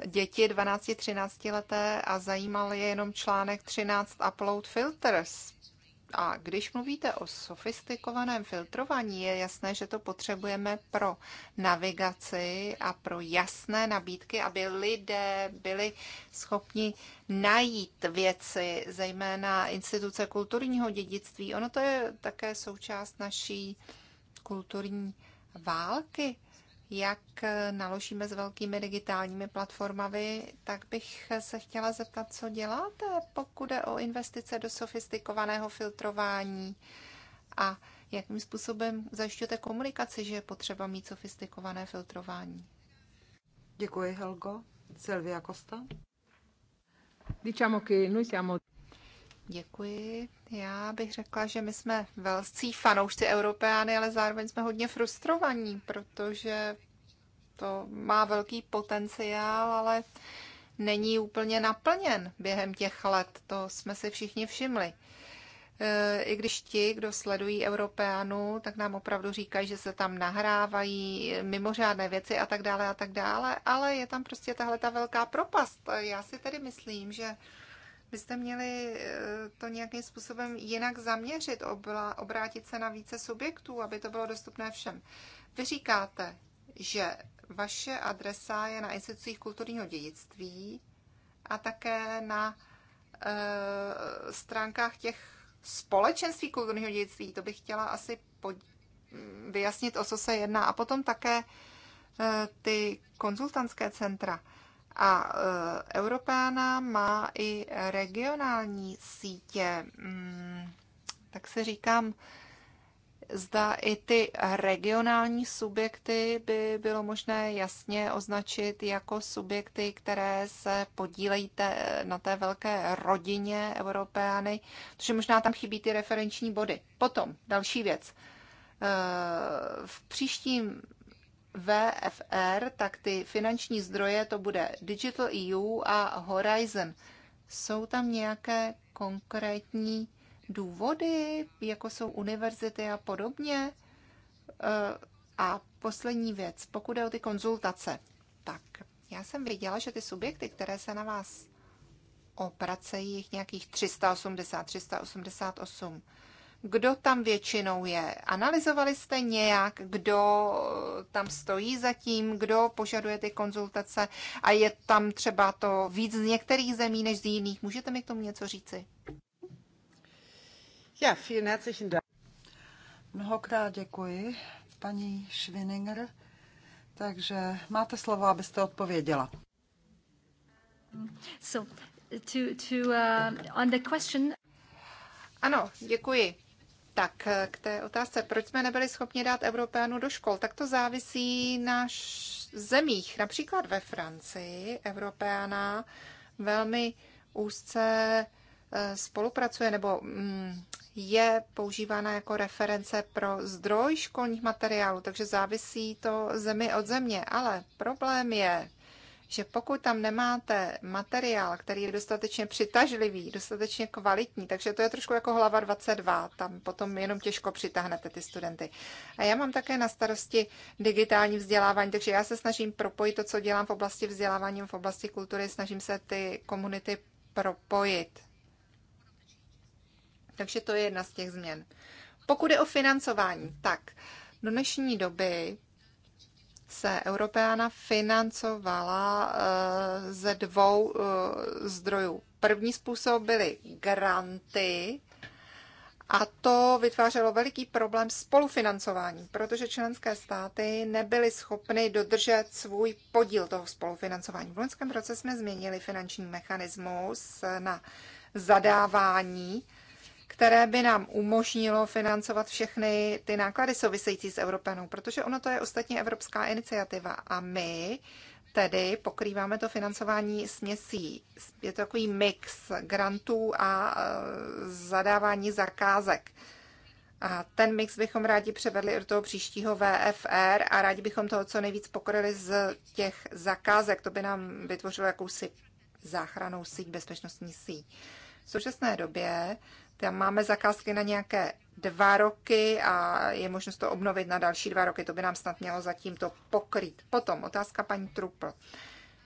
uh, děti 12-13 leté a zajímal je jenom článek 13 Upload Filters a když mluvíte o sofistikovaném filtrování, je jasné, že to potřebujeme pro navigaci a pro jasné nabídky, aby lidé byli schopni najít věci, zejména instituce kulturního dědictví. Ono to je také součást naší kulturní války jak eh, naložíme s velkými digitálními platformami, tak bych se chtěla zeptat, co děláte, pokud jde o investice do sofistikovaného filtrování a jakým způsobem zajišťujete komunikaci, že je potřeba mít sofistikované filtrování. Děkuji, Helgo. Silvia Costa. Diciamo che noi siamo... Děkuji. Já bych řekla, že my jsme velcí fanoušci Europeány, ale zároveň jsme hodně frustrovaní, protože to má velký potenciál, ale není úplně naplněn během těch let. To jsme si všichni všimli. E, I když ti, kdo sledují Europeanu, tak nám opravdu říkají, že se tam nahrávají mimořádné věci a tak dále a tak dále, ale je tam prostě tahle ta velká propast. E, já si tedy myslím, že byste měli eh, to nějakým způsobem jinak zaměřit, obrátit se na více subjektů, aby to bylo dostupné všem. Vy říkáte, že vaše adresa je na institucích kulturního dědictví a také na e, stránkách těch společenství kulturního dědictví. To bych chtěla asi pod, mm, vyjasnit, o co se jedná. A potom také e, ty konzultantské centra. E, a e, Europeana má i regionální sítě. Mm, tak si říkám, zda i ty regionální subjekty by bylo možné jasně označit jako subjekty, které se podílejí na té velké rodině Europeány, protože možná tam chybí ty referenční body. Potom další věc. E, v příštím VFR, tak ty finanční zdroje to bude Digital EU a Horizon. Jsou tam nějaké konkrétní důvody, jako jsou univerzity a podobně? Eh, a poslední věc, pokud jde o ty konzultace, tak já jsem věděla, že ty subjekty, které se na vás opracejí, jich nějakých 380, 388, kdo tam většinou je. Analyzovali jste nějak, kdo tam stojí zatím, kdo požaduje ty konzultace a je tam třeba to víc z některých zemí než z jiných. Můžete mi k tomu něco říci? Ja, vielen herzlichen Dank. Mnohokrát děkuji, paní Schwininger. Takže máte slovo, abyste odpověděla. So, to, to, uh, on the question... Ano, děkuji. Tak k té otázce, proč jsme nebyli schopni dát Evropénu do škol, tak to závisí na zemích. Například ve Francii Evropéna velmi úzce eh, spolupracuje nebo mm, je používána jako reference pro zdroj školních materiálů, takže závisí to zemi od země. Ale problém je že pokud tam nemáte materiál, který je dostatečně přitažlivý, dostatečně kvalitní, takže to je trošku jako hlava 22, tam potom jenom těžko přitáhnete ty studenty. A já mám také na starosti digitální vzdělávání, takže já se snažím propojit to, co dělám v oblasti vzdělávání, v oblasti kultury, snažím se ty komunity propojit. Takže to je jedna z těch změn. Pokud je o financování, tak do dnešní doby se Europeana financovala eh, ze dvou eh, zdrojů. První způsob byly granty a to vytvářelo veliký problém spolufinancování, protože členské státy nebyly schopny dodržet svůj podíl toho spolufinancování. V loňském roce jsme změnili finanční mechanismus na zadávání které by nám umožnilo financovat všechny ty náklady související s Evropanou, protože ono to je ostatně evropská iniciativa a my tedy pokrýváme to financování směsí. Je to takový mix grantů a e, zadávání zakázek. A ten mix bychom rádi převedli do toho příštího VFR a rádi bychom toho co nejvíc pokryli z těch zakázek. To by nám vytvořilo jakousi záchranou síť, bezpečnostní síť. V současné době tam máme zakázky na nějaké dva roky a je možnost to obnovit na další dva roky. To by nám snad mělo zatím to pokrýt. Potom otázka paní Trupl.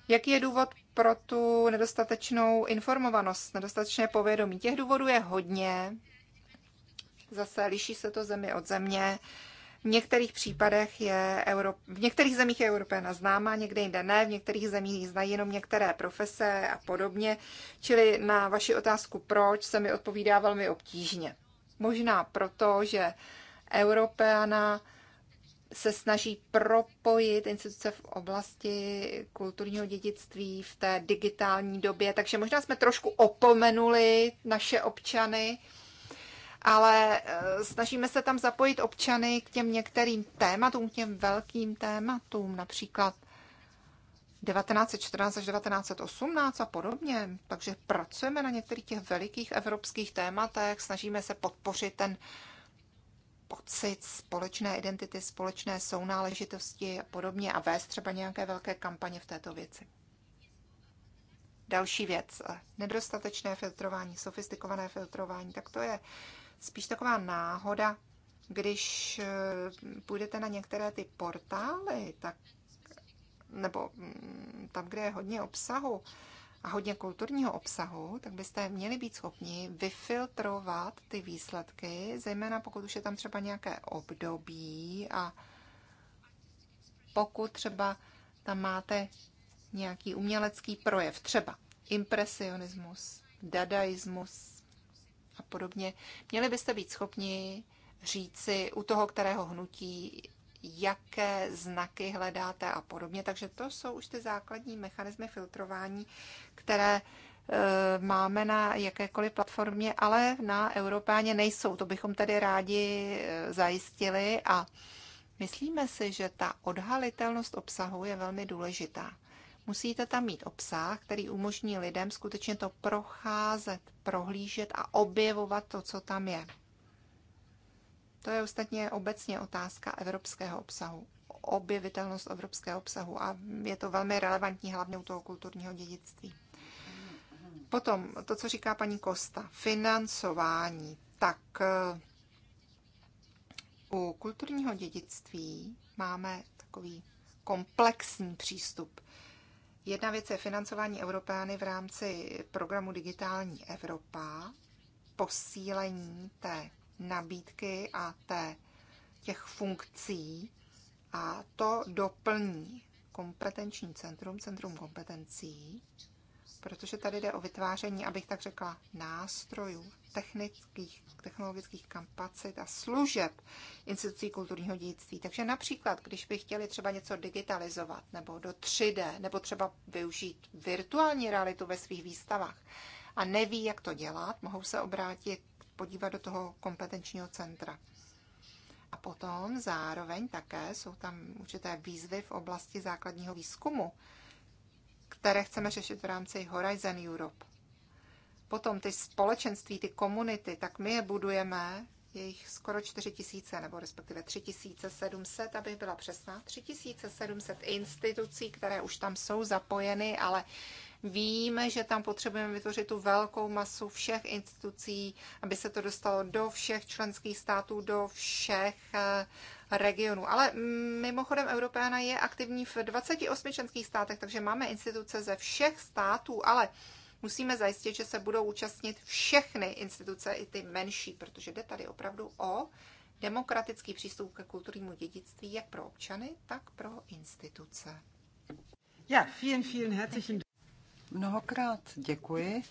Jaký je důvod pro tu nedostatečnou informovanost, nedostatečné povědomí? Těch důvodů je hodně. Zase liší se to zemi od země. Uh, v některých případech je Euro, v některých zemích je Européna známa, někde jinde ne, v některých zemích znají jenom některé profese a podobně. Čili na vaši otázku proč se mi odpovídá velmi obtížně. Možná proto, že Europeana se snaží propojit instituce v oblasti kulturního dědictví v té digitální době, takže možná jsme trošku opomenuli naše občany ale eh, snažíme se tam zapojit občany k těm některým tématům, k těm velkým tématům, například 1914 až 1918 a podobně. Takže pracujeme na některých těch velikých evropských tématech, snažíme se podpořit ten pocit společné identity, společné sounáležitosti a podobně a vést třeba nějaké velké kampaně v této věci. Další věc, eh, nedostatečné filtrování, sofistikované filtrování, tak to je spíš taková náhoda, když eh, půjdete na některé ty portály, tak, nebo mm, tam, kde je hodně obsahu a hodně kulturního obsahu, tak byste měli být schopni vyfiltrovat ty výsledky, zejména pokud už je tam třeba nějaké období a pokud třeba tam máte nějaký umělecký projev, třeba impresionismus, dadaismus, a podobně, měli byste být schopni říci u toho, kterého hnutí, jaké znaky hledáte a podobně. Takže to jsou už ty základní mechanismy filtrování, které e, máme na jakékoliv platformě, ale na Europáně nejsou. To bychom tady rádi e, zajistili a myslíme si, že ta odhalitelnost obsahu je velmi důležitá. Musíte tam mít obsah, který umožní lidem skutečně to procházet, prohlížet a objevovat to, co tam je. To je ostatně obecně otázka evropského obsahu, objevitelnost evropského obsahu a je to velmi relevantní hlavně u toho kulturního dědictví. Potom to, co říká paní Kosta, financování. Tak eh, u kulturního dědictví máme takový komplexní přístup. Jedna věc je financování Evropány v rámci programu Digitální Evropa, posílení té nabídky a té, těch funkcí a to doplní kompetenční centrum, centrum kompetencí protože tady jde o vytváření, abych tak řekla, nástrojů, technických, technologických kapacit a služeb institucí kulturního dědictví. Takže například, když by chtěli třeba něco digitalizovat nebo do 3D, nebo třeba využít virtuální realitu ve svých výstavách a neví, jak to dělat, mohou se obrátit, podívat do toho kompetenčního centra. A potom zároveň také jsou tam určité výzvy v oblasti základního výzkumu, které chceme řešit v rámci Horizon Europe. Potom ty společenství, ty komunity, tak my je budujeme, jejich skoro 4 tisíce, nebo respektive 3700, abych byla přesná, 3700 institucí, které už tam jsou zapojeny, ale Víme, že tam potřebujeme vytvořit tu velkou masu všech institucí, aby se to dostalo do všech členských států, do všech eh, regionů. Ale mm, mimochodem Evropána je aktivní v 28 členských státech, takže máme instituce ze všech států, ale musíme zajistit, že se budou účastnit všechny instituce, i ty menší, protože jde tady opravdu o demokratický přístup ke kulturnímu dědictví jak pro občany, tak pro instituce. Ja, vielen, vielen herzlichen Mnohokrát děkuji.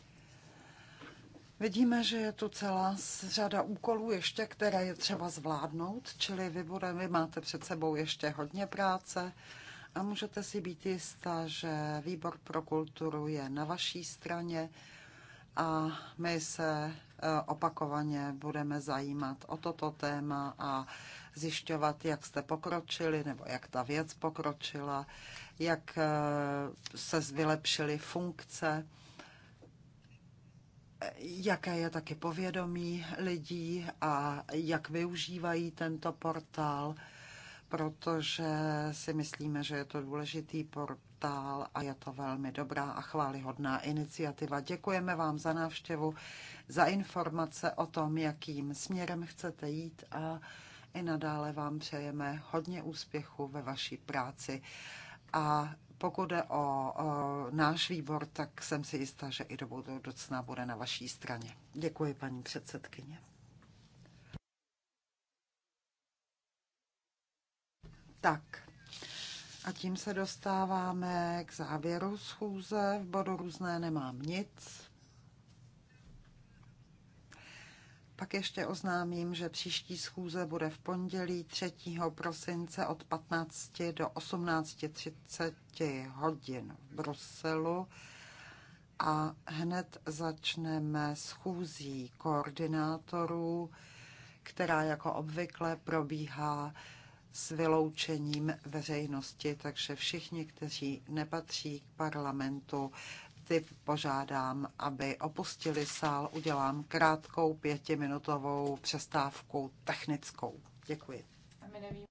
Vidíme, že je tu celá řada úkolů ještě, které je třeba zvládnout, čili vy, bude, vy máte před sebou ještě hodně práce a můžete si být jistá, že výbor pro kulturu je na vaší straně a my se eh, opakovaně budeme zajímat o toto téma a zjišťovat, jak jste pokročili nebo jak ta věc pokročila, jak eh, se vylepšily funkce, jaké je taky povědomí lidí a jak využívají tento portál, protože si myslíme, že je to důležitý portál a je to velmi dobrá a chválihodná iniciativa. Děkujeme vám za návštěvu, za informace o tom, jakým směrem chcete jít a i nadále vám přejeme hodně úspěchu ve vaší práci a pokud jde o, o náš výbor, tak jsem si jistá, že i do budoucna bude na vaší straně. Děkuji, paní předsedkyně. Tak. A tím se dostáváme k závěru schůze. V bodu různé nemám nic. Pak ještě oznámím, že příští schůze bude v pondělí 3. prosince od 15 do 18.30 hodin v Bruselu a hned začneme schůzí koordinátorů, která jako obvykle probíhá s vyloučením veřejnosti, takže všichni, kteří nepatří k parlamentu, hosty požádám, aby opustili sál. Udělám krátkou pětiminutovou přestávku technickou. Děkuji.